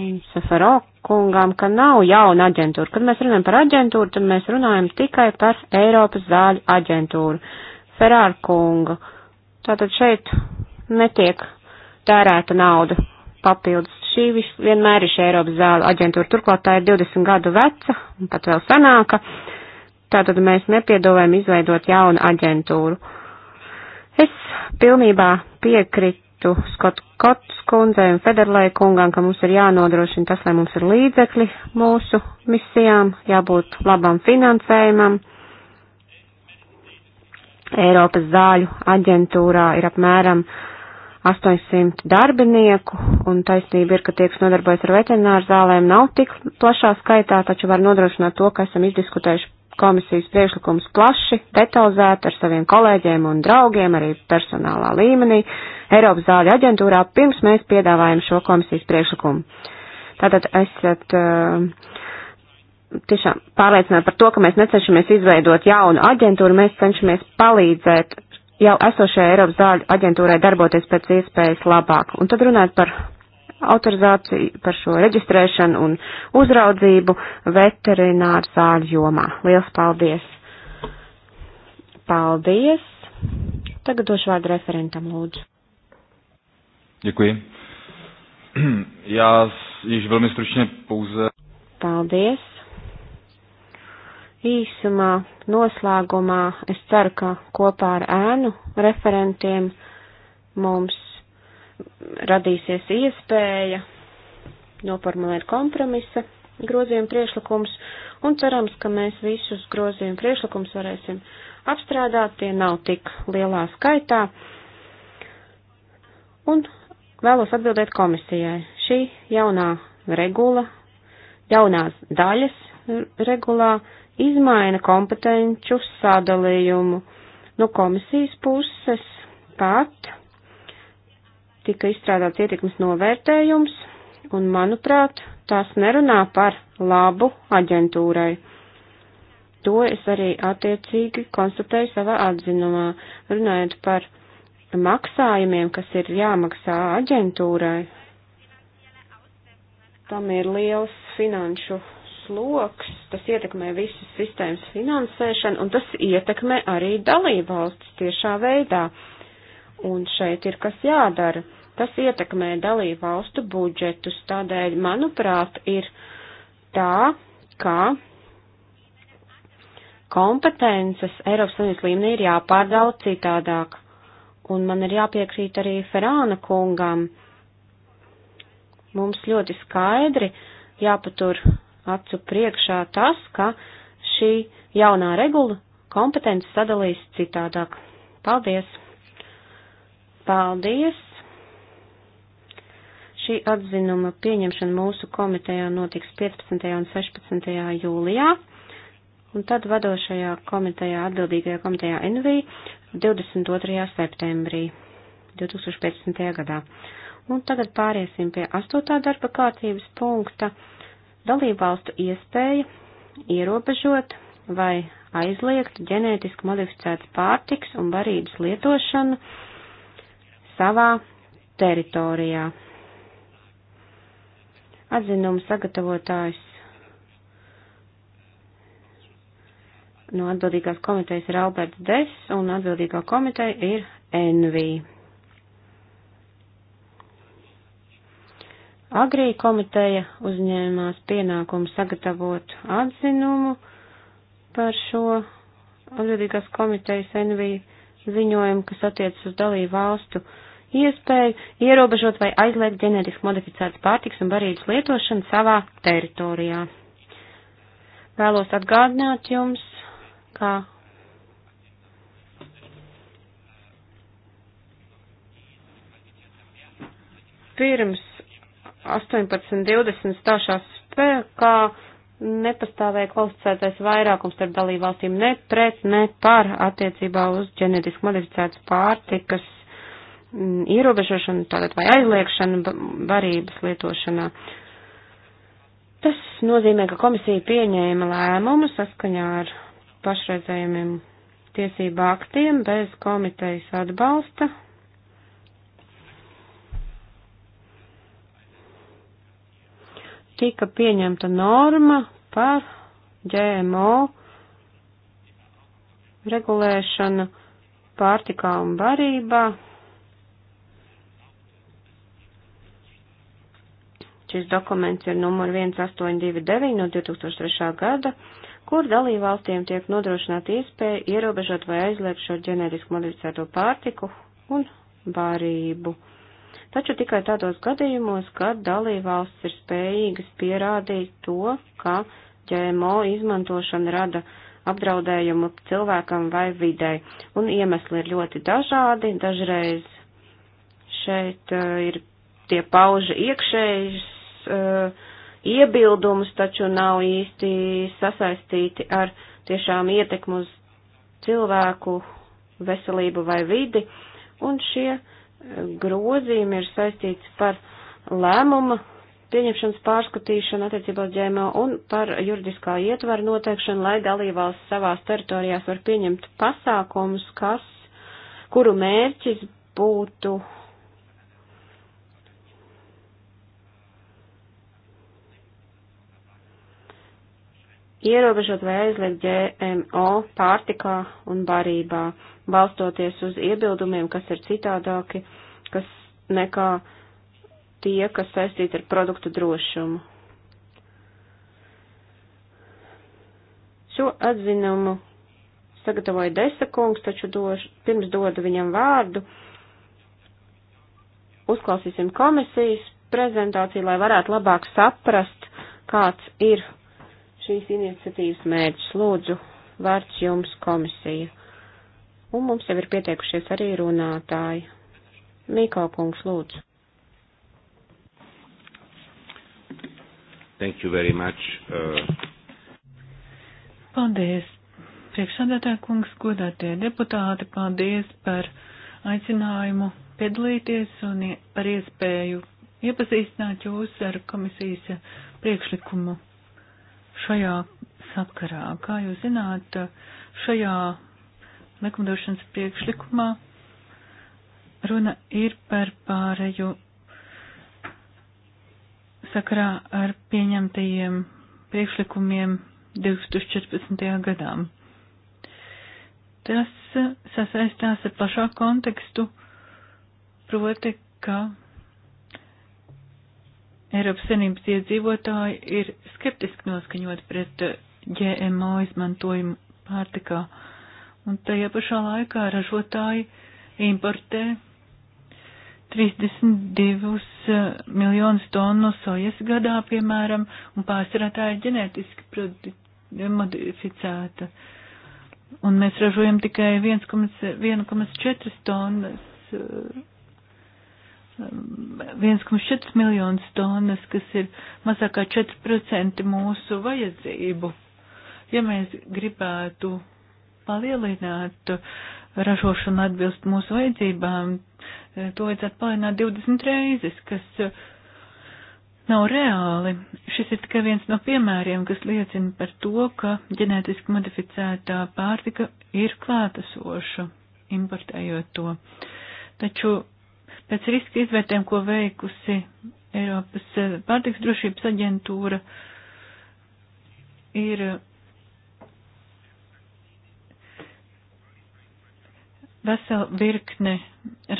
un Sefero kungām, ka nav jauna aģentūra. Kad mēs runājam par aģentūru, tad mēs runājam tikai par Eiropas zāļu aģentūru. Ferāra kunga. Tātad šeit netiek tērēta nauda papildus. Šī vis, vienmēr ir šī Eiropas zāļu aģentūra, turklāt tā ir 20 gadu veca un pat vēl senāka, tātad mēs nepiedāvājam izveidot jaunu aģentūru. Es pilnībā piekrītu Skots kundzei un Federlai kungam, ka mums ir jānodrošina tas, lai mums ir līdzekļi mūsu misijām, jābūt labam finansējumam. Eiropas zāļu aģentūrā ir apmēram uh, 800 darbinieku, un taisnība ir, ka tie, kas nodarbojas ar veterināru zālēm, nav tik plašā skaitā, taču var nodrošināt to, ka esam izdiskutējuši komisijas priekšlikumus plaši, detalizēti ar saviem kolēģiem un draugiem, arī personālā līmenī, Eiropas zāļu aģentūrā, pirms mēs piedāvājam šo komisijas priekšlikumu. Tātad esat uh, tiešām pārliecināti par to, ka mēs necenšamies izveidot jaunu aģentūru, mēs cenšamies palīdzēt jau esošajai Eiropas zāļu aģentūrai darboties pēc iespējas labāk. Un tad runāt par autorizāciju, par šo reģistrēšanu un uzraudzību veterināru zāļu jomā. Liels paldies! Paldies! Tagad došu vārdu referentam, lūdzu. Děkuji. Já již velmi stručně pouze. Paldies īsumā, noslēgumā es ceru, ka kopā ar ēnu referentiem mums radīsies iespēja noformulēt kompromisa grozījumu priekšlikums, un cerams, ka mēs visus grozījumu priekšlikums varēsim apstrādāt, tie nav tik lielā skaitā. Un vēlos atbildēt komisijai. Šī jaunā regula, jaunās daļas regulā izmaina kompetenču sadalījumu. No komisijas puses pat tika izstrādāts ietekmes novērtējums, un, manuprāt, tās nerunā par labu aģentūrai. To es arī attiecīgi konstatēju savā atzinumā, runājot par maksājumiem, kas ir jāmaksā aģentūrai. Tam ir liels finanšu sloks, tas ietekmē visas sistēmas finansēšanu, un tas ietekmē arī dalībvalstis tiešā veidā. Un šeit ir kas jādara. Tas ietekmē dalībvalstu budžetus, tādēļ, manuprāt, ir tā, ka kompetences Eiropas Savienības līmenī ir jāpārdala citādāk. Un man ir jāpiekrīt arī Ferāna kungam. Mums ļoti skaidri jāpatur acu priekšā tas, ka šī jaunā regula kompetences sadalīs citādāk. Paldies! Paldies! Šī atzinuma pieņemšana mūsu komitejā notiks 15. un 16. jūlijā, un tad vadošajā komitejā, atbildīgajā komitejā NV 22. septembrī 2015. gadā. Un tagad pāriesim pie 8. darba kārtības punkta dalībvalstu iespēja ierobežot vai aizliegt ģenētiski modificētas pārtiks un barības lietošanu savā teritorijā. Atzinumu sagatavotājs no atbildīgās komitejas ir Alberts Des un atbildīgā komiteja ir NV. Agrī komiteja uzņēmās pienākumu sagatavot atzinumu par šo atbildīgās komitejas NV ziņojumu, kas attiecas uz dalību valstu iespēju ierobežot vai aizliegt ģeneriski modificētas pārtiks un barības lietošanu savā teritorijā. Vēlos atgādināt jums, ka pirms 18.20 stāšās spēkā nepastāvēja kvalificētais vairākums starp dalībvalstīm ne pret, ne par attiecībā uz ģenetiski modificētas pārtikas mm, ierobežošanu, tātad vai aizliekšanu varības lietošanā. Tas nozīmē, ka komisija pieņēma lēmumu saskaņā ar pašreizējumiem tiesību aktiem bez komitejas atbalsta tika pieņemta norma par GMO regulēšanu pārtikā un barībā. Šis dokuments ir numur 1829 no 2003. gada, kur dalībvalstīm tiek nodrošināta iespēja ierobežot vai aizliegt šo ģenētisku modificēto pārtiku un barību taču tikai tādos gadījumos, kad dalībvalsts ir spējīgas pierādīt to, ka ģēmo izmantošana rada apdraudējumu cilvēkam vai videi, un iemesli ir ļoti dažādi, dažreiz šeit uh, ir tie pauži iekšējas uh, iebildumus, taču nav īsti sasaistīti ar tiešām ietekmu uz cilvēku veselību vai vidi, un šie uh, grozījumi ir saistīts par lēmuma pieņemšanas pārskatīšanu attiecībā uz ģēmo un par juridiskā ietvara noteikšanu, lai dalībvalsts savās teritorijās var pieņemt pasākumus, kas, kuru mērķis būtu ierobežot vai aizliegt GMO pārtikā un barībā balstoties uz iebildumiem, kas ir citādāki, kas nekā tie, kas saistīti ar produktu drošumu. Šo atzinumu sagatavoja Desa kungs, taču doš, pirms dodu viņam vārdu, uzklausīsim komisijas prezentāciju, lai varētu labāk saprast, kāds ir šīs iniciatīvas mērķis. Lūdzu, vārds jums komisija. Un mums jau ir pieteikušies arī runātāji. Mīkā kungs, lūdzu. Thank you very much. Uh... Paldies, priekšsādātā kungs, godātie deputāti, paldies par aicinājumu piedalīties un par iespēju iepazīstināt jūs ar komisijas priekšlikumu šajā sakarā. Kā jūs zināt, šajā likumdošanas priekšlikumā runa ir par pārēju sakarā ar pieņemtajiem priekšlikumiem 2014. gadām. Tas sasaistās ar plašāku kontekstu, proti, ka Eiropas Savienības iedzīvotāji ir skeptiski noskaņoti pret GMO izmantojumu pārtikā. Uh, un tajā pašā laikā ražotāji importē 32 eh, miljonus tonu sojas gadā, piemēram, un pārsvarā tā ir ģenētiski modificēta. Un mēs ražojam tikai 1,4 tonnas, 1,4 eh, miljonus tonnas, kas ir mazākā 4% mūsu vajadzību. Ja mēs gribētu palielināt ražošanu atbilst mūsu vajadzībām. To vajadzētu palielināt 20 reizes, kas nav reāli. Šis ir tikai viens no piemēriem, kas liecina par to, ka ģenētiski modificētā pārtika ir klātesoša, importējot to. Taču pēc riska izvērtēm, ko veikusi Eiropas pārtiks drošības aģentūra, ir vesela virkne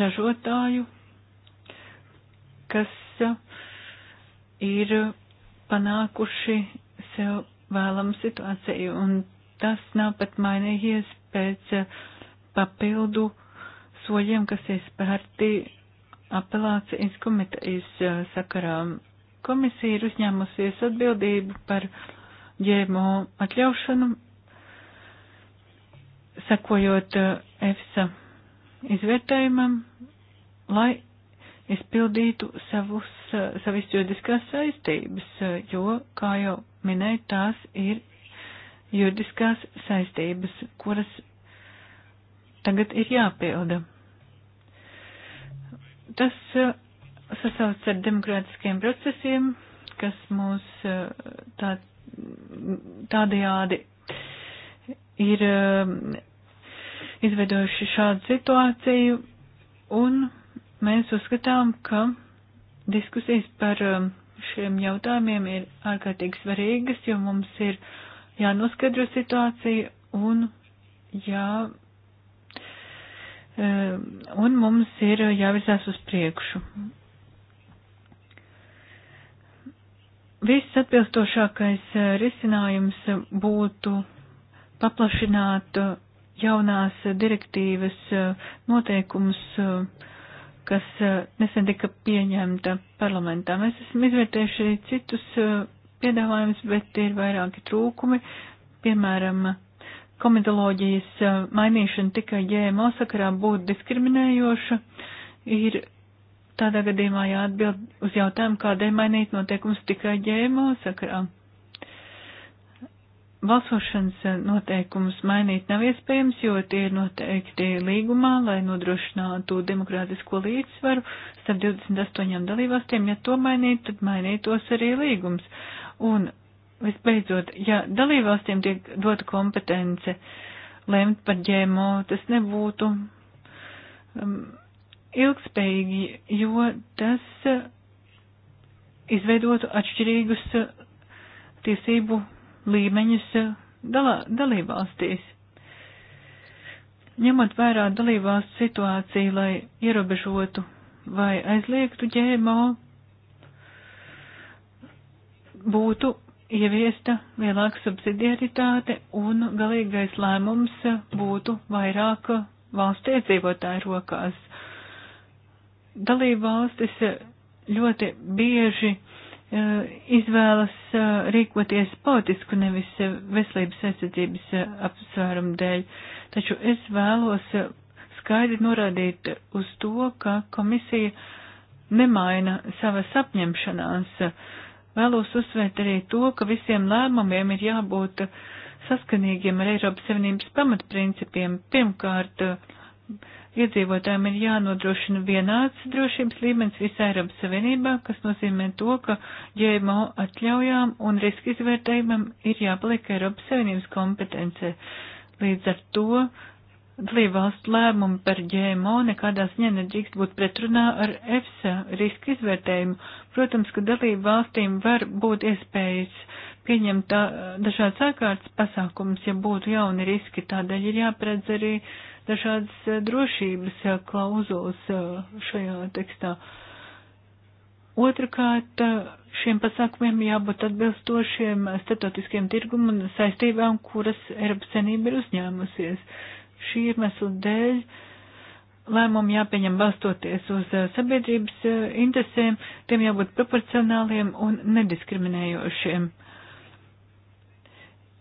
ražotāju, kas ir panākuši sev vēlamu situāciju, un tas nav pat mainījies pēc papildu soļiem, kas ir spērti apelācijas komitejas sakarā. Komisija ir uzņēmusies atbildību par ģēmo atļaušanu sekojot eh, EFSA izvērtējumam, lai izpildītu savus, eh, savas juridiskās saistības, eh, jo, kā jau minēju, tās ir juridiskās saistības, kuras tagad ir jāpilda. Tas sasauc ar demokrātiskiem procesiem, kas mūs tā, tādajādi ir izveidojuši šādu situāciju, un mēs uzskatām, ka diskusijas par um, šiem jautājumiem ir ārkārtīgi svarīgas, jo mums ir jānoskaidro situācija un jā. Um, un mums ir jāvirzās uz priekšu. Viss atbilstošākais uh, risinājums būtu paplašināt uh, jaunās direktīvas eh, noteikumus, eh, kas eh, nesen tika pieņemta parlamentā. Mēs esam izvērtējuši arī citus piedāvājumus, bet ir vairāki trūkumi. Piemēram, komitoloģijas mainīšana tikai ģēmo sakarā būtu diskriminējoša. Ir tādā gadījumā jāatbild uz jautājumu, kādēļ mainīt noteikums tikai ģēmo sakarā. Balsošanas eh, noteikumus mainīt nav iespējams, jo tie ir noteikti līgumā, lai nodrošinātu demokrātisko līdzsvaru starp 28 dalībvalstīm. Ja to mainītu, tad mainītos arī līgums. Un visbeidzot, ja dalībvalstīm tiek dota kompetence lemt par ģēmo, tas nebūtu um, ilgspējīgi, jo tas uh, izveidotu atšķirīgus uh, tiesību līmeņus eh, dalībvalstīs. Ņemot vērā dalībvalstu situāciju, lai ierobežotu vai aizliegtu ģēmo, būtu ieviesta lielāka subsidiaritāte un galīgais lēmums būtu vairāk valsts iedzīvotāju rokās. Dalība valstis ļoti bieži uh, izvēlas rīkoties politisku nevis veselības aizsardzības apsvērumu dēļ. Taču es vēlos skaidri norādīt uz to, ka komisija nemaina savas apņemšanās. Vēlos uzsvērt arī to, ka visiem lēmumiem ir jābūt saskanīgiem ar Eiropas Savienības pamatprincipiem. Pirmkārt, iedzīvotājiem ir jānodrošina vienāds drošības līmenis visā Eiropas Savienībā, kas nozīmē to, ka GMO atļaujām un riska izvērtējumam ir jāpaliek Eiropas Savienības kompetence. Līdz ar to dalībvalstu lēmumi par GMO nekādā ziņā nedrīkst būt pretrunā ar EFSA riska izvērtējumu. Protams, ka dalībvalstīm var būt iespējas pieņemt dažādas ārkārtas pasākumus, ja būtu jauni riski, tādēļ ir jāpredz arī uh, dažādas eh, drošības eh, klauzulas eh, šajā tekstā. Otrakārt, šiem pasākumiem jābūt atbilstošiem statotiskiem tirgum un saistībām, kuras Eiropas senība ir uzņēmusies. Šī iemesla dēļ lēmumi jāpieņem balstoties uz sabiedrības interesēm, tiem jābūt proporcionāliem un nediskriminējošiem.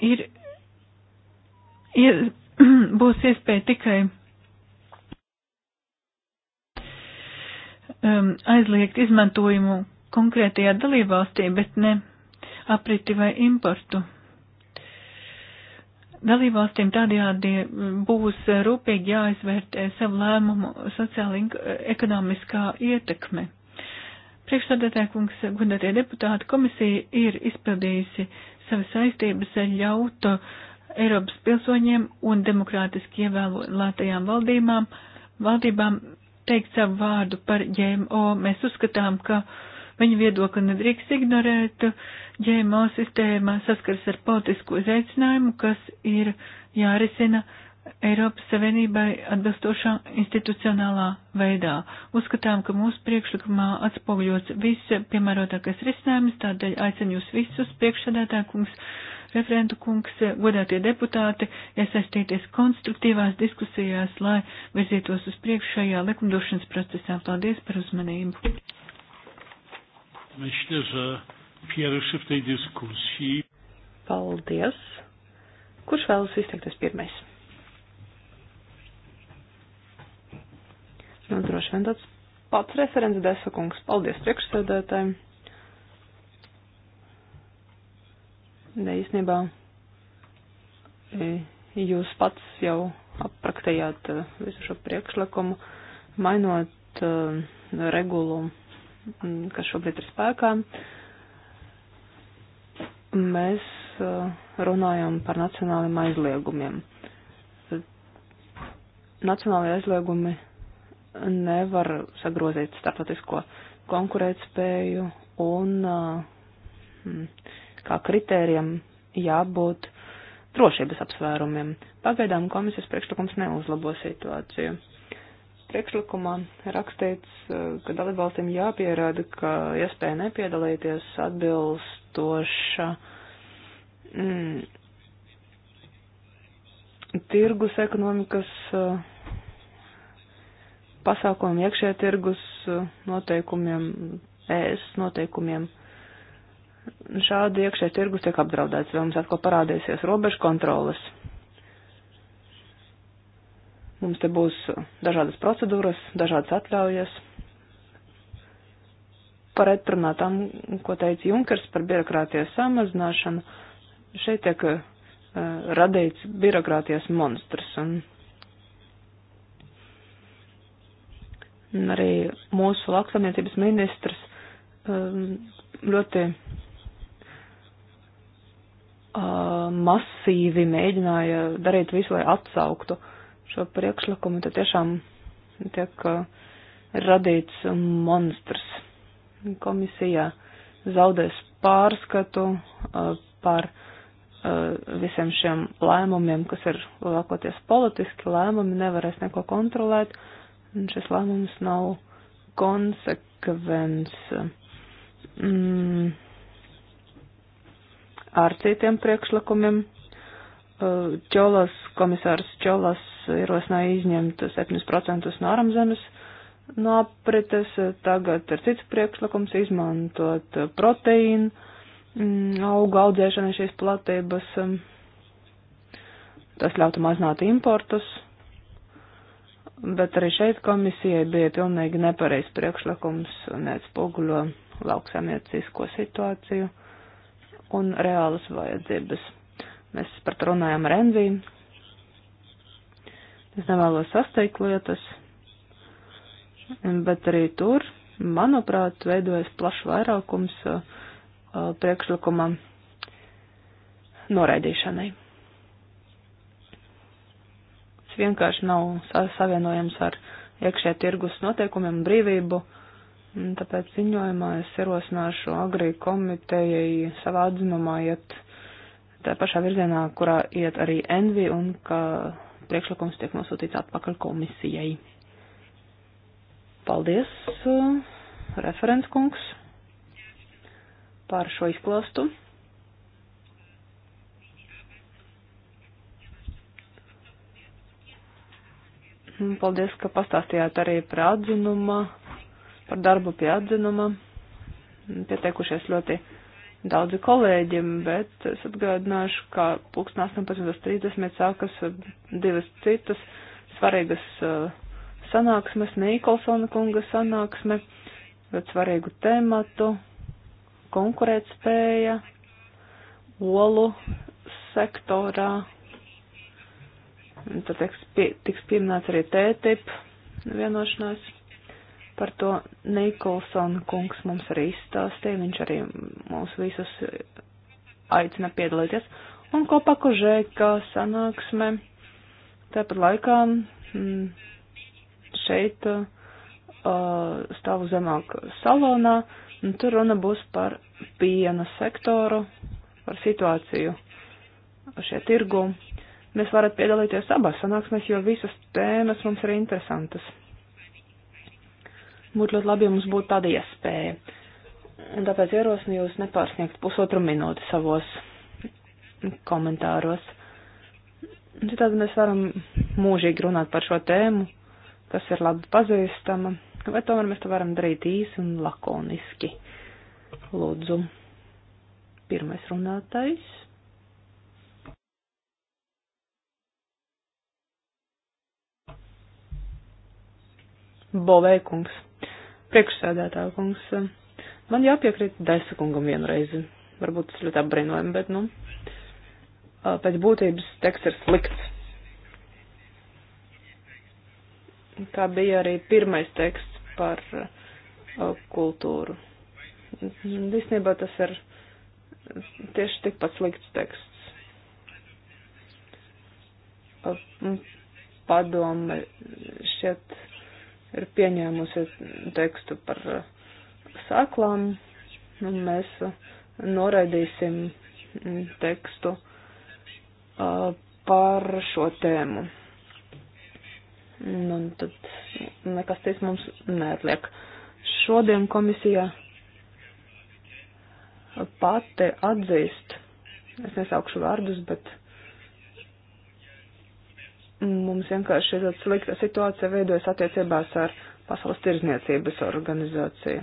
Ir būs iespēja tikai um, aizliegt izmantojumu konkrētajā dalībvalstī, bet ne apriti vai importu. Dalībvalstīm tādējādi um, būs rūpīgi jāizvērtē eh, savu lēmumu sociāla eh, ekonomiskā ietekme. Priekšsādātāja kungs, gudatie deputāti, komisija ir izpildījusi savas saistības eh, ļaut uh, Eiropas pilsoņiem un demokrātiski ievēlētajām valdībām, valdībām teikt savu vārdu par ģēmo. Mēs uzskatām, ka viņa viedokli nedrīkst ignorēt. ģēmo sistēmā saskars ar politisku izaicinājumu, kas ir jārisina Eiropas Savienībai atbilstošā institucionālā veidā. Uzskatām, ka mūsu priekšlikumā atspoguļots viss piemērotākais risinājums, tādēļ aicinu jūs visus priekšsēdētākums referentu kungs, godātie deputāti, iesaistīties konstruktīvās diskusijās, lai virzītos uz priekšu šajā likumdošanas procesā. Paldies par uzmanību. Myślę, że pierwszy w tej dyskusji. Paldies. Kurš vēlas izteikties pirmais? Nu, droši vien tāds pats referents Desa kungs. Paldies priekšsēdētājiem. Ne, īstenībā e, jūs pats jau aprakstījāt e, visu šo priekšlikumu, mainot e, regulu, kas šobrīd ir spēkā. Mēs runājam par nacionāliem aizliegumiem. Nacionālajie aizliegumi nevar sagrozīt starptautisko konkurētspēju un uh, kā kritērijam jābūt drošības apsvērumiem. Pagaidām komisijas priekšlikums neuzlabo situāciju. Priekšlikumā rakstīts, eh, ka dalībvalstīm jāpierāda, ka iespēja nepiedalīties atbilstoša mm, tirgus ekonomikas eh, pasākumiem, iekšējā tirgus eh, noteikumiem, ES noteikumiem. Uh, šādi iekšējais tirgus tiek apdraudēts, vai mums atkal parādīsies robežu kontrolas. Mums te būs dažādas procedūras, dažādas atļaujas par atrunā tam, ko teica Junkers par birokrātijas samazināšanu. Šeit tiek uh, radīts birokrātijas monstrs. Un, un arī mūsu lauksamniecības ministrs um, ļoti masīvi mēģināja darīt visu, lai atsauktu šo priekšlikumu, tad tiešām tiek radīts monstrs. Komisija zaudēs pārskatu par visiem šiem lēmumiem, kas ir lielākoties politiski lēmumi, nevarēs neko kontrolēt, un šis lēmums nav konsekvents. Mm ar citiem priekšlikumiem. Uh, Čolas, komisārs Čolas ierosināja izņemt 7% no ārzemes no aprites, tagad ir cits priekšlikums izmantot proteīnu, mm, auga audzēšana šīs platības, um, tas ļautu mazināt importus, bet arī šeit komisijai bija pilnīgi nepareizs priekšlikums un neatspoguļo lauksamniecisko situāciju un reālas vajadzības. Mēs par to runājam ar Enviju. Es nevēlos sasteigt lietas, bet arī tur, manuprāt, veidojas plašs vairākums uh, priekšlikuma noraidīšanai. Tas vienkārši nav savienojams ar iekšē tirgus noteikumiem un brīvību. Uh, Un tāpēc ziņojumā es ierosināšu agrī komitejai savā atzinumā iet tā pašā virzienā, kurā iet arī Envi un ka priekšlikums tiek nosūtīts atpakaļ komisijai. Paldies, uh, referents kungs, par šo izklāstu. Paldies, ka pastāstījāt arī par atzinuma par darbu pie atzinuma. Pieteikušies ļoti daudzi kolēģi, bet es atgādināšu, ka pulksten 18.30 sākas divas citas svarīgas uh, sanāksmes, Nīkolsona kunga sanāksme, ļoti svarīgu tēmatu, konkurētspēja, olu sektorā. Tad tiks pieminēts arī TTIP vienošanās. Par to Nikolsona kungs mums arī izstāstīja, viņš arī mūs visus aicina piedalīties. Un kopā kožēkā sanāksme, tāpat laikā mm, šeit uh, stāvu zemāk salonā, un tur runa būs par piena sektoru, par situāciju šie tirgu. Mēs varat piedalīties abās sanāksmēs, jo visas tēmas mums ir interesantas. Būtu ļoti labi, ja mums būtu tāda iespēja. Un tāpēc ierosinu jūs nepārsniegt pusotru minūti savos komentāros. Citādi mēs varam mūžīgi runāt par šo tēmu, kas ir labi pazīstama, vai tomēr mēs to varam darīt īsi un lakoniski. Lūdzu, pirmais runātais. Bovēkungs. Priekšsēdētā kungs, man jāpiekrīt Daisa kungam vienreizi. Varbūt tas ļoti apbrīnojami, bet, nu, pēc būtības teksts ir slikts. Tā bija arī pirmais teksts par kultūru. Īstenībā tas ir tieši tikpat slikts teksts. Padome šķiet ir pieņēmusi tekstu par uh, saklām, un mēs uh, noraidīsim mm, tekstu uh, par šo tēmu. Un tad nekas cits mums neatliek. Šodien komisija pati atzīst, es nesaukšu vārdus, bet Mums vienkārši ir ļoti slikta situācija veidojas attiecībās ar Pasaules tirzniecības organizāciju.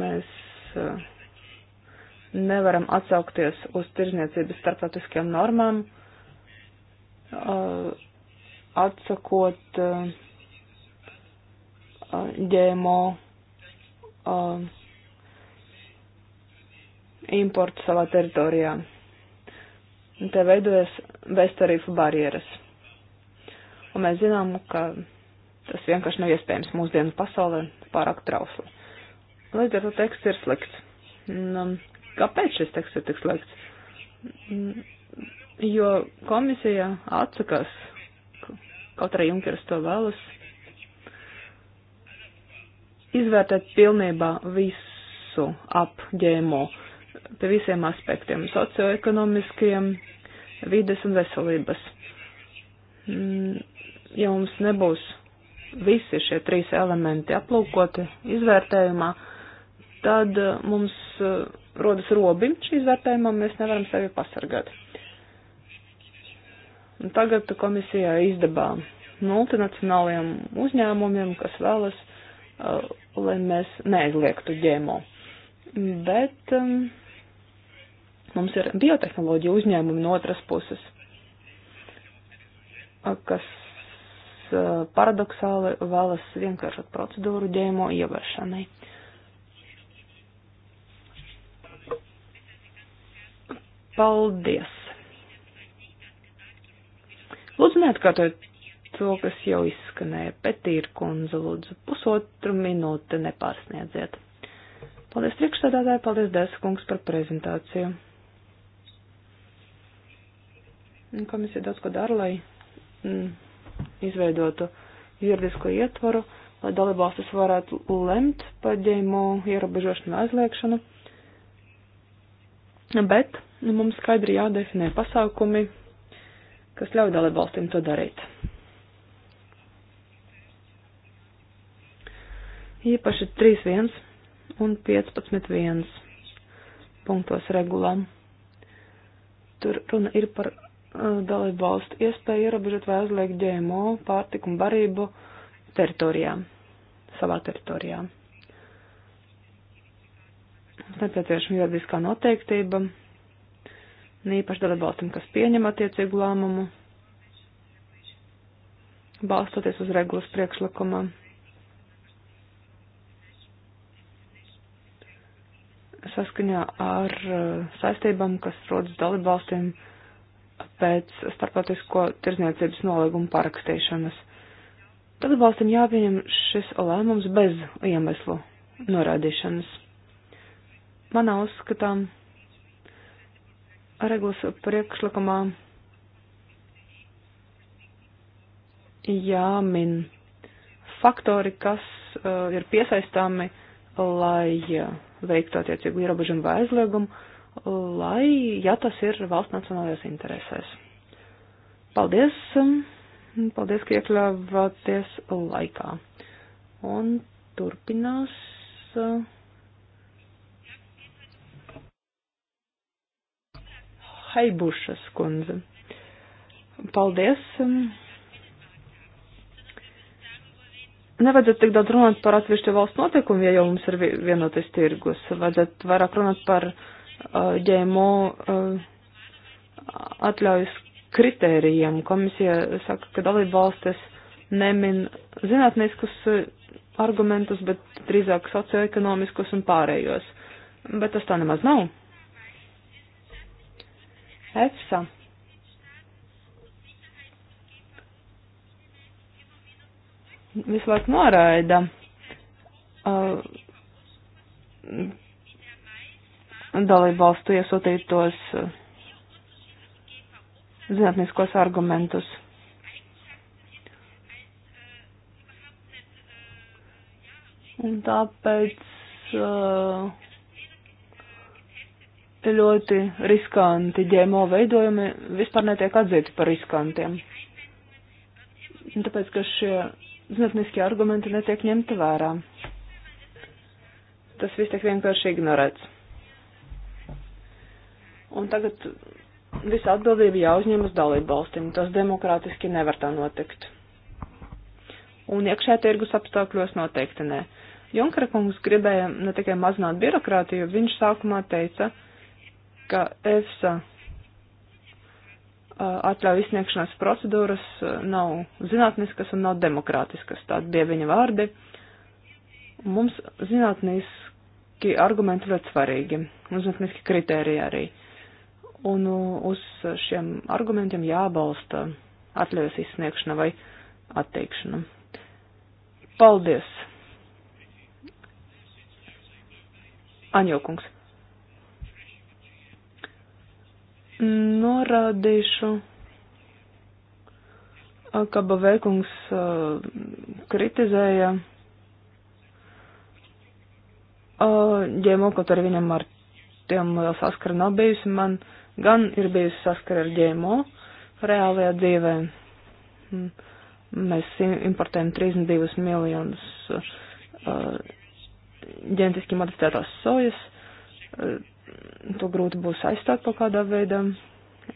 Mēs eh, nevaram atsaukties uz tirzniecības starptautiskajām normām, eh, atsakot eh, ģēmo importu savā teritorijā un te veidojas beztarifu barjeras. Un mēs zinām, ka tas vienkārši nav iespējams mūsdienu pasaulē pārāk trausli. Līdz ar to teksts ir slikts. Un, nu, kāpēc šis teksts ir tik slikts? Jo komisija atsakās, kaut arī Junkers to vēlas, izvērtēt pilnībā visu ap ģēmo. Uh, pie visiem aspektiem - socioekonomiskiem, vides un veselības. Mm, ja mums nebūs visi šie trīs elementi aplūkoti izvērtējumā, tad eh, mums eh, rodas robi šī izvērtējumā, mēs nevaram sevi pasargāt. Un tagad komisijā izdabā multinacionāliem uzņēmumiem, kas vēlas, eh, lai mēs neizliegtu ģēmo. Bet um, Mums ir biotehnoloģija uzņēmumi no otras puses, kas paradoxāli vēlas vienkāršot procedūru ģēmo ievēršanai. Paldies! Lūdzu, neatkārtojiet to, kas jau izskanēja. Petīra kundze, lūdzu, pusotru minūti nepārsniedziet. Paldies priekšstādātāji, paldies Dēsa kungs par prezentāciju. Komisija daudz ko dara, lai mm, izveidotu juridisko ietvaru, lai dalībvalstis varētu lemt par ģēmo ierobežošanu aizliekšanu. Bet nu, mums skaidri jādefinē pasākumi, kas ļauj dalībvalstīm to darīt. Īpaši 3.1 un 15.1 punktos regulām. Tur runa ir par Uh, dalību valstu iespēju ierobežot vai aizliegt GMO pārtiku un barību teritorijā, savā teritorijā. Nepieciešama juridiskā noteiktība, īpaši dalību valstīm, kas pieņem attiecīgu lēmumu, balstoties uz regulas priekšlikumā. saskaņā ar uh, saistībām, kas rodas dalībvalstīm uh, pēc starptautisko tirzniecības nolīguma parakstīšanas. Tad valstīm jāpieņem šis lēmums bez iemeslu norādīšanas. Manā uzskatā regulas priekšlikumā jāmin faktori, kas uh, ir piesaistāmi, lai uh, veiktu attiecīgu ierobežumu vai aizliegumu, uh, lai, ja tas ir valsts nacionālajās interesēs. Paldies, paldies, ka iekļāvāties laikā. Un turpinās. Haibušas kundze. Paldies. Nevajadzētu tik daudz runāt par atsevišķu valstu noteikumiem, ja jau mums ir vienotais tirgus. Vajadzētu vairāk runāt par uh, ģēmo eh, atļaujas kritērijiem. Komisija saka, ka dalība valstis nemin zinātniskus eh, argumentus, bet drīzāk socioekonomiskus un pārējos. Bet tas tā nemaz nav. EFSA. Visu laiku noraida uh, dalībvalstu iesūtītos eh, zinātniskos argumentus. Un tāpēc uh, ļoti riskanti ģēmo veidojumi vispār netiek atzīti par riskantiem. Un tāpēc, ka šie zinātniskie argumenti netiek ņemti vērā. Tas viss tiek vienkārši ignorēts un tagad visa atbildība jāuzņemas dalību valstīm. Tas demokrātiski nevar tā notikt. Un iekšē tirgus apstākļos noteikti nē. Junkara kungs gribēja ne tikai mazināt birokrātiju, viņš sākumā teica, ka EFSA atļauju izsniegšanas procedūras nav zinātniskas un nav demokrātiskas. Tādi bija viņa vārdi. Mums zinātniski argumenti ļoti svarīgi, un zinātniski kriteriji arī. Uh, un uh, uz šiem argumentiem jābalsta atļaujas izsniegšana vai atteikšana. Paldies! Aņokungs. Norādīšu, uh, ka Bavēkungs uh, kritizēja ģēmo, kaut arī viņam ar tiem saskara nav bijusi. Man uh, gan ir bijusi saskara ar ģēmo reālajā dzīvē. Mēs importējam 32 miljonus uh, ģentiski modificētās sojas. Uh, to grūti būs aizstāt kaut kādā veidā.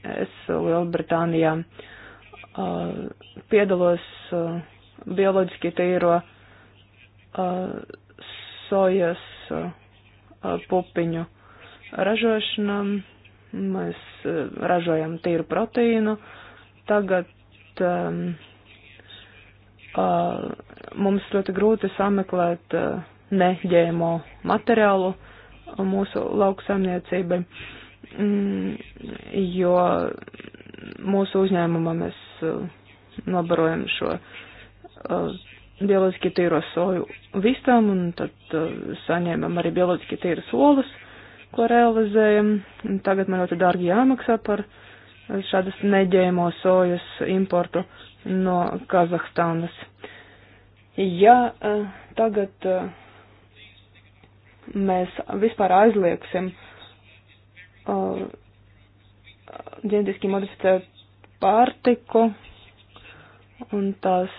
Es Lielbritānijā uh, piedalos uh, bioloģiski tīro uh, sojas uh, uh pupiņu ražošanām Mēs e, ražojam tīru proteīnu. Tagad um, uh, mums ļoti grūti sameklēt uh, e, neģēmo materiālu mūsu lauksaimniecībai, mm, jo mūsu uzņēmumā mēs uh, nobarojam šo uh, bioloģiski tīro soju vistām, un tad uh, saņēmam arī bioloģiski tīras olas ko realizējam. Tagad man ļoti dārgi jāmaksā par šādas neģēmo sojas importu no Kazahstānas. Ja eh, tagad eh, mēs vispār aizliegsim eh, ģenetiski modificētu pārtiku un tās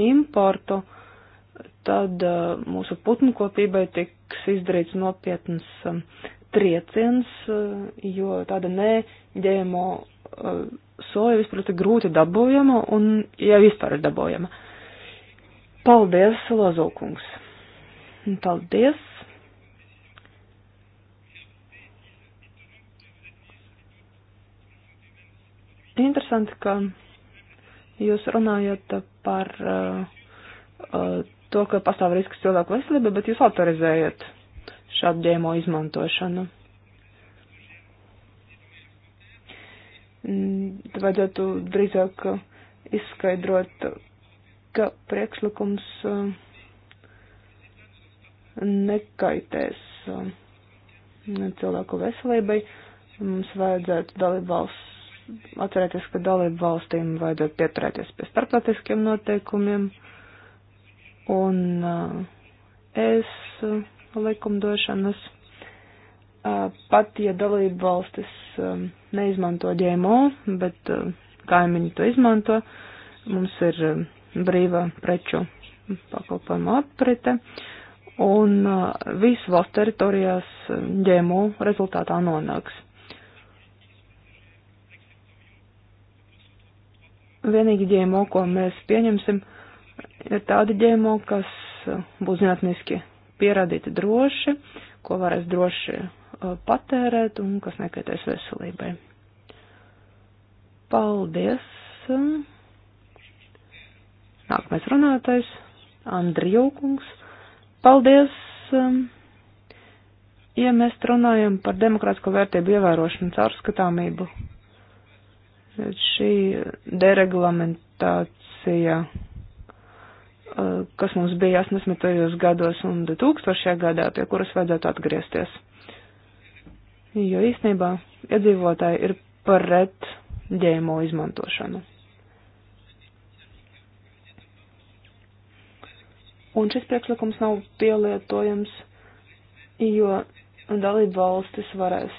importu, tad mūsu putnu kopībai tik tiks izdarīts nopietns um, trieciens, uh, jo tāda ne ģēmo uh, soja vispār ir grūti dabūjama un, ja vispār ir dabūjama. Paldies, Lozokungs! Paldies! Interesanti, ka jūs runājat par uh, uh, to, ka pastāv risks cilvēku veselībai, bet jūs autorizējat šādu ģēmo izmantošanu. Tad mm, vajadzētu drīzāk izskaidrot, ka priekšlikums uh, nekaitēs uh, cilvēku veselībai. Mums vajadzētu dalībvalsts atcerēties, ka dalību valstīm vajadzētu pieturēties pie starptautiskiem noteikumiem. Uh, un uh, es uh, likumdošanas, uh, pat ja dalība valstis um, neizmanto ģēmo, bet kaimiņi to izmanto, mums ir brīva preču pakalpojumu aprite, un visu valsts teritorijās ģēmo rezultātā nonāks. Vienīgi ģēmo, ko mēs pieņemsim, uh, ir tādi ģēmo, kas uh, būs zinātniski pierādīti droši, ko varēs droši uh, patērēt un kas nekaitēs veselībai. Paldies! Nākamais runātais - Andrijaukungs. Paldies! Um, ja mēs runājam par demokrātisko vērtību ievērošanu, caurskatāmību, šī dereglamentācija Eh, kas mums bija 80. gados un 2000. gadā, pie kuras vajadzētu atgriezties. Jo īstenībā iedzīvotāji ir pret ģēmo izmantošanu. Un šis priekšlikums nav pielietojams, jo dalību valstis varēs.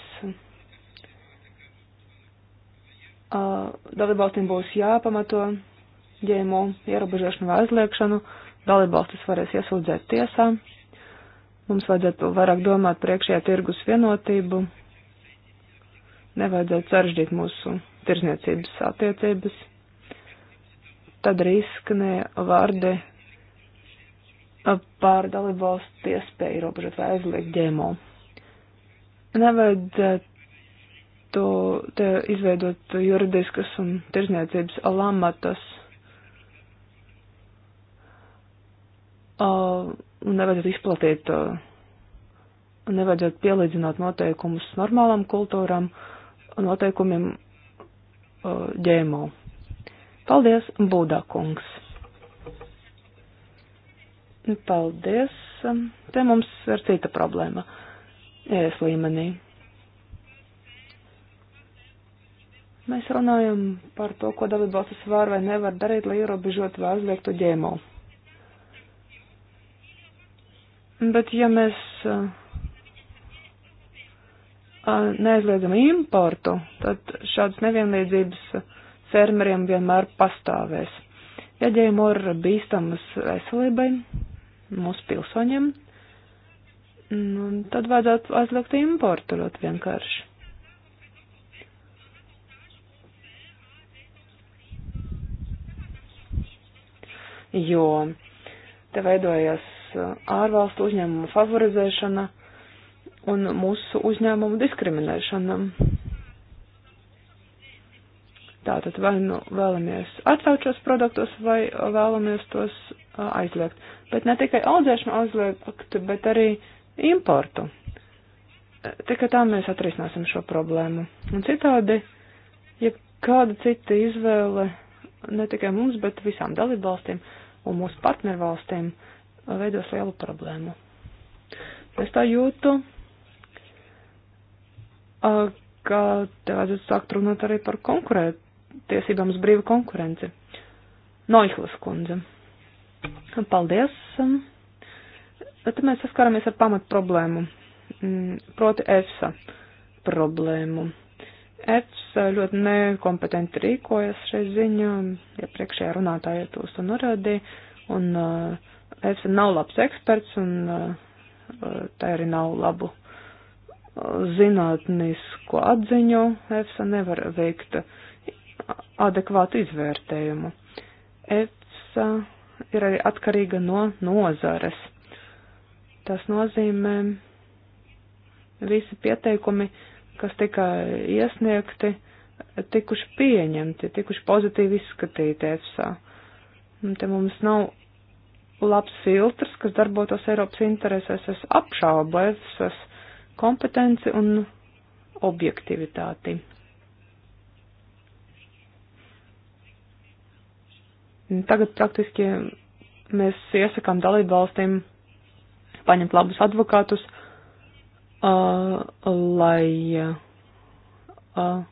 Uh, dalību valstīm būs jāpamato ģēmo ierobežošanu vai aizliekšanu, dalībvalstis varēs iesūdzēt tiesā. Mums vajadzētu vairāk domāt par iekšējā tirgus vienotību, nevajadzētu sarežģīt mūsu tirzniecības attiecības. Tad arī izskanēja vārdi par dalībvalstu iespēju ierobežot vai aizliegt ģēmo. Nevajadzētu te izveidot juridiskas un tirzniecības lamatas un nevajadzētu izplatīt, nevajadzētu pielīdzināt noteikumus normālam kultūram, noteikumiem ģēmo. Paldies, Būdakungs! Nu, paldies! Te mums ir cita problēma. Es līmenī. Mēs runājam par to, ko dalībvalstis var vai nevar darīt, lai ierobežotu vai aizliegtu ģēmo. Bet ja mēs neaizliedzam importu, tad šādas nevienlīdzības fermeriem vienmēr pastāvēs. Ja ģēmo ir bīstamas veselībai, mūsu pilsoņiem, nu, tad vajadzētu aizliegt importu ļoti vienkārši. Jo te veidojas Uh, ārvalstu uzņēmumu favorizēšana un mūsu uzņēmumu diskriminēšana. Tātad vai nu vēlamies atļaut šos produktus, vai vēlamies tos uh, aizliegt. Bet ne tikai audzēšanu aizliegt, bet arī importu. Tikai tā mēs atrisināsim šo problēmu. Un citādi, ja kāda cita izvēle ne tikai mums, bet visām dalībvalstīm un mūsu partnervalstīm uh, veidos lielu problēmu. Es tā jūtu, ka tev vajadzētu sākt runāt arī par konkurēt tiesībām uz brīvu konkurenci. Noihlas kundze. Paldies. Bet mēs saskaramies ar pamat problēmu, mm, proti EFSA problēmu. EFSA ļoti nekompetenti rīkojas šai ziņā, ja priekšējā runātāja tos un norādīja, un uh, EFSA nav labs eksperts un uh, uh, tā arī nav labu uh, zinātnisko atziņu. EFSA nevar veikt adekvātu izvērtējumu. EFSA ir arī atkarīga no nozares. Tas nozīmē visi pieteikumi, kas tika iesniegti, tikuši pieņemti, tikuši pozitīvi izskatīti EFSA. Te mums nav labs filtrs, kas darbotos Eiropas interesēs. Es apšaubu EFSAS kompetenci un objektivitāti. Tagad praktiski mēs iesakām dalību valstīm paņemt labus advokātus, uh, lai uh,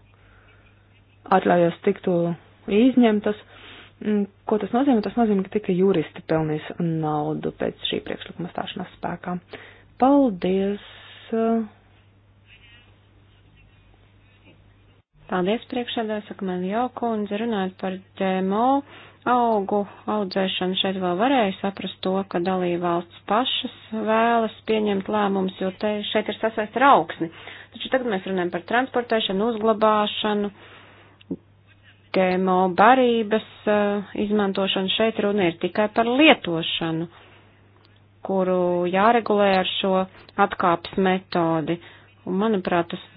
atļaujas tiktu izņemtas. Uh, Mm, ko tas nozīmē? Tas nozīmē, ka tikai juristi pelnīs naudu pēc šī priekšlikuma stāšanās spēkā. Paldies! Paldies priekšādā, saka man jau kundze, runājot par ģēmo augu audzēšanu. Šeit vēl varēja saprast to, ka dalībvalsts pašas vēlas pieņemt lēmumus, jo te, šeit ir sasaist ar augsni. Taču tagad mēs runājam par transportēšanu, uzglabāšanu. Uh, ģēmo barības eh, izmantošanu. Šeit runa ir tikai par lietošanu, kuru jāregulē ar šo atkāpes metodi. Un, manuprāt, tas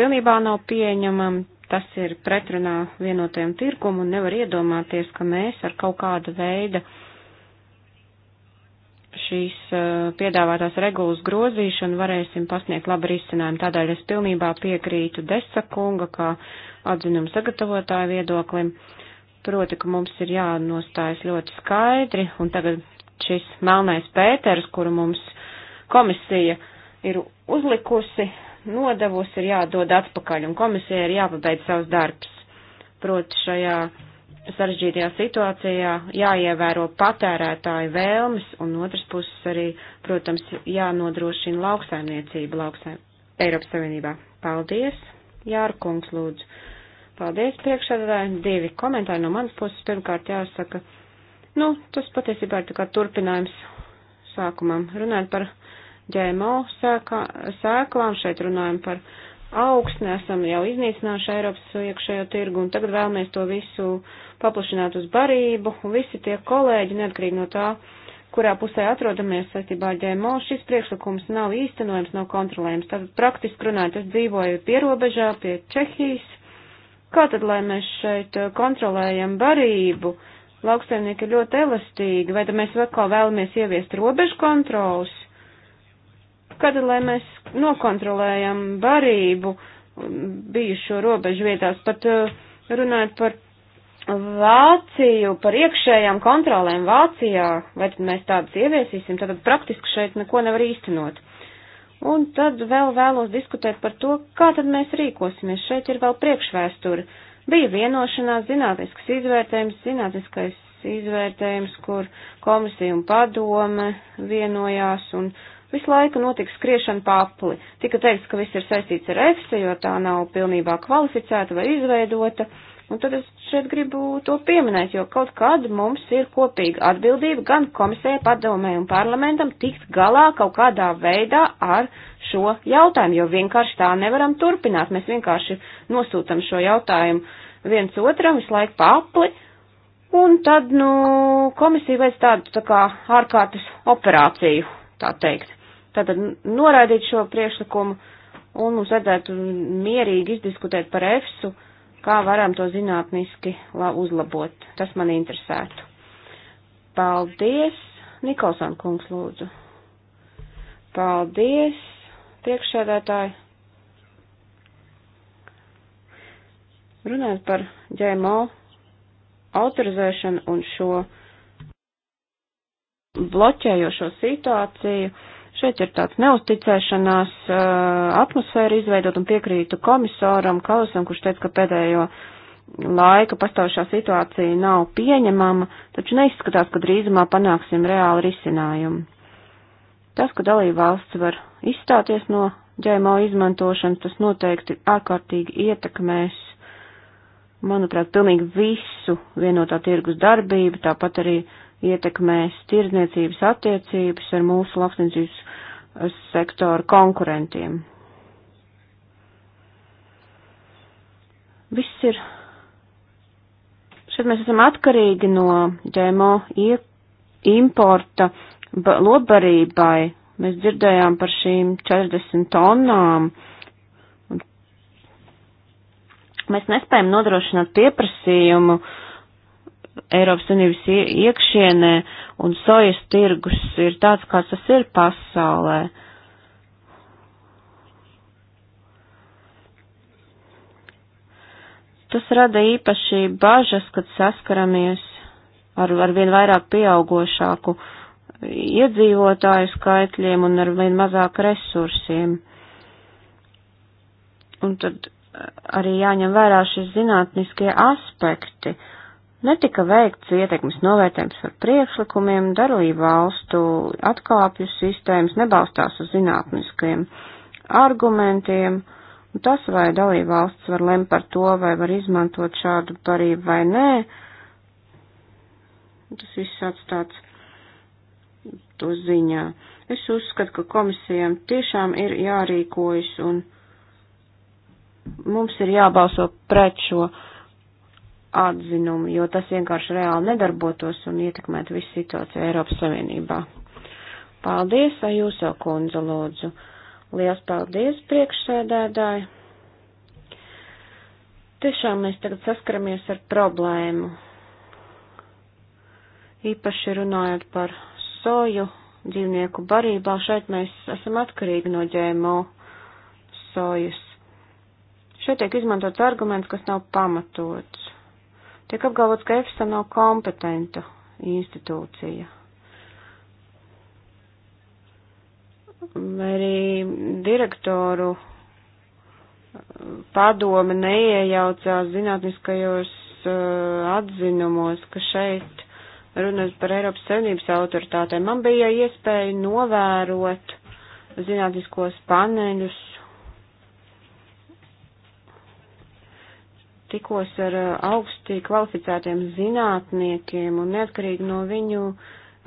pilnībā nav pieņemam. Tas ir pretrunā vienotajam tirkumu un nevar iedomāties, ka mēs ar kaut kādu veidu šīs eh, piedāvātās regulas grozīšanu varēsim pasniegt labu risinājumu. Tādēļ es pilnībā piekrītu Desa kunga, ka atzinumu sagatavotāju viedoklim, proti, ka mums ir jānostājas ļoti skaidri, un tagad šis melnais pēters, kuru mums komisija ir uzlikusi, nodevusi, ir jādod atpakaļ, un komisija ir jāpabeidz savs darbs. Proti, šajā sarežģītajā situācijā jāievēro patērētāju vēlmes, un otrs puses arī, protams, jānodrošina lauksaimniecība lauksai Eiropas Savienībā. Paldies, Jārkungs, lūdzu. Paldies priekšsēdētājiem. Divi komentāri no manas puses. Pirmkārt jāsaka, nu, tas patiesībā ir tā kā turpinājums sākumam. Runājot par ģēmo sēkā, sēklām, šeit runājam par augsni, esam jau iznīcinājuši Eiropas iekšējo tirgu, un tagad vēlamies to visu paplašināt uz barību, un visi tie kolēģi, neatkarīgi no tā, kurā pusē atrodamies saistībā ar ģēmo, šis priekšlikums nav īstenojams, nav kontrolējams. Tātad praktiski runājot, es dzīvoju pierobežā pie Čehijas, Kā tad, lai mēs šeit uh, kontrolējam barību? Lauksaimnieki ir ļoti elastīgi, vai tad mēs atkal vēlamies ieviest robežu kontrols? Kā tad, lai mēs nokontrolējam barību um, bijušo robežu vietās, pat uh, runājot par Vāciju, par iekšējām kontrolēm Vācijā, vai tad mēs tādas ieviesīsim, tad praktiski šeit neko nevar īstenot. Un tad vēl vēlos diskutēt par to, kā tad mēs rīkosimies. Šeit ir vēl priekšvēsture. Bija vienošanās, zinātnisks izvērtējums, zinātniskais izvērtējums, kur komisija un padome vienojās un visu laiku notika skriešana papli. Tika teikts, ka viss ir saistīts ar EFSA, jo tā nav pilnībā kvalificēta vai izveidota. Uh, Un tad es šeit gribu to pieminēt, jo kaut kad mums ir kopīga atbildība gan komisē, padomē un parlamentam tikt galā kaut kādā veidā ar šo jautājumu, jo vienkārši tā nevaram turpināt. Mēs vienkārši nosūtam šo jautājumu viens otram visu laiku papli, un tad, nu, komisija veic tādu tā kā ārkārtas operāciju, tā teikt. Tātad noraidīt šo priekšlikumu un mums vajadzētu mierīgi izdiskutēt par EFSU kā varam to zinātniski uzlabot. Tas man interesētu. Paldies, Nikolson kungs, lūdzu. Paldies, priekšsēdētāji. Runājot par ģēmo autorizēšanu un šo bloķējošo situāciju, Šeit ir tāds neusticēšanās eh, atmosfēra izveidot un piekrītu komisāram Kalasam, kurš teica, ka pēdējo laika pastāvošā situācija nav pieņemama, taču neizskatās, ka drīzumā panāksim reāli risinājumu. Tas, ka dalība valsts var izstāties no ģēmo izmantošanas, tas noteikti ārkārtīgi ietekmēs, manuprāt, pilnīgi visu vienotā tirgus darbību, tāpat arī uh, ietekmēs tirdzniecības attiecības ar mūsu lauksniecības eh, sektoru konkurentiem. Viss ir. Šeit mēs esam atkarīgi no ģēmo importa lobarībai. Mēs dzirdējām par šīm 40 tonām. Mēs nespējam nodrošināt pieprasījumu uh, Eiropas Savienības iekšienē un sojas tirgus ir tāds, kāds tas ir pasaulē. Tas rada īpaši bažas, kad saskaramies ar, ar vien vairāk pieaugošāku iedzīvotāju skaitļiem un ar vien mazāk resursiem. Un tad eh, arī jāņem vērā šis zinātniskie aspekti. Uh, Netika veikts ietekmes novērtējums par priekšlikumiem, dalību valstu atkāpju sistēmas nebalstās uz zinātniskiem argumentiem, un tas, vai dalību valsts var lemt par to, vai var izmantot šādu parību vai nē, tas viss atstāts to ziņā. Es uzskatu, ka komisijām tiešām ir jārīkojas un mums ir jābalso pret šo atzinumu, jo tas vienkārši reāli nedarbotos un ietekmētu visu situāciju Eiropas Savienībā. Paldies, vai jūs jau kundze lūdzu? Liels paldies, priekšsēdētāji! Tiešām mēs tagad saskaramies ar problēmu. Īpaši runājot par soju dzīvnieku barībā, šeit mēs esam atkarīgi no ģēmo sojas. Šeit tiek izmantots arguments, kas nav pamatots. Tiek apgalvots, ka EFSA nav kompetenta institūcija. Vai arī direktoru eh, padome neiejaucās zinātniskajos eh, atzinumos, ka šeit runas par Eiropas Savienības autoritātēm. Man bija iespēja novērot zinātniskos paneļus tikos ar uh, augsti kvalificētiem zinātniekiem un neatkarīgi no viņu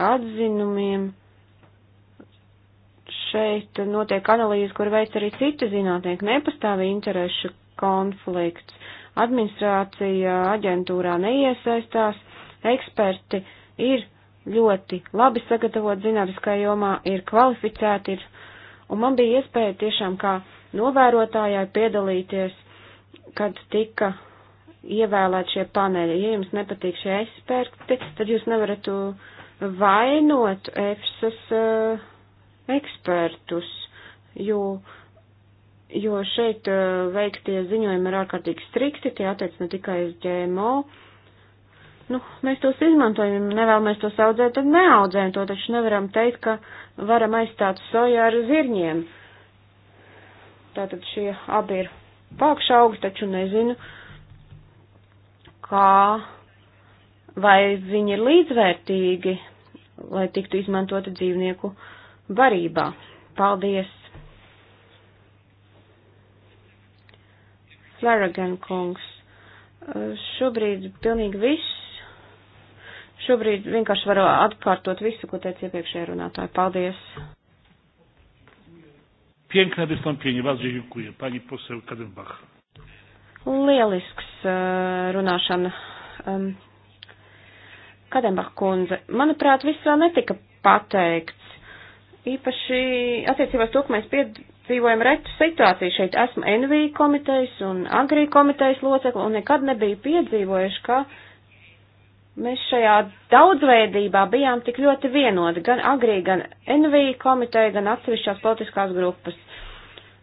atzinumiem. Šeit notiek analīze, kur veic arī citi zinātnieki. Nepastāv interešu konflikts. Administrācija aģentūrā neiesaistās. Eksperti ir ļoti labi sagatavot zinātniskā jomā, ir kvalificēti. Ir, un man bija iespēja tiešām kā novērotājai piedalīties kad tika ievēlēt šie paneļi. Ja jums nepatīk šie eksperti, tad jūs nevarat uh, vainot EFSAS uh, ekspertus, jo, jo šeit uh, veiktie ziņojumi ir ārkārtīgi strikti, tie attiec ne tikai uz GMO. Nu, mēs tos izmantojam, nevēlamies tos audzēt, tad neaudzējam to, taču nevaram teikt, ka varam aizstāt soju ar zirņiem. Tātad šie abi ir pakšaugi, taču nezinu, uh, kā vai viņi ir līdzvērtīgi, lai tiktu izmantoti dzīvnieku varībā. Paldies! Flaragan kungs. Šobrīd pilnīgi viss. Šobrīd vienkārši varu atkārtot visu, ko teica iepriekšējā runātāja. Paldies! Piękne wystąpienie. Bardzo dziękuję. Pani poseł Kadenbach. Lielisks eh, runāšana. Kadembach kundze, manuprāt, viss vēl netika pateikts. Īpaši attiecībās to, ka mēs piedzīvojam retu situāciju šeit. Esmu NV komitejas un Agrī komitejas locekli un nekad nebiju piedzīvojuši, ka mēs šajā daudzveidībā bijām tik ļoti vienoti, gan Agrī, gan NV komiteja, gan atsevišķās politiskās grupas.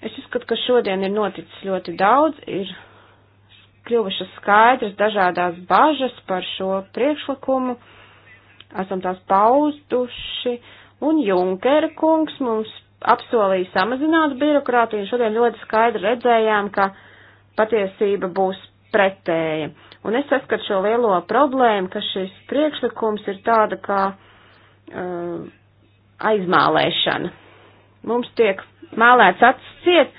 Es uzskatu, ka šodien ir noticis ļoti daudz, ir kļuvušas skaidras dažādās bažas par šo priekšlikumu, esam tās paustuši, un Junkera kungs mums apsolīja samazināt birokrātiju, un šodien ļoti skaidri redzējām, ka patiesība būs pretēja. Un es saskatu šo lielo problēmu, ka šis priekšlikums ir tāda kā uh, aizmālēšana. Mums tiek mālēts acis ciet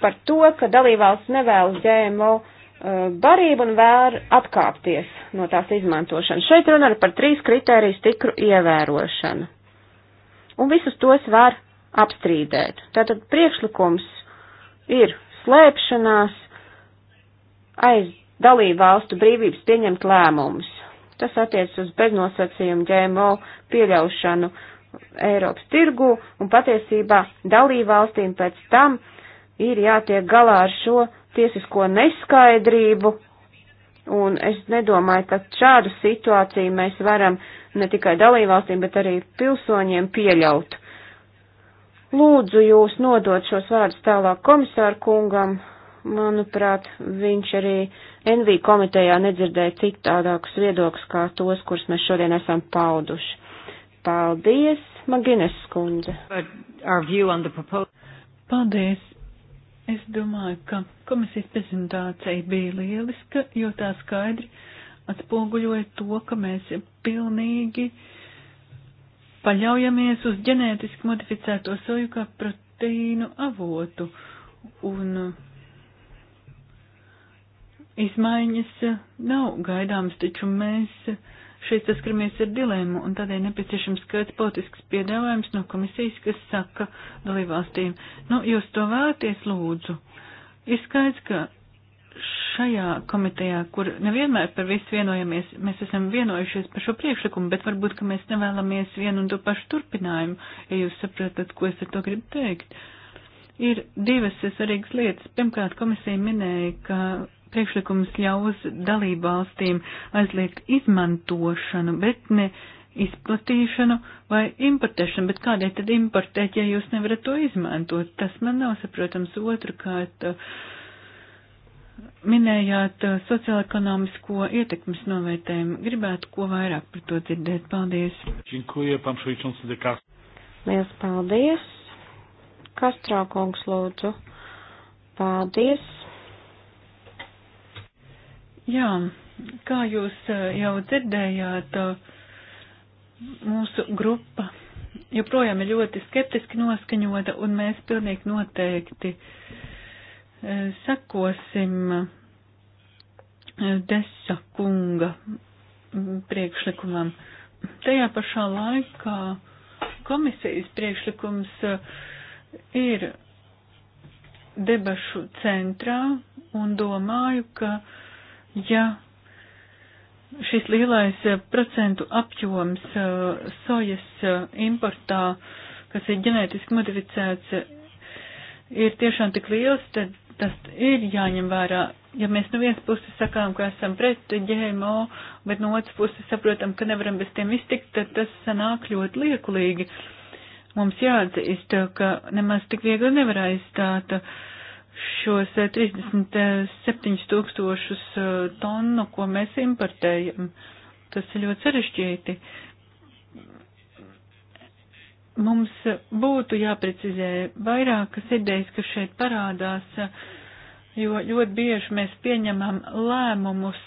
par to, ka dalībvalsts nevēlas ģēmo uh, Uh, barību un vēr atkāpties no tās izmantošanas. Šeit runa ir par trīs kritērijas tikru ievērošanu. Un visus tos var apstrīdēt. Tātad priekšlikums ir slēpšanās aiz dalību valstu brīvības pieņemt lēmumus. Tas attiec uz beznosacījumu ģēmo pieļaušanu Eiropas tirgu un patiesībā dalību valstīm pēc tam ir jātiek galā ar šo tiesisko neskaidrību, un es nedomāju, ka šādu situāciju mēs varam ne tikai dalībvalstīm, bet arī pilsoņiem pieļaut. Lūdzu jūs nodot šos vārdus tālāk komisāru kungam, manuprāt, viņš arī NV komitejā nedzirdēja citādākus viedokļus kā tos, kurus mēs šodien esam pauduši. Paldies, Maginas skundze. Paldies. Es domāju, ka komisijas prezentācija bija lieliska, jo tā skaidri atspoguļoja to, ka mēs pilnīgi paļaujamies uz ģenētiski modificēto soju kā proteīnu avotu. Un izmaiņas nav gaidāmas, taču mēs Šeit saskaramies ar dilemmu, un tādēļ nepieciešams kāds politisks piedāvājums no komisijas, kas saka dalībvalstīm, nu, jūs to vēlaties, lūdzu. Ir skaidrs, ka šajā komitejā, kur nevienmēr par visu vienojamies, mēs esam vienojušies par šo priekšlikumu, bet varbūt, ka mēs nevēlamies vienu un to pašu turpinājumu, ja jūs saprotat, ko es ar to gribu teikt. Ir divas svarīgas lietas. Pirmkārt, komisija minēja, ka priekšlikums ļaus dalībvalstīm aizliegt izmantošanu, bet ne izplatīšanu vai importēšanu, bet kādēļ tad importēt, ja jūs nevarat to izmantot? Tas man nav saprotams. Otrakārt, minējāt sociālo-ekonomisko ietekmes novērtējumu. Gribētu ko vairāk par to dzirdēt. Paldies! Liels paldies! Kastrā kungs lūdzu! Paldies! Jā, kā jūs eh, jau dzirdējāt, eh, mūsu grupa joprojām ir ļoti skeptiski noskaņota, un mēs pilnīgi noteikti eh, sekosim Desa kunga mm, priekšlikumam. Tajā pašā laikā komisijas priekšlikums ir debašu centrā, un domāju, ka uh, ja šis lielais eh, procentu apjoms eh, sojas eh, importā, kas ir ģenētiski modificēts, ir tiešām tik liels, tad tas ir jāņem vērā. Ja mēs no nu vienas puses sakām, ka esam pret GMO, bet no otras puses saprotam, ka nevaram bez tiem iztikt, tad tas sanāk ļoti liekulīgi. Mums jāatzīst, ka nemaz tik viegli nevar aizstāt uh, šos 37 eh, eh, tūkstošus eh, tonu, ko mēs importējam. Tas ir ļoti sarežģīti. Mums būtu jāprecizē vairākas idejas, kas šeit parādās, jo ļoti bieži mēs pieņemam lēmumus,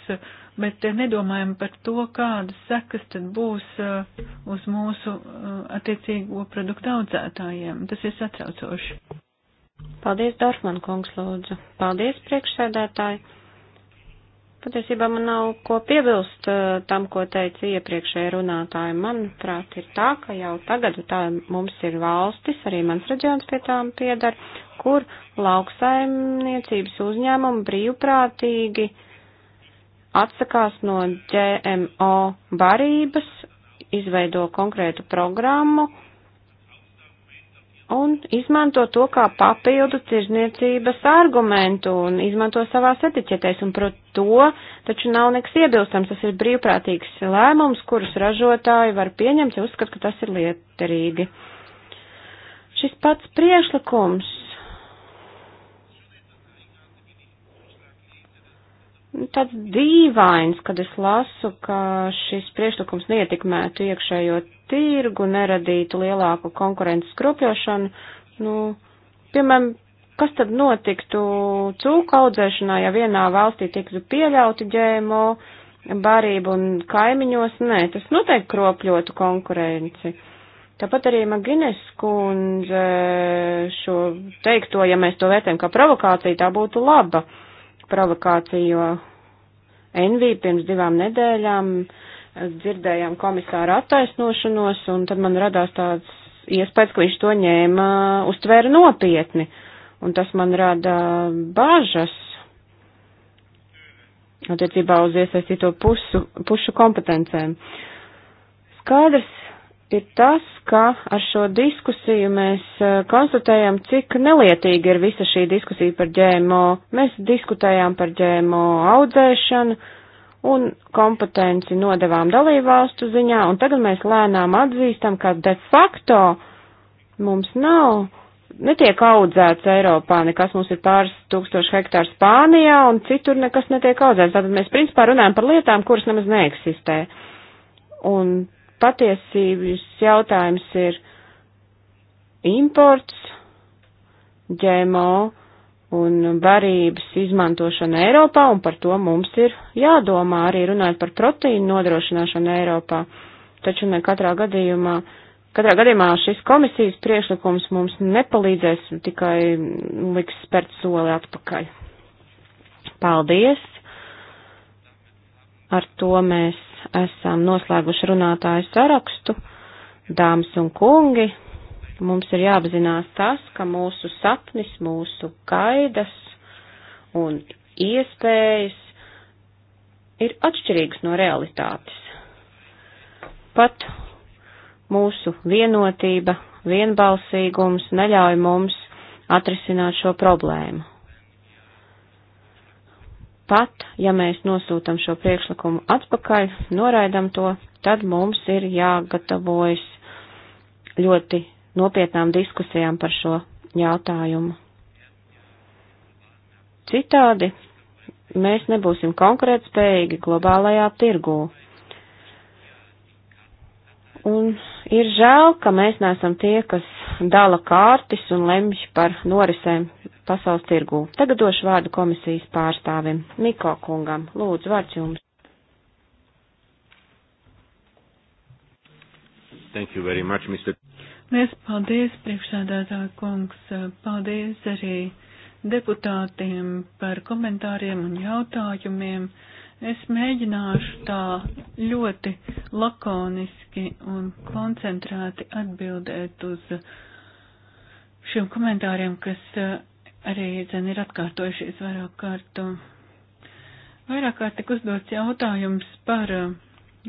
bet nedomājam par to, kādas sekas tad būs uz mūsu attiecīgo produktu audzētājiem. Tas ir satraucoši. Paldies, Dorfman kungs, lūdzu. Paldies, priekšsēdētāji. Patiesībā man nav ko piebilst uh, tam, ko teica iepriekšēja runātāja. Manuprāt, ir tā, ka jau tagad tā mums ir valstis, arī mans reģions pie tām piedar, kur lauksaimniecības uzņēmumi brīvprātīgi atsakās no GMO barības, izveido konkrētu programmu un izmanto to kā papildu tirzniecības argumentu un izmanto savās etiķetēs, un par to taču nav nekas iebilstams, tas ir brīvprātīgs lēmums, kurus ražotāji var pieņemt, ja uzskat, ka tas ir lietarīgi. Šis pats priešlikums tāds dīvains, kad es lasu, ka šis priekšlikums neietekmētu iekšējo tirgu, neradītu lielāku konkurences kropļošanu. Nu, piemēram, kas tad notiktu cūku audzēšanā, ja vienā valstī tiktu pieļauti ģēmo, barību un kaimiņos? Nē, tas noteikti kropļotu konkurenci. Tāpat arī Magines kundze šo teikto, ja mēs to vērtējam kā provokāciju, tā būtu laba. Uh, provokāciju Envī pirms divām nedēļām, eh, dzirdējām komisāru attaisnošanos, un tad man radās tāds iespējas, ka viņš to ņēma, eh, uztvēra nopietni, un tas man rada bāžas attiecībā uz iesaistīto pusu, pušu kompetencēm. Skaidrs, ir tas, ka ar šo diskusiju mēs e, konstatējam, cik nelietīgi ir visa šī diskusija par ģēmo. Mēs diskutējām par ģēmo audzēšanu un kompetenci nodevām dalībvalstu ziņā, un tagad mēs lēnām atzīstam, ka de facto mums nav, netiek audzēts Eiropā, nekas mums ir pāris tūkstoši hektāru Spānijā, un citur nekas netiek audzēts. Tātad mēs principā runājam par lietām, kuras nemaz neeksistē. Un patiesības jautājums ir imports, ģēmo un barības izmantošana Eiropā, un par to mums ir jādomā arī runājot par proteīnu nodrošināšanu Eiropā. Taču ne katrā gadījumā, katrā gadījumā šis komisijas priekšlikums mums nepalīdzēs, tikai liks spērt soli atpakaļ. Paldies! Ar to mēs esam noslēguši runātāju sarakstu. Dāmas un kungi, mums ir jāapzinās tas, ka mūsu sapnis, mūsu gaidas un iespējas ir atšķirīgas no realitātes. Pat mūsu vienotība, vienbalsīgums neļauj mums atrisināt šo problēmu pat ja mēs nosūtam šo priekšlikumu atpakaļ, noraidam to, tad mums ir jāgatavojas ļoti nopietnām diskusijām par šo jautājumu. Citādi mēs nebūsim konkurētspējīgi globālajā tirgū. Un ir žēl, ka mēs neesam tie, kas dala kārtis un lemj par norisēm pasaules tirgū. Tagad došu vārdu komisijas pārstāvim Miko kungam. Lūdzu, vārds jums. Thank you very much, Mr. Lies paldies, priekšsēdētā kungs. Paldies arī deputātiem par komentāriem un jautājumiem. Es mēģināšu tā ļoti lakoniski un koncentrēti atbildēt uz šiem komentāriem, kas arī dzen ir atkārtojušies vairāk kārtu. Um, vairāk kārt tik uzdots jautājums par um,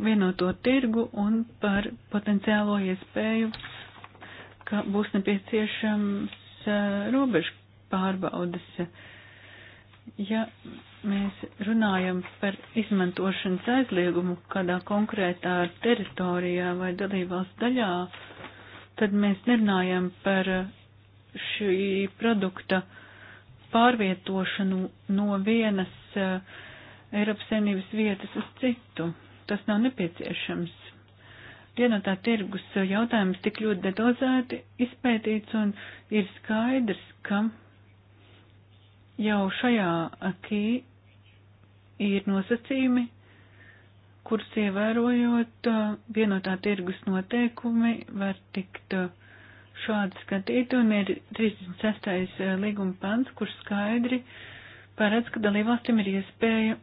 vienoto tirgu un par potenciālo iespēju, ka būs nepieciešams uh, robežu pārbaudas. Ja mēs runājam par izmantošanas aizliegumu kādā konkrētā teritorijā vai dalībvalsts daļā, tad mēs nerunājam par uh, šī produkta uh, pārvietošanu no vienas eh, Eiropas saimnības vietas uz citu. Tas nav nepieciešams. Vienotā tirgus jautājums tik ļoti detalizēti izpētīts un ir skaidrs, ka jau šajā akī ir nosacījumi, kurus ievērojot eh, vienotā tirgus noteikumi var tikt uh, šādu skatītu, un ir 36. Eh, līguma pants, kur skaidri paredz, ka dalībvalstīm ir iespēja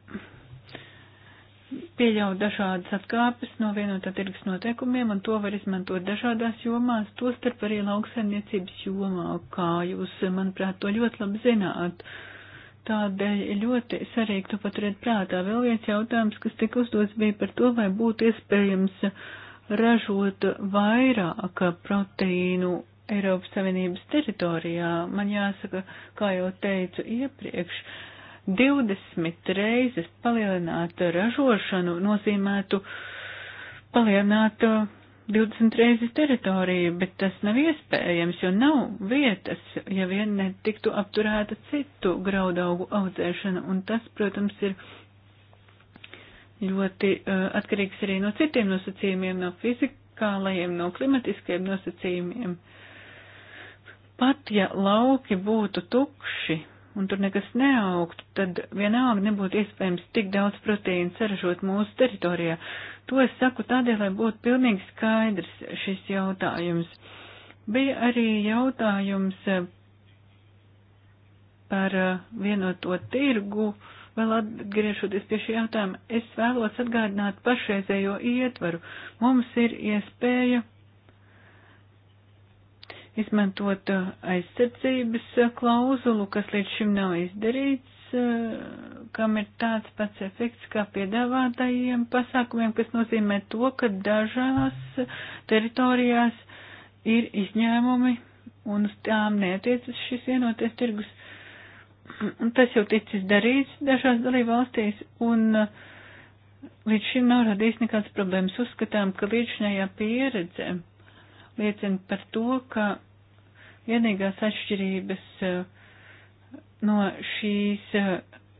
pieļaut dažādas atkāpes no vienotā tirgus noteikumiem, un to var izmantot dažādās jomās, tostarp arī lauksaimniecības jomā, kā jūs, eh, manuprāt, to ļoti labi zināt. Tādēļ ļoti sarīktu paturēt prātā. Vēl viens jautājums, kas tika uzdots, bija par to, vai būtu iespējams ražot vairāk proteīnu Eiropas Savienības teritorijā. Man jāsaka, kā jau teicu iepriekš, 20 reizes palielināt ražošanu nozīmētu palielināt 20 uh, reizes teritoriju, bet tas nav iespējams, jo nav vietas, ja vien netiktu apturēta citu graudaugu audzēšana, un tas, protams, ir ļoti uh, atkarīgs arī no citiem nosacījumiem, no fizikālajiem, no klimatiskajiem nosacījumiem. Uh, Pat ja lauki būtu tukši un tur nekas neaugtu, tad vienalga nebūtu iespējams tik daudz proteīnu saražot mūsu teritorijā. To es saku tādēļ, lai būtu pilnīgi skaidrs šis jautājums. Bija arī jautājums eh, par eh, vienoto tirgu. Vēl atgriežoties pie šī jautājuma, es vēlos atgādināt pašreizējo ietvaru. Mums ir iespēja izmantot uh, aizsardzības uh, klauzulu, kas līdz šim nav izdarīts, uh, kam ir tāds pats efekts kā piedāvātajiem pasākumiem, kas nozīmē to, ka dažās teritorijās ir izņēmumi un uz tām netiecas šis vienoties tirgus. Tas jau ticis darīts dažās dalībvalstīs un līdz šim nav radījis nekādas problēmas. Uzskatām, ka līdzinājā pieredze liecina par to, ka vienīgās atšķirības eh, no šīs eh,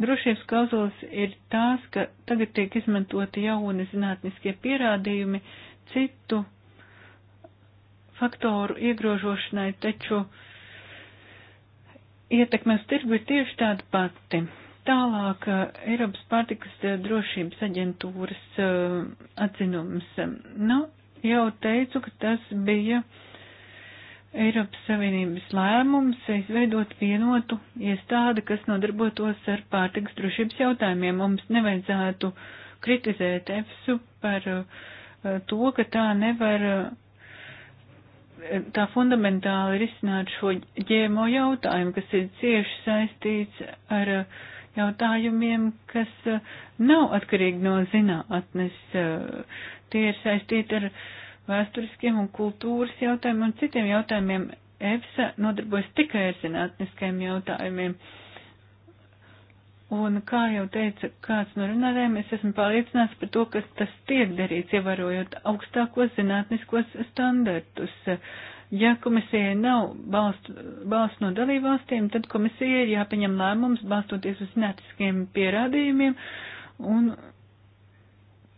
drošības klauzulas ir tās, ka tagad tiek izmantoti jauni zinātniskie pierādījumi citu faktoru iegrožošanai, taču ietekmes tirgu ir tieši tāda pati. Tālāk eh, Eiropas pārtikas drošības aģentūras atzinums. Nu, Jau teicu, ka tas bija Eiropas Savienības lēmums izveidot vienotu iestādi, kas nodarbotos ar pārtiks drošības jautājumiem. Mums nevajadzētu kritizēt EFSU par eh, to, ka tā nevar eh, tā fundamentāli risināt šo ģēmo jautājumu, kas ir cieši saistīts ar uh, jautājumiem, kas eh, nav atkarīgi no zinātnes. Eh, tie ir saistīti ar vēsturiskiem un kultūras jautājumiem un citiem jautājumiem. EFSA nodarbojas tikai ar zinātniskiem jautājumiem. Un kā jau teica kāds no runātājiem, es esmu pārliecināts par to, ka tas tiek darīts, ievērojot augstākos zinātniskos standartus. Uh, Ja komisijai nav balstu, balstu no dalībvalstīm, tad komisijai ir jāpieņem lēmums balstoties uz zinātniskiem pierādījumiem, un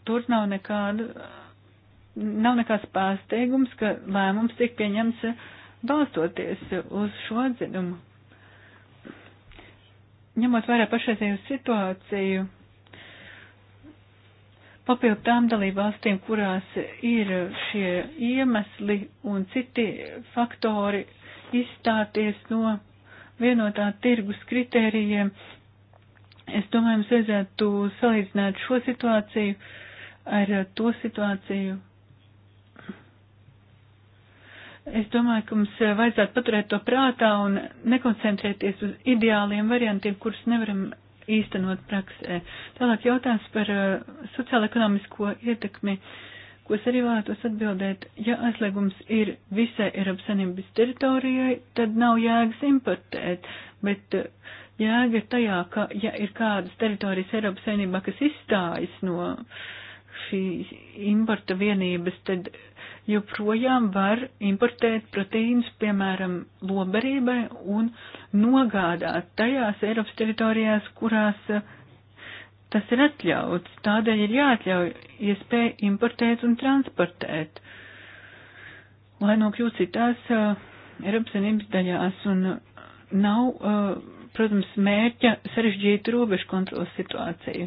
tur nav nekāda, nav nekāds pārsteigums, ka lēmums tiek pieņemts balstoties uz šo atzinumu. Ņemot vērā pašreizēju situāciju, papildu tām dalībvalstīm, kurās ir šie iemesli un citi faktori izstāties no vienotā tirgus kritērijiem. Es domāju, mums vajadzētu salīdzināt šo situāciju ar to situāciju. Es domāju, ka mums vajadzētu paturēt to prātā un nekoncentrēties uz ideāliem variantiem, kurus nevaram īstenot praksē. Tālāk jautājums par uh, sociālo-ekonomisko ietekmi, ko es arī vēlētos atbildēt. Ja aizliegums ir visai Eiropas Savienības teritorijai, tad nav jēgas importēt, bet uh, jēga ir tajā, ka ja ir kādas teritorijas Eiropas Savienībā, kas izstājas no šīs importa vienības, tad joprojām var importēt proteīnus, piemēram, lobarībai un nogādāt tajās Eiropas teritorijās, kurās eh, tas ir atļauts. Tādēļ ir jāatļauj iespēja importēt un transportēt, lai nokļūtu citās eh, Eiropas Savienības daļās. Un eh, nav, protams, mērķa sarežģīt robežu kontrolas situāciju.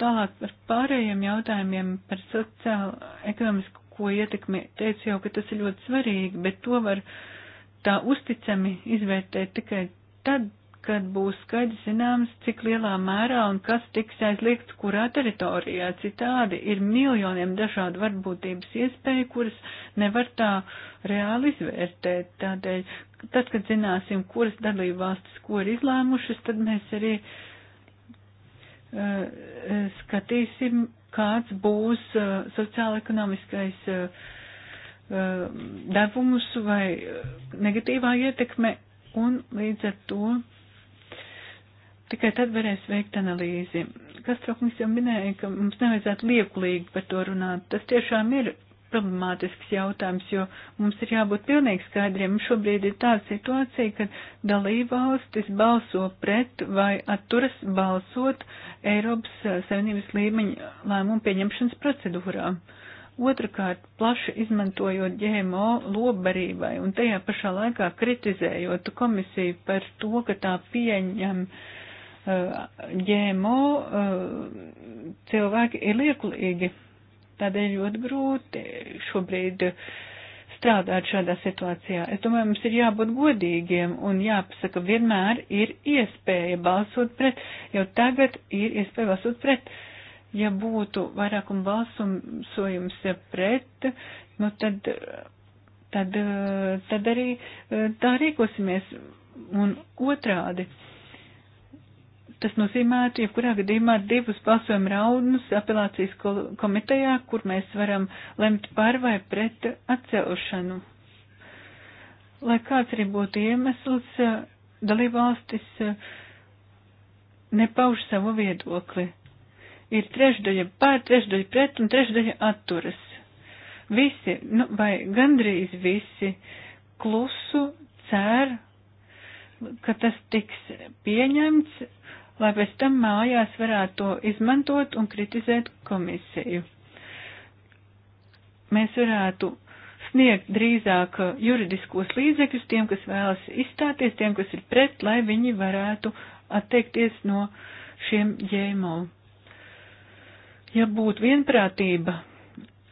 Tālāk par pārējiem jautājumiem par sociālo ekonomisku ko ietekmē, teicu jau, ka tas ir ļoti svarīgi, bet to var tā uzticami izvērtēt tikai tad, kad būs skaidrs zināms, cik lielā mērā un kas tiks aizliegts kurā teritorijā. Citādi ir miljoniem dažādu varbūtības iespēju, kuras nevar tā reāli izvērtēt. Tādēļ, tad, kad zināsim, kuras dalībvalstis ko ir izlēmušas, tad mēs arī uh, uh skatīsim kāds būs uh, sociāla-ekonomiskais uh, uh, devums vai uh, negatīvā ietekme, un līdz ar to tikai tad varēs veikt analīzi. Kas troknis jau minēja, ka mums nevajadzētu liekulīgi par to runāt. Tas tiešām ir problemātisks jautājums, jo mums ir jābūt pilnīgi skaidriem. Šobrīd ir tāda situācija, ka dalībvalstis balso pret vai atturas balsot Eiropas Savienības līmeņa lēmumu pieņemšanas procedūrā. Otrakārt, plaši izmantojot GMO lobbarībai un tajā pašā laikā kritizējot komisiju par to, ka tā pieņem uh, GMO, uh, cilvēki ir liekulīgi Tādēļ ļoti grūti šobrīd strādāt šādā situācijā. Es domāju, mums ir jābūt godīgiem un jāpasaka, vienmēr ir iespēja balsot pret, jau tagad ir iespēja balsot pret. Ja būtu vairākuma balsojums pret, nu tad, tad, tad arī eh, tā rīkosimies un otrādi. Tas nozīmē, ka jebkurā gadījumā divus balsojumu raundus apelācijas komitejā, kur mēs varam lemt par vai pret atcelšanu. Lai kāds arī būtu iemesls, dalībvalstis nepauž savu viedokli. Ir trešdaļa pār, trešdaļa pret un trešdaļa atturas. Visi, nu, vai gandrīz visi, klusu cer, ka tas tiks pieņemts lai pēc tam mājās varētu to izmantot un kritizēt komisiju. Mēs varētu sniegt drīzāk juridiskos līdzekļus tiem, kas vēlas izstāties, tiem, kas ir pret, lai viņi varētu atteikties no šiem ģēmo. Ja būtu vienprātība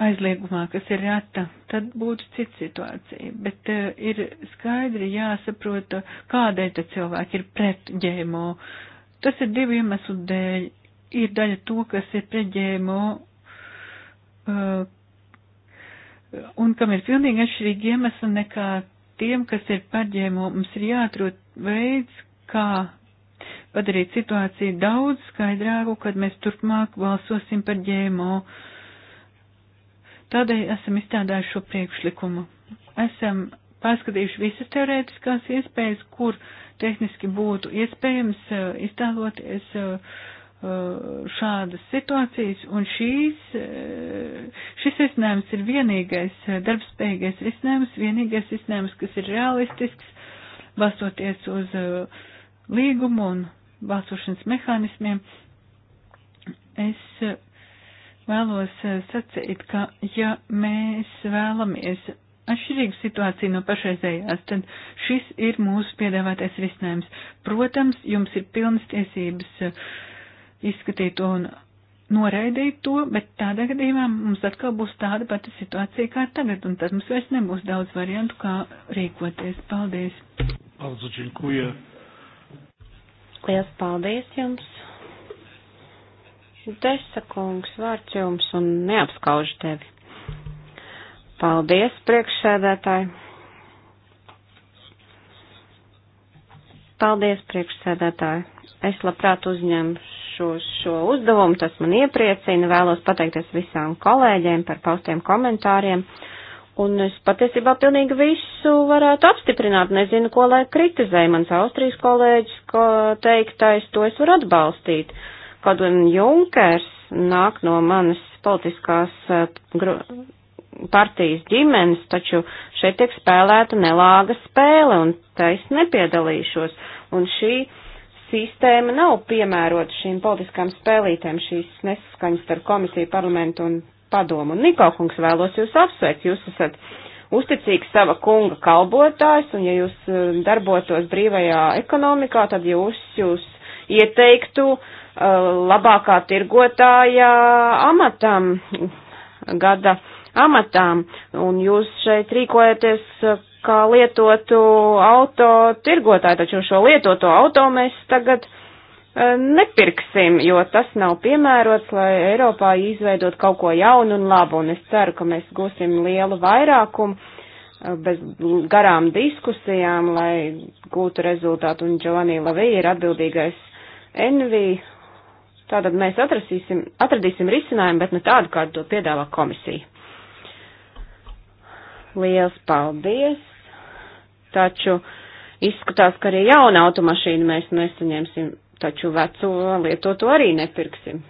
aizliegumā, kas ir reta, tad būtu cita situācija. Bet uh, ir skaidri jāsaprot, kādēļ tad cilvēki ir pret ģēmo. Uh, Tas ir divu iemeslu dēļ. Ir daļa to, kas ir preģēmo uh, un kam ir pilnīgi atšķirīgi iemesli nekā tiem, kas ir paģēmo. Mums ir jāatrod veids, kā padarīt situāciju daudz skaidrāku, kad mēs turpmāk balsosim par ģēmo. Tādēļ esam izstādājuši šo priekšlikumu. Esam pārskatījuši visas teorētiskās iespējas, kur tehniski būtu iespējams uh, iztēloties uh, uh, šādas situācijas, un šīs, šis risinājums ir vienīgais darbspējīgais risinājums, vienīgais risinājums, kas ir realistisks, balstoties uz līgumu un balsošanas mehānismiem. Es vēlos sacīt, ka ja mēs vēlamies atšķirīga situācija no pašreizējās, tad šis ir mūsu piedāvātais risinājums. Protams, jums ir pilnas tiesības eh, izskatīt to un noraidīt to, bet tādā gadījumā mums atkal būs tāda pati situācija kā tagad, un tad mums vairs nebūs daudz variantu, kā rīkoties. Paldies! Paldies, Džinkuja! Lielas paldies jums! Desa kungs, vārds jums un neapskauž tevi! Paldies, priekšsēdētāji. Paldies, priekšsēdētāji. Es labprāt uzņemu šo, šo uzdevumu, tas man iepriecina. Vēlos pateikties visām kolēģiem par paustiem komentāriem. Un es patiesībā pilnīgi visu varētu apstiprināt. Nezinu, ko lai kritizēja mans Austrijas kolēģis, ko teiktais, to es varu atbalstīt. Kaut gan Junkers nāk no manas politiskās eh, partijas ģimenes, taču šeit tiek spēlēta nelāga spēle, un tā es nepiedalīšos. Un šī sistēma nav piemērota šīm politiskām spēlītēm, šīs nesaskaņas starp komisiju, parlamentu un padomu. Un Nikau kungs vēlos jūs apsveikt, jūs esat uzticīgs sava kunga kalpotājs, un ja jūs um, darbotos brīvajā ekonomikā, tad jūs jūs ieteiktu uh, labākā tirgotāja amatam gada amatām, un jūs šeit rīkojaties eh, kā lietotu auto tirgotāju, taču šo lietoto auto mēs tagad eh, nepirksim, jo tas nav piemērots, lai Eiropā izveidot kaut ko jaunu un labu, un es ceru, ka mēs gūsim lielu vairākumu eh, bez garām diskusijām, lai gūtu rezultātu, un Giovanni Lavī ir atbildīgais Envī. Tātad mēs atradīsim risinājumu, bet ne tādu, kādu to piedāvā komisija. Liels paldies! Taču izskatās, ka arī jaunu automašīnu mēs nesaņemsim, taču veco lietotu arī nepirksim.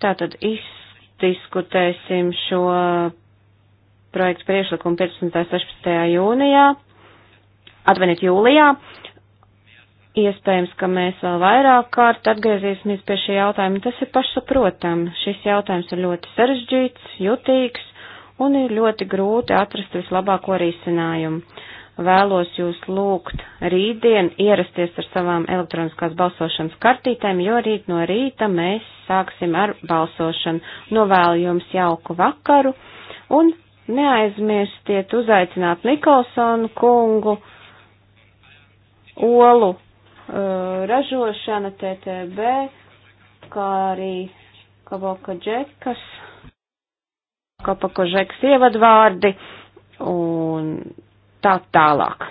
Tātad izdiskutēsim šo projektu priekšlikumu 15. un 16. jūnijā, atvainiet jūlijā, Iespējams, ka mēs vēl vairāk kārt atgriezīsimies pie šī jautājuma. Tas ir pašsaprotami. Šis jautājums ir ļoti sarežģīts, jutīgs un ir ļoti grūti atrast vislabāko risinājumu. Vēlos jūs lūgt rītdien ierasties ar savām elektroniskās balsošanas kartītēm, jo rīt no rīta mēs sāksim ar balsošanu. Novēlu jums jauku vakaru un neaizmirstiet uzaicināt Nikolsonu kungu. Olu Uh, ražošana, TTB, kā arī Kabaka Džekas, Kabaka Džekas ievadvārdi un tā tālāk.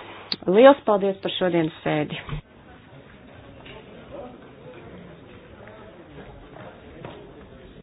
Liels paldies par šodienas sēdi!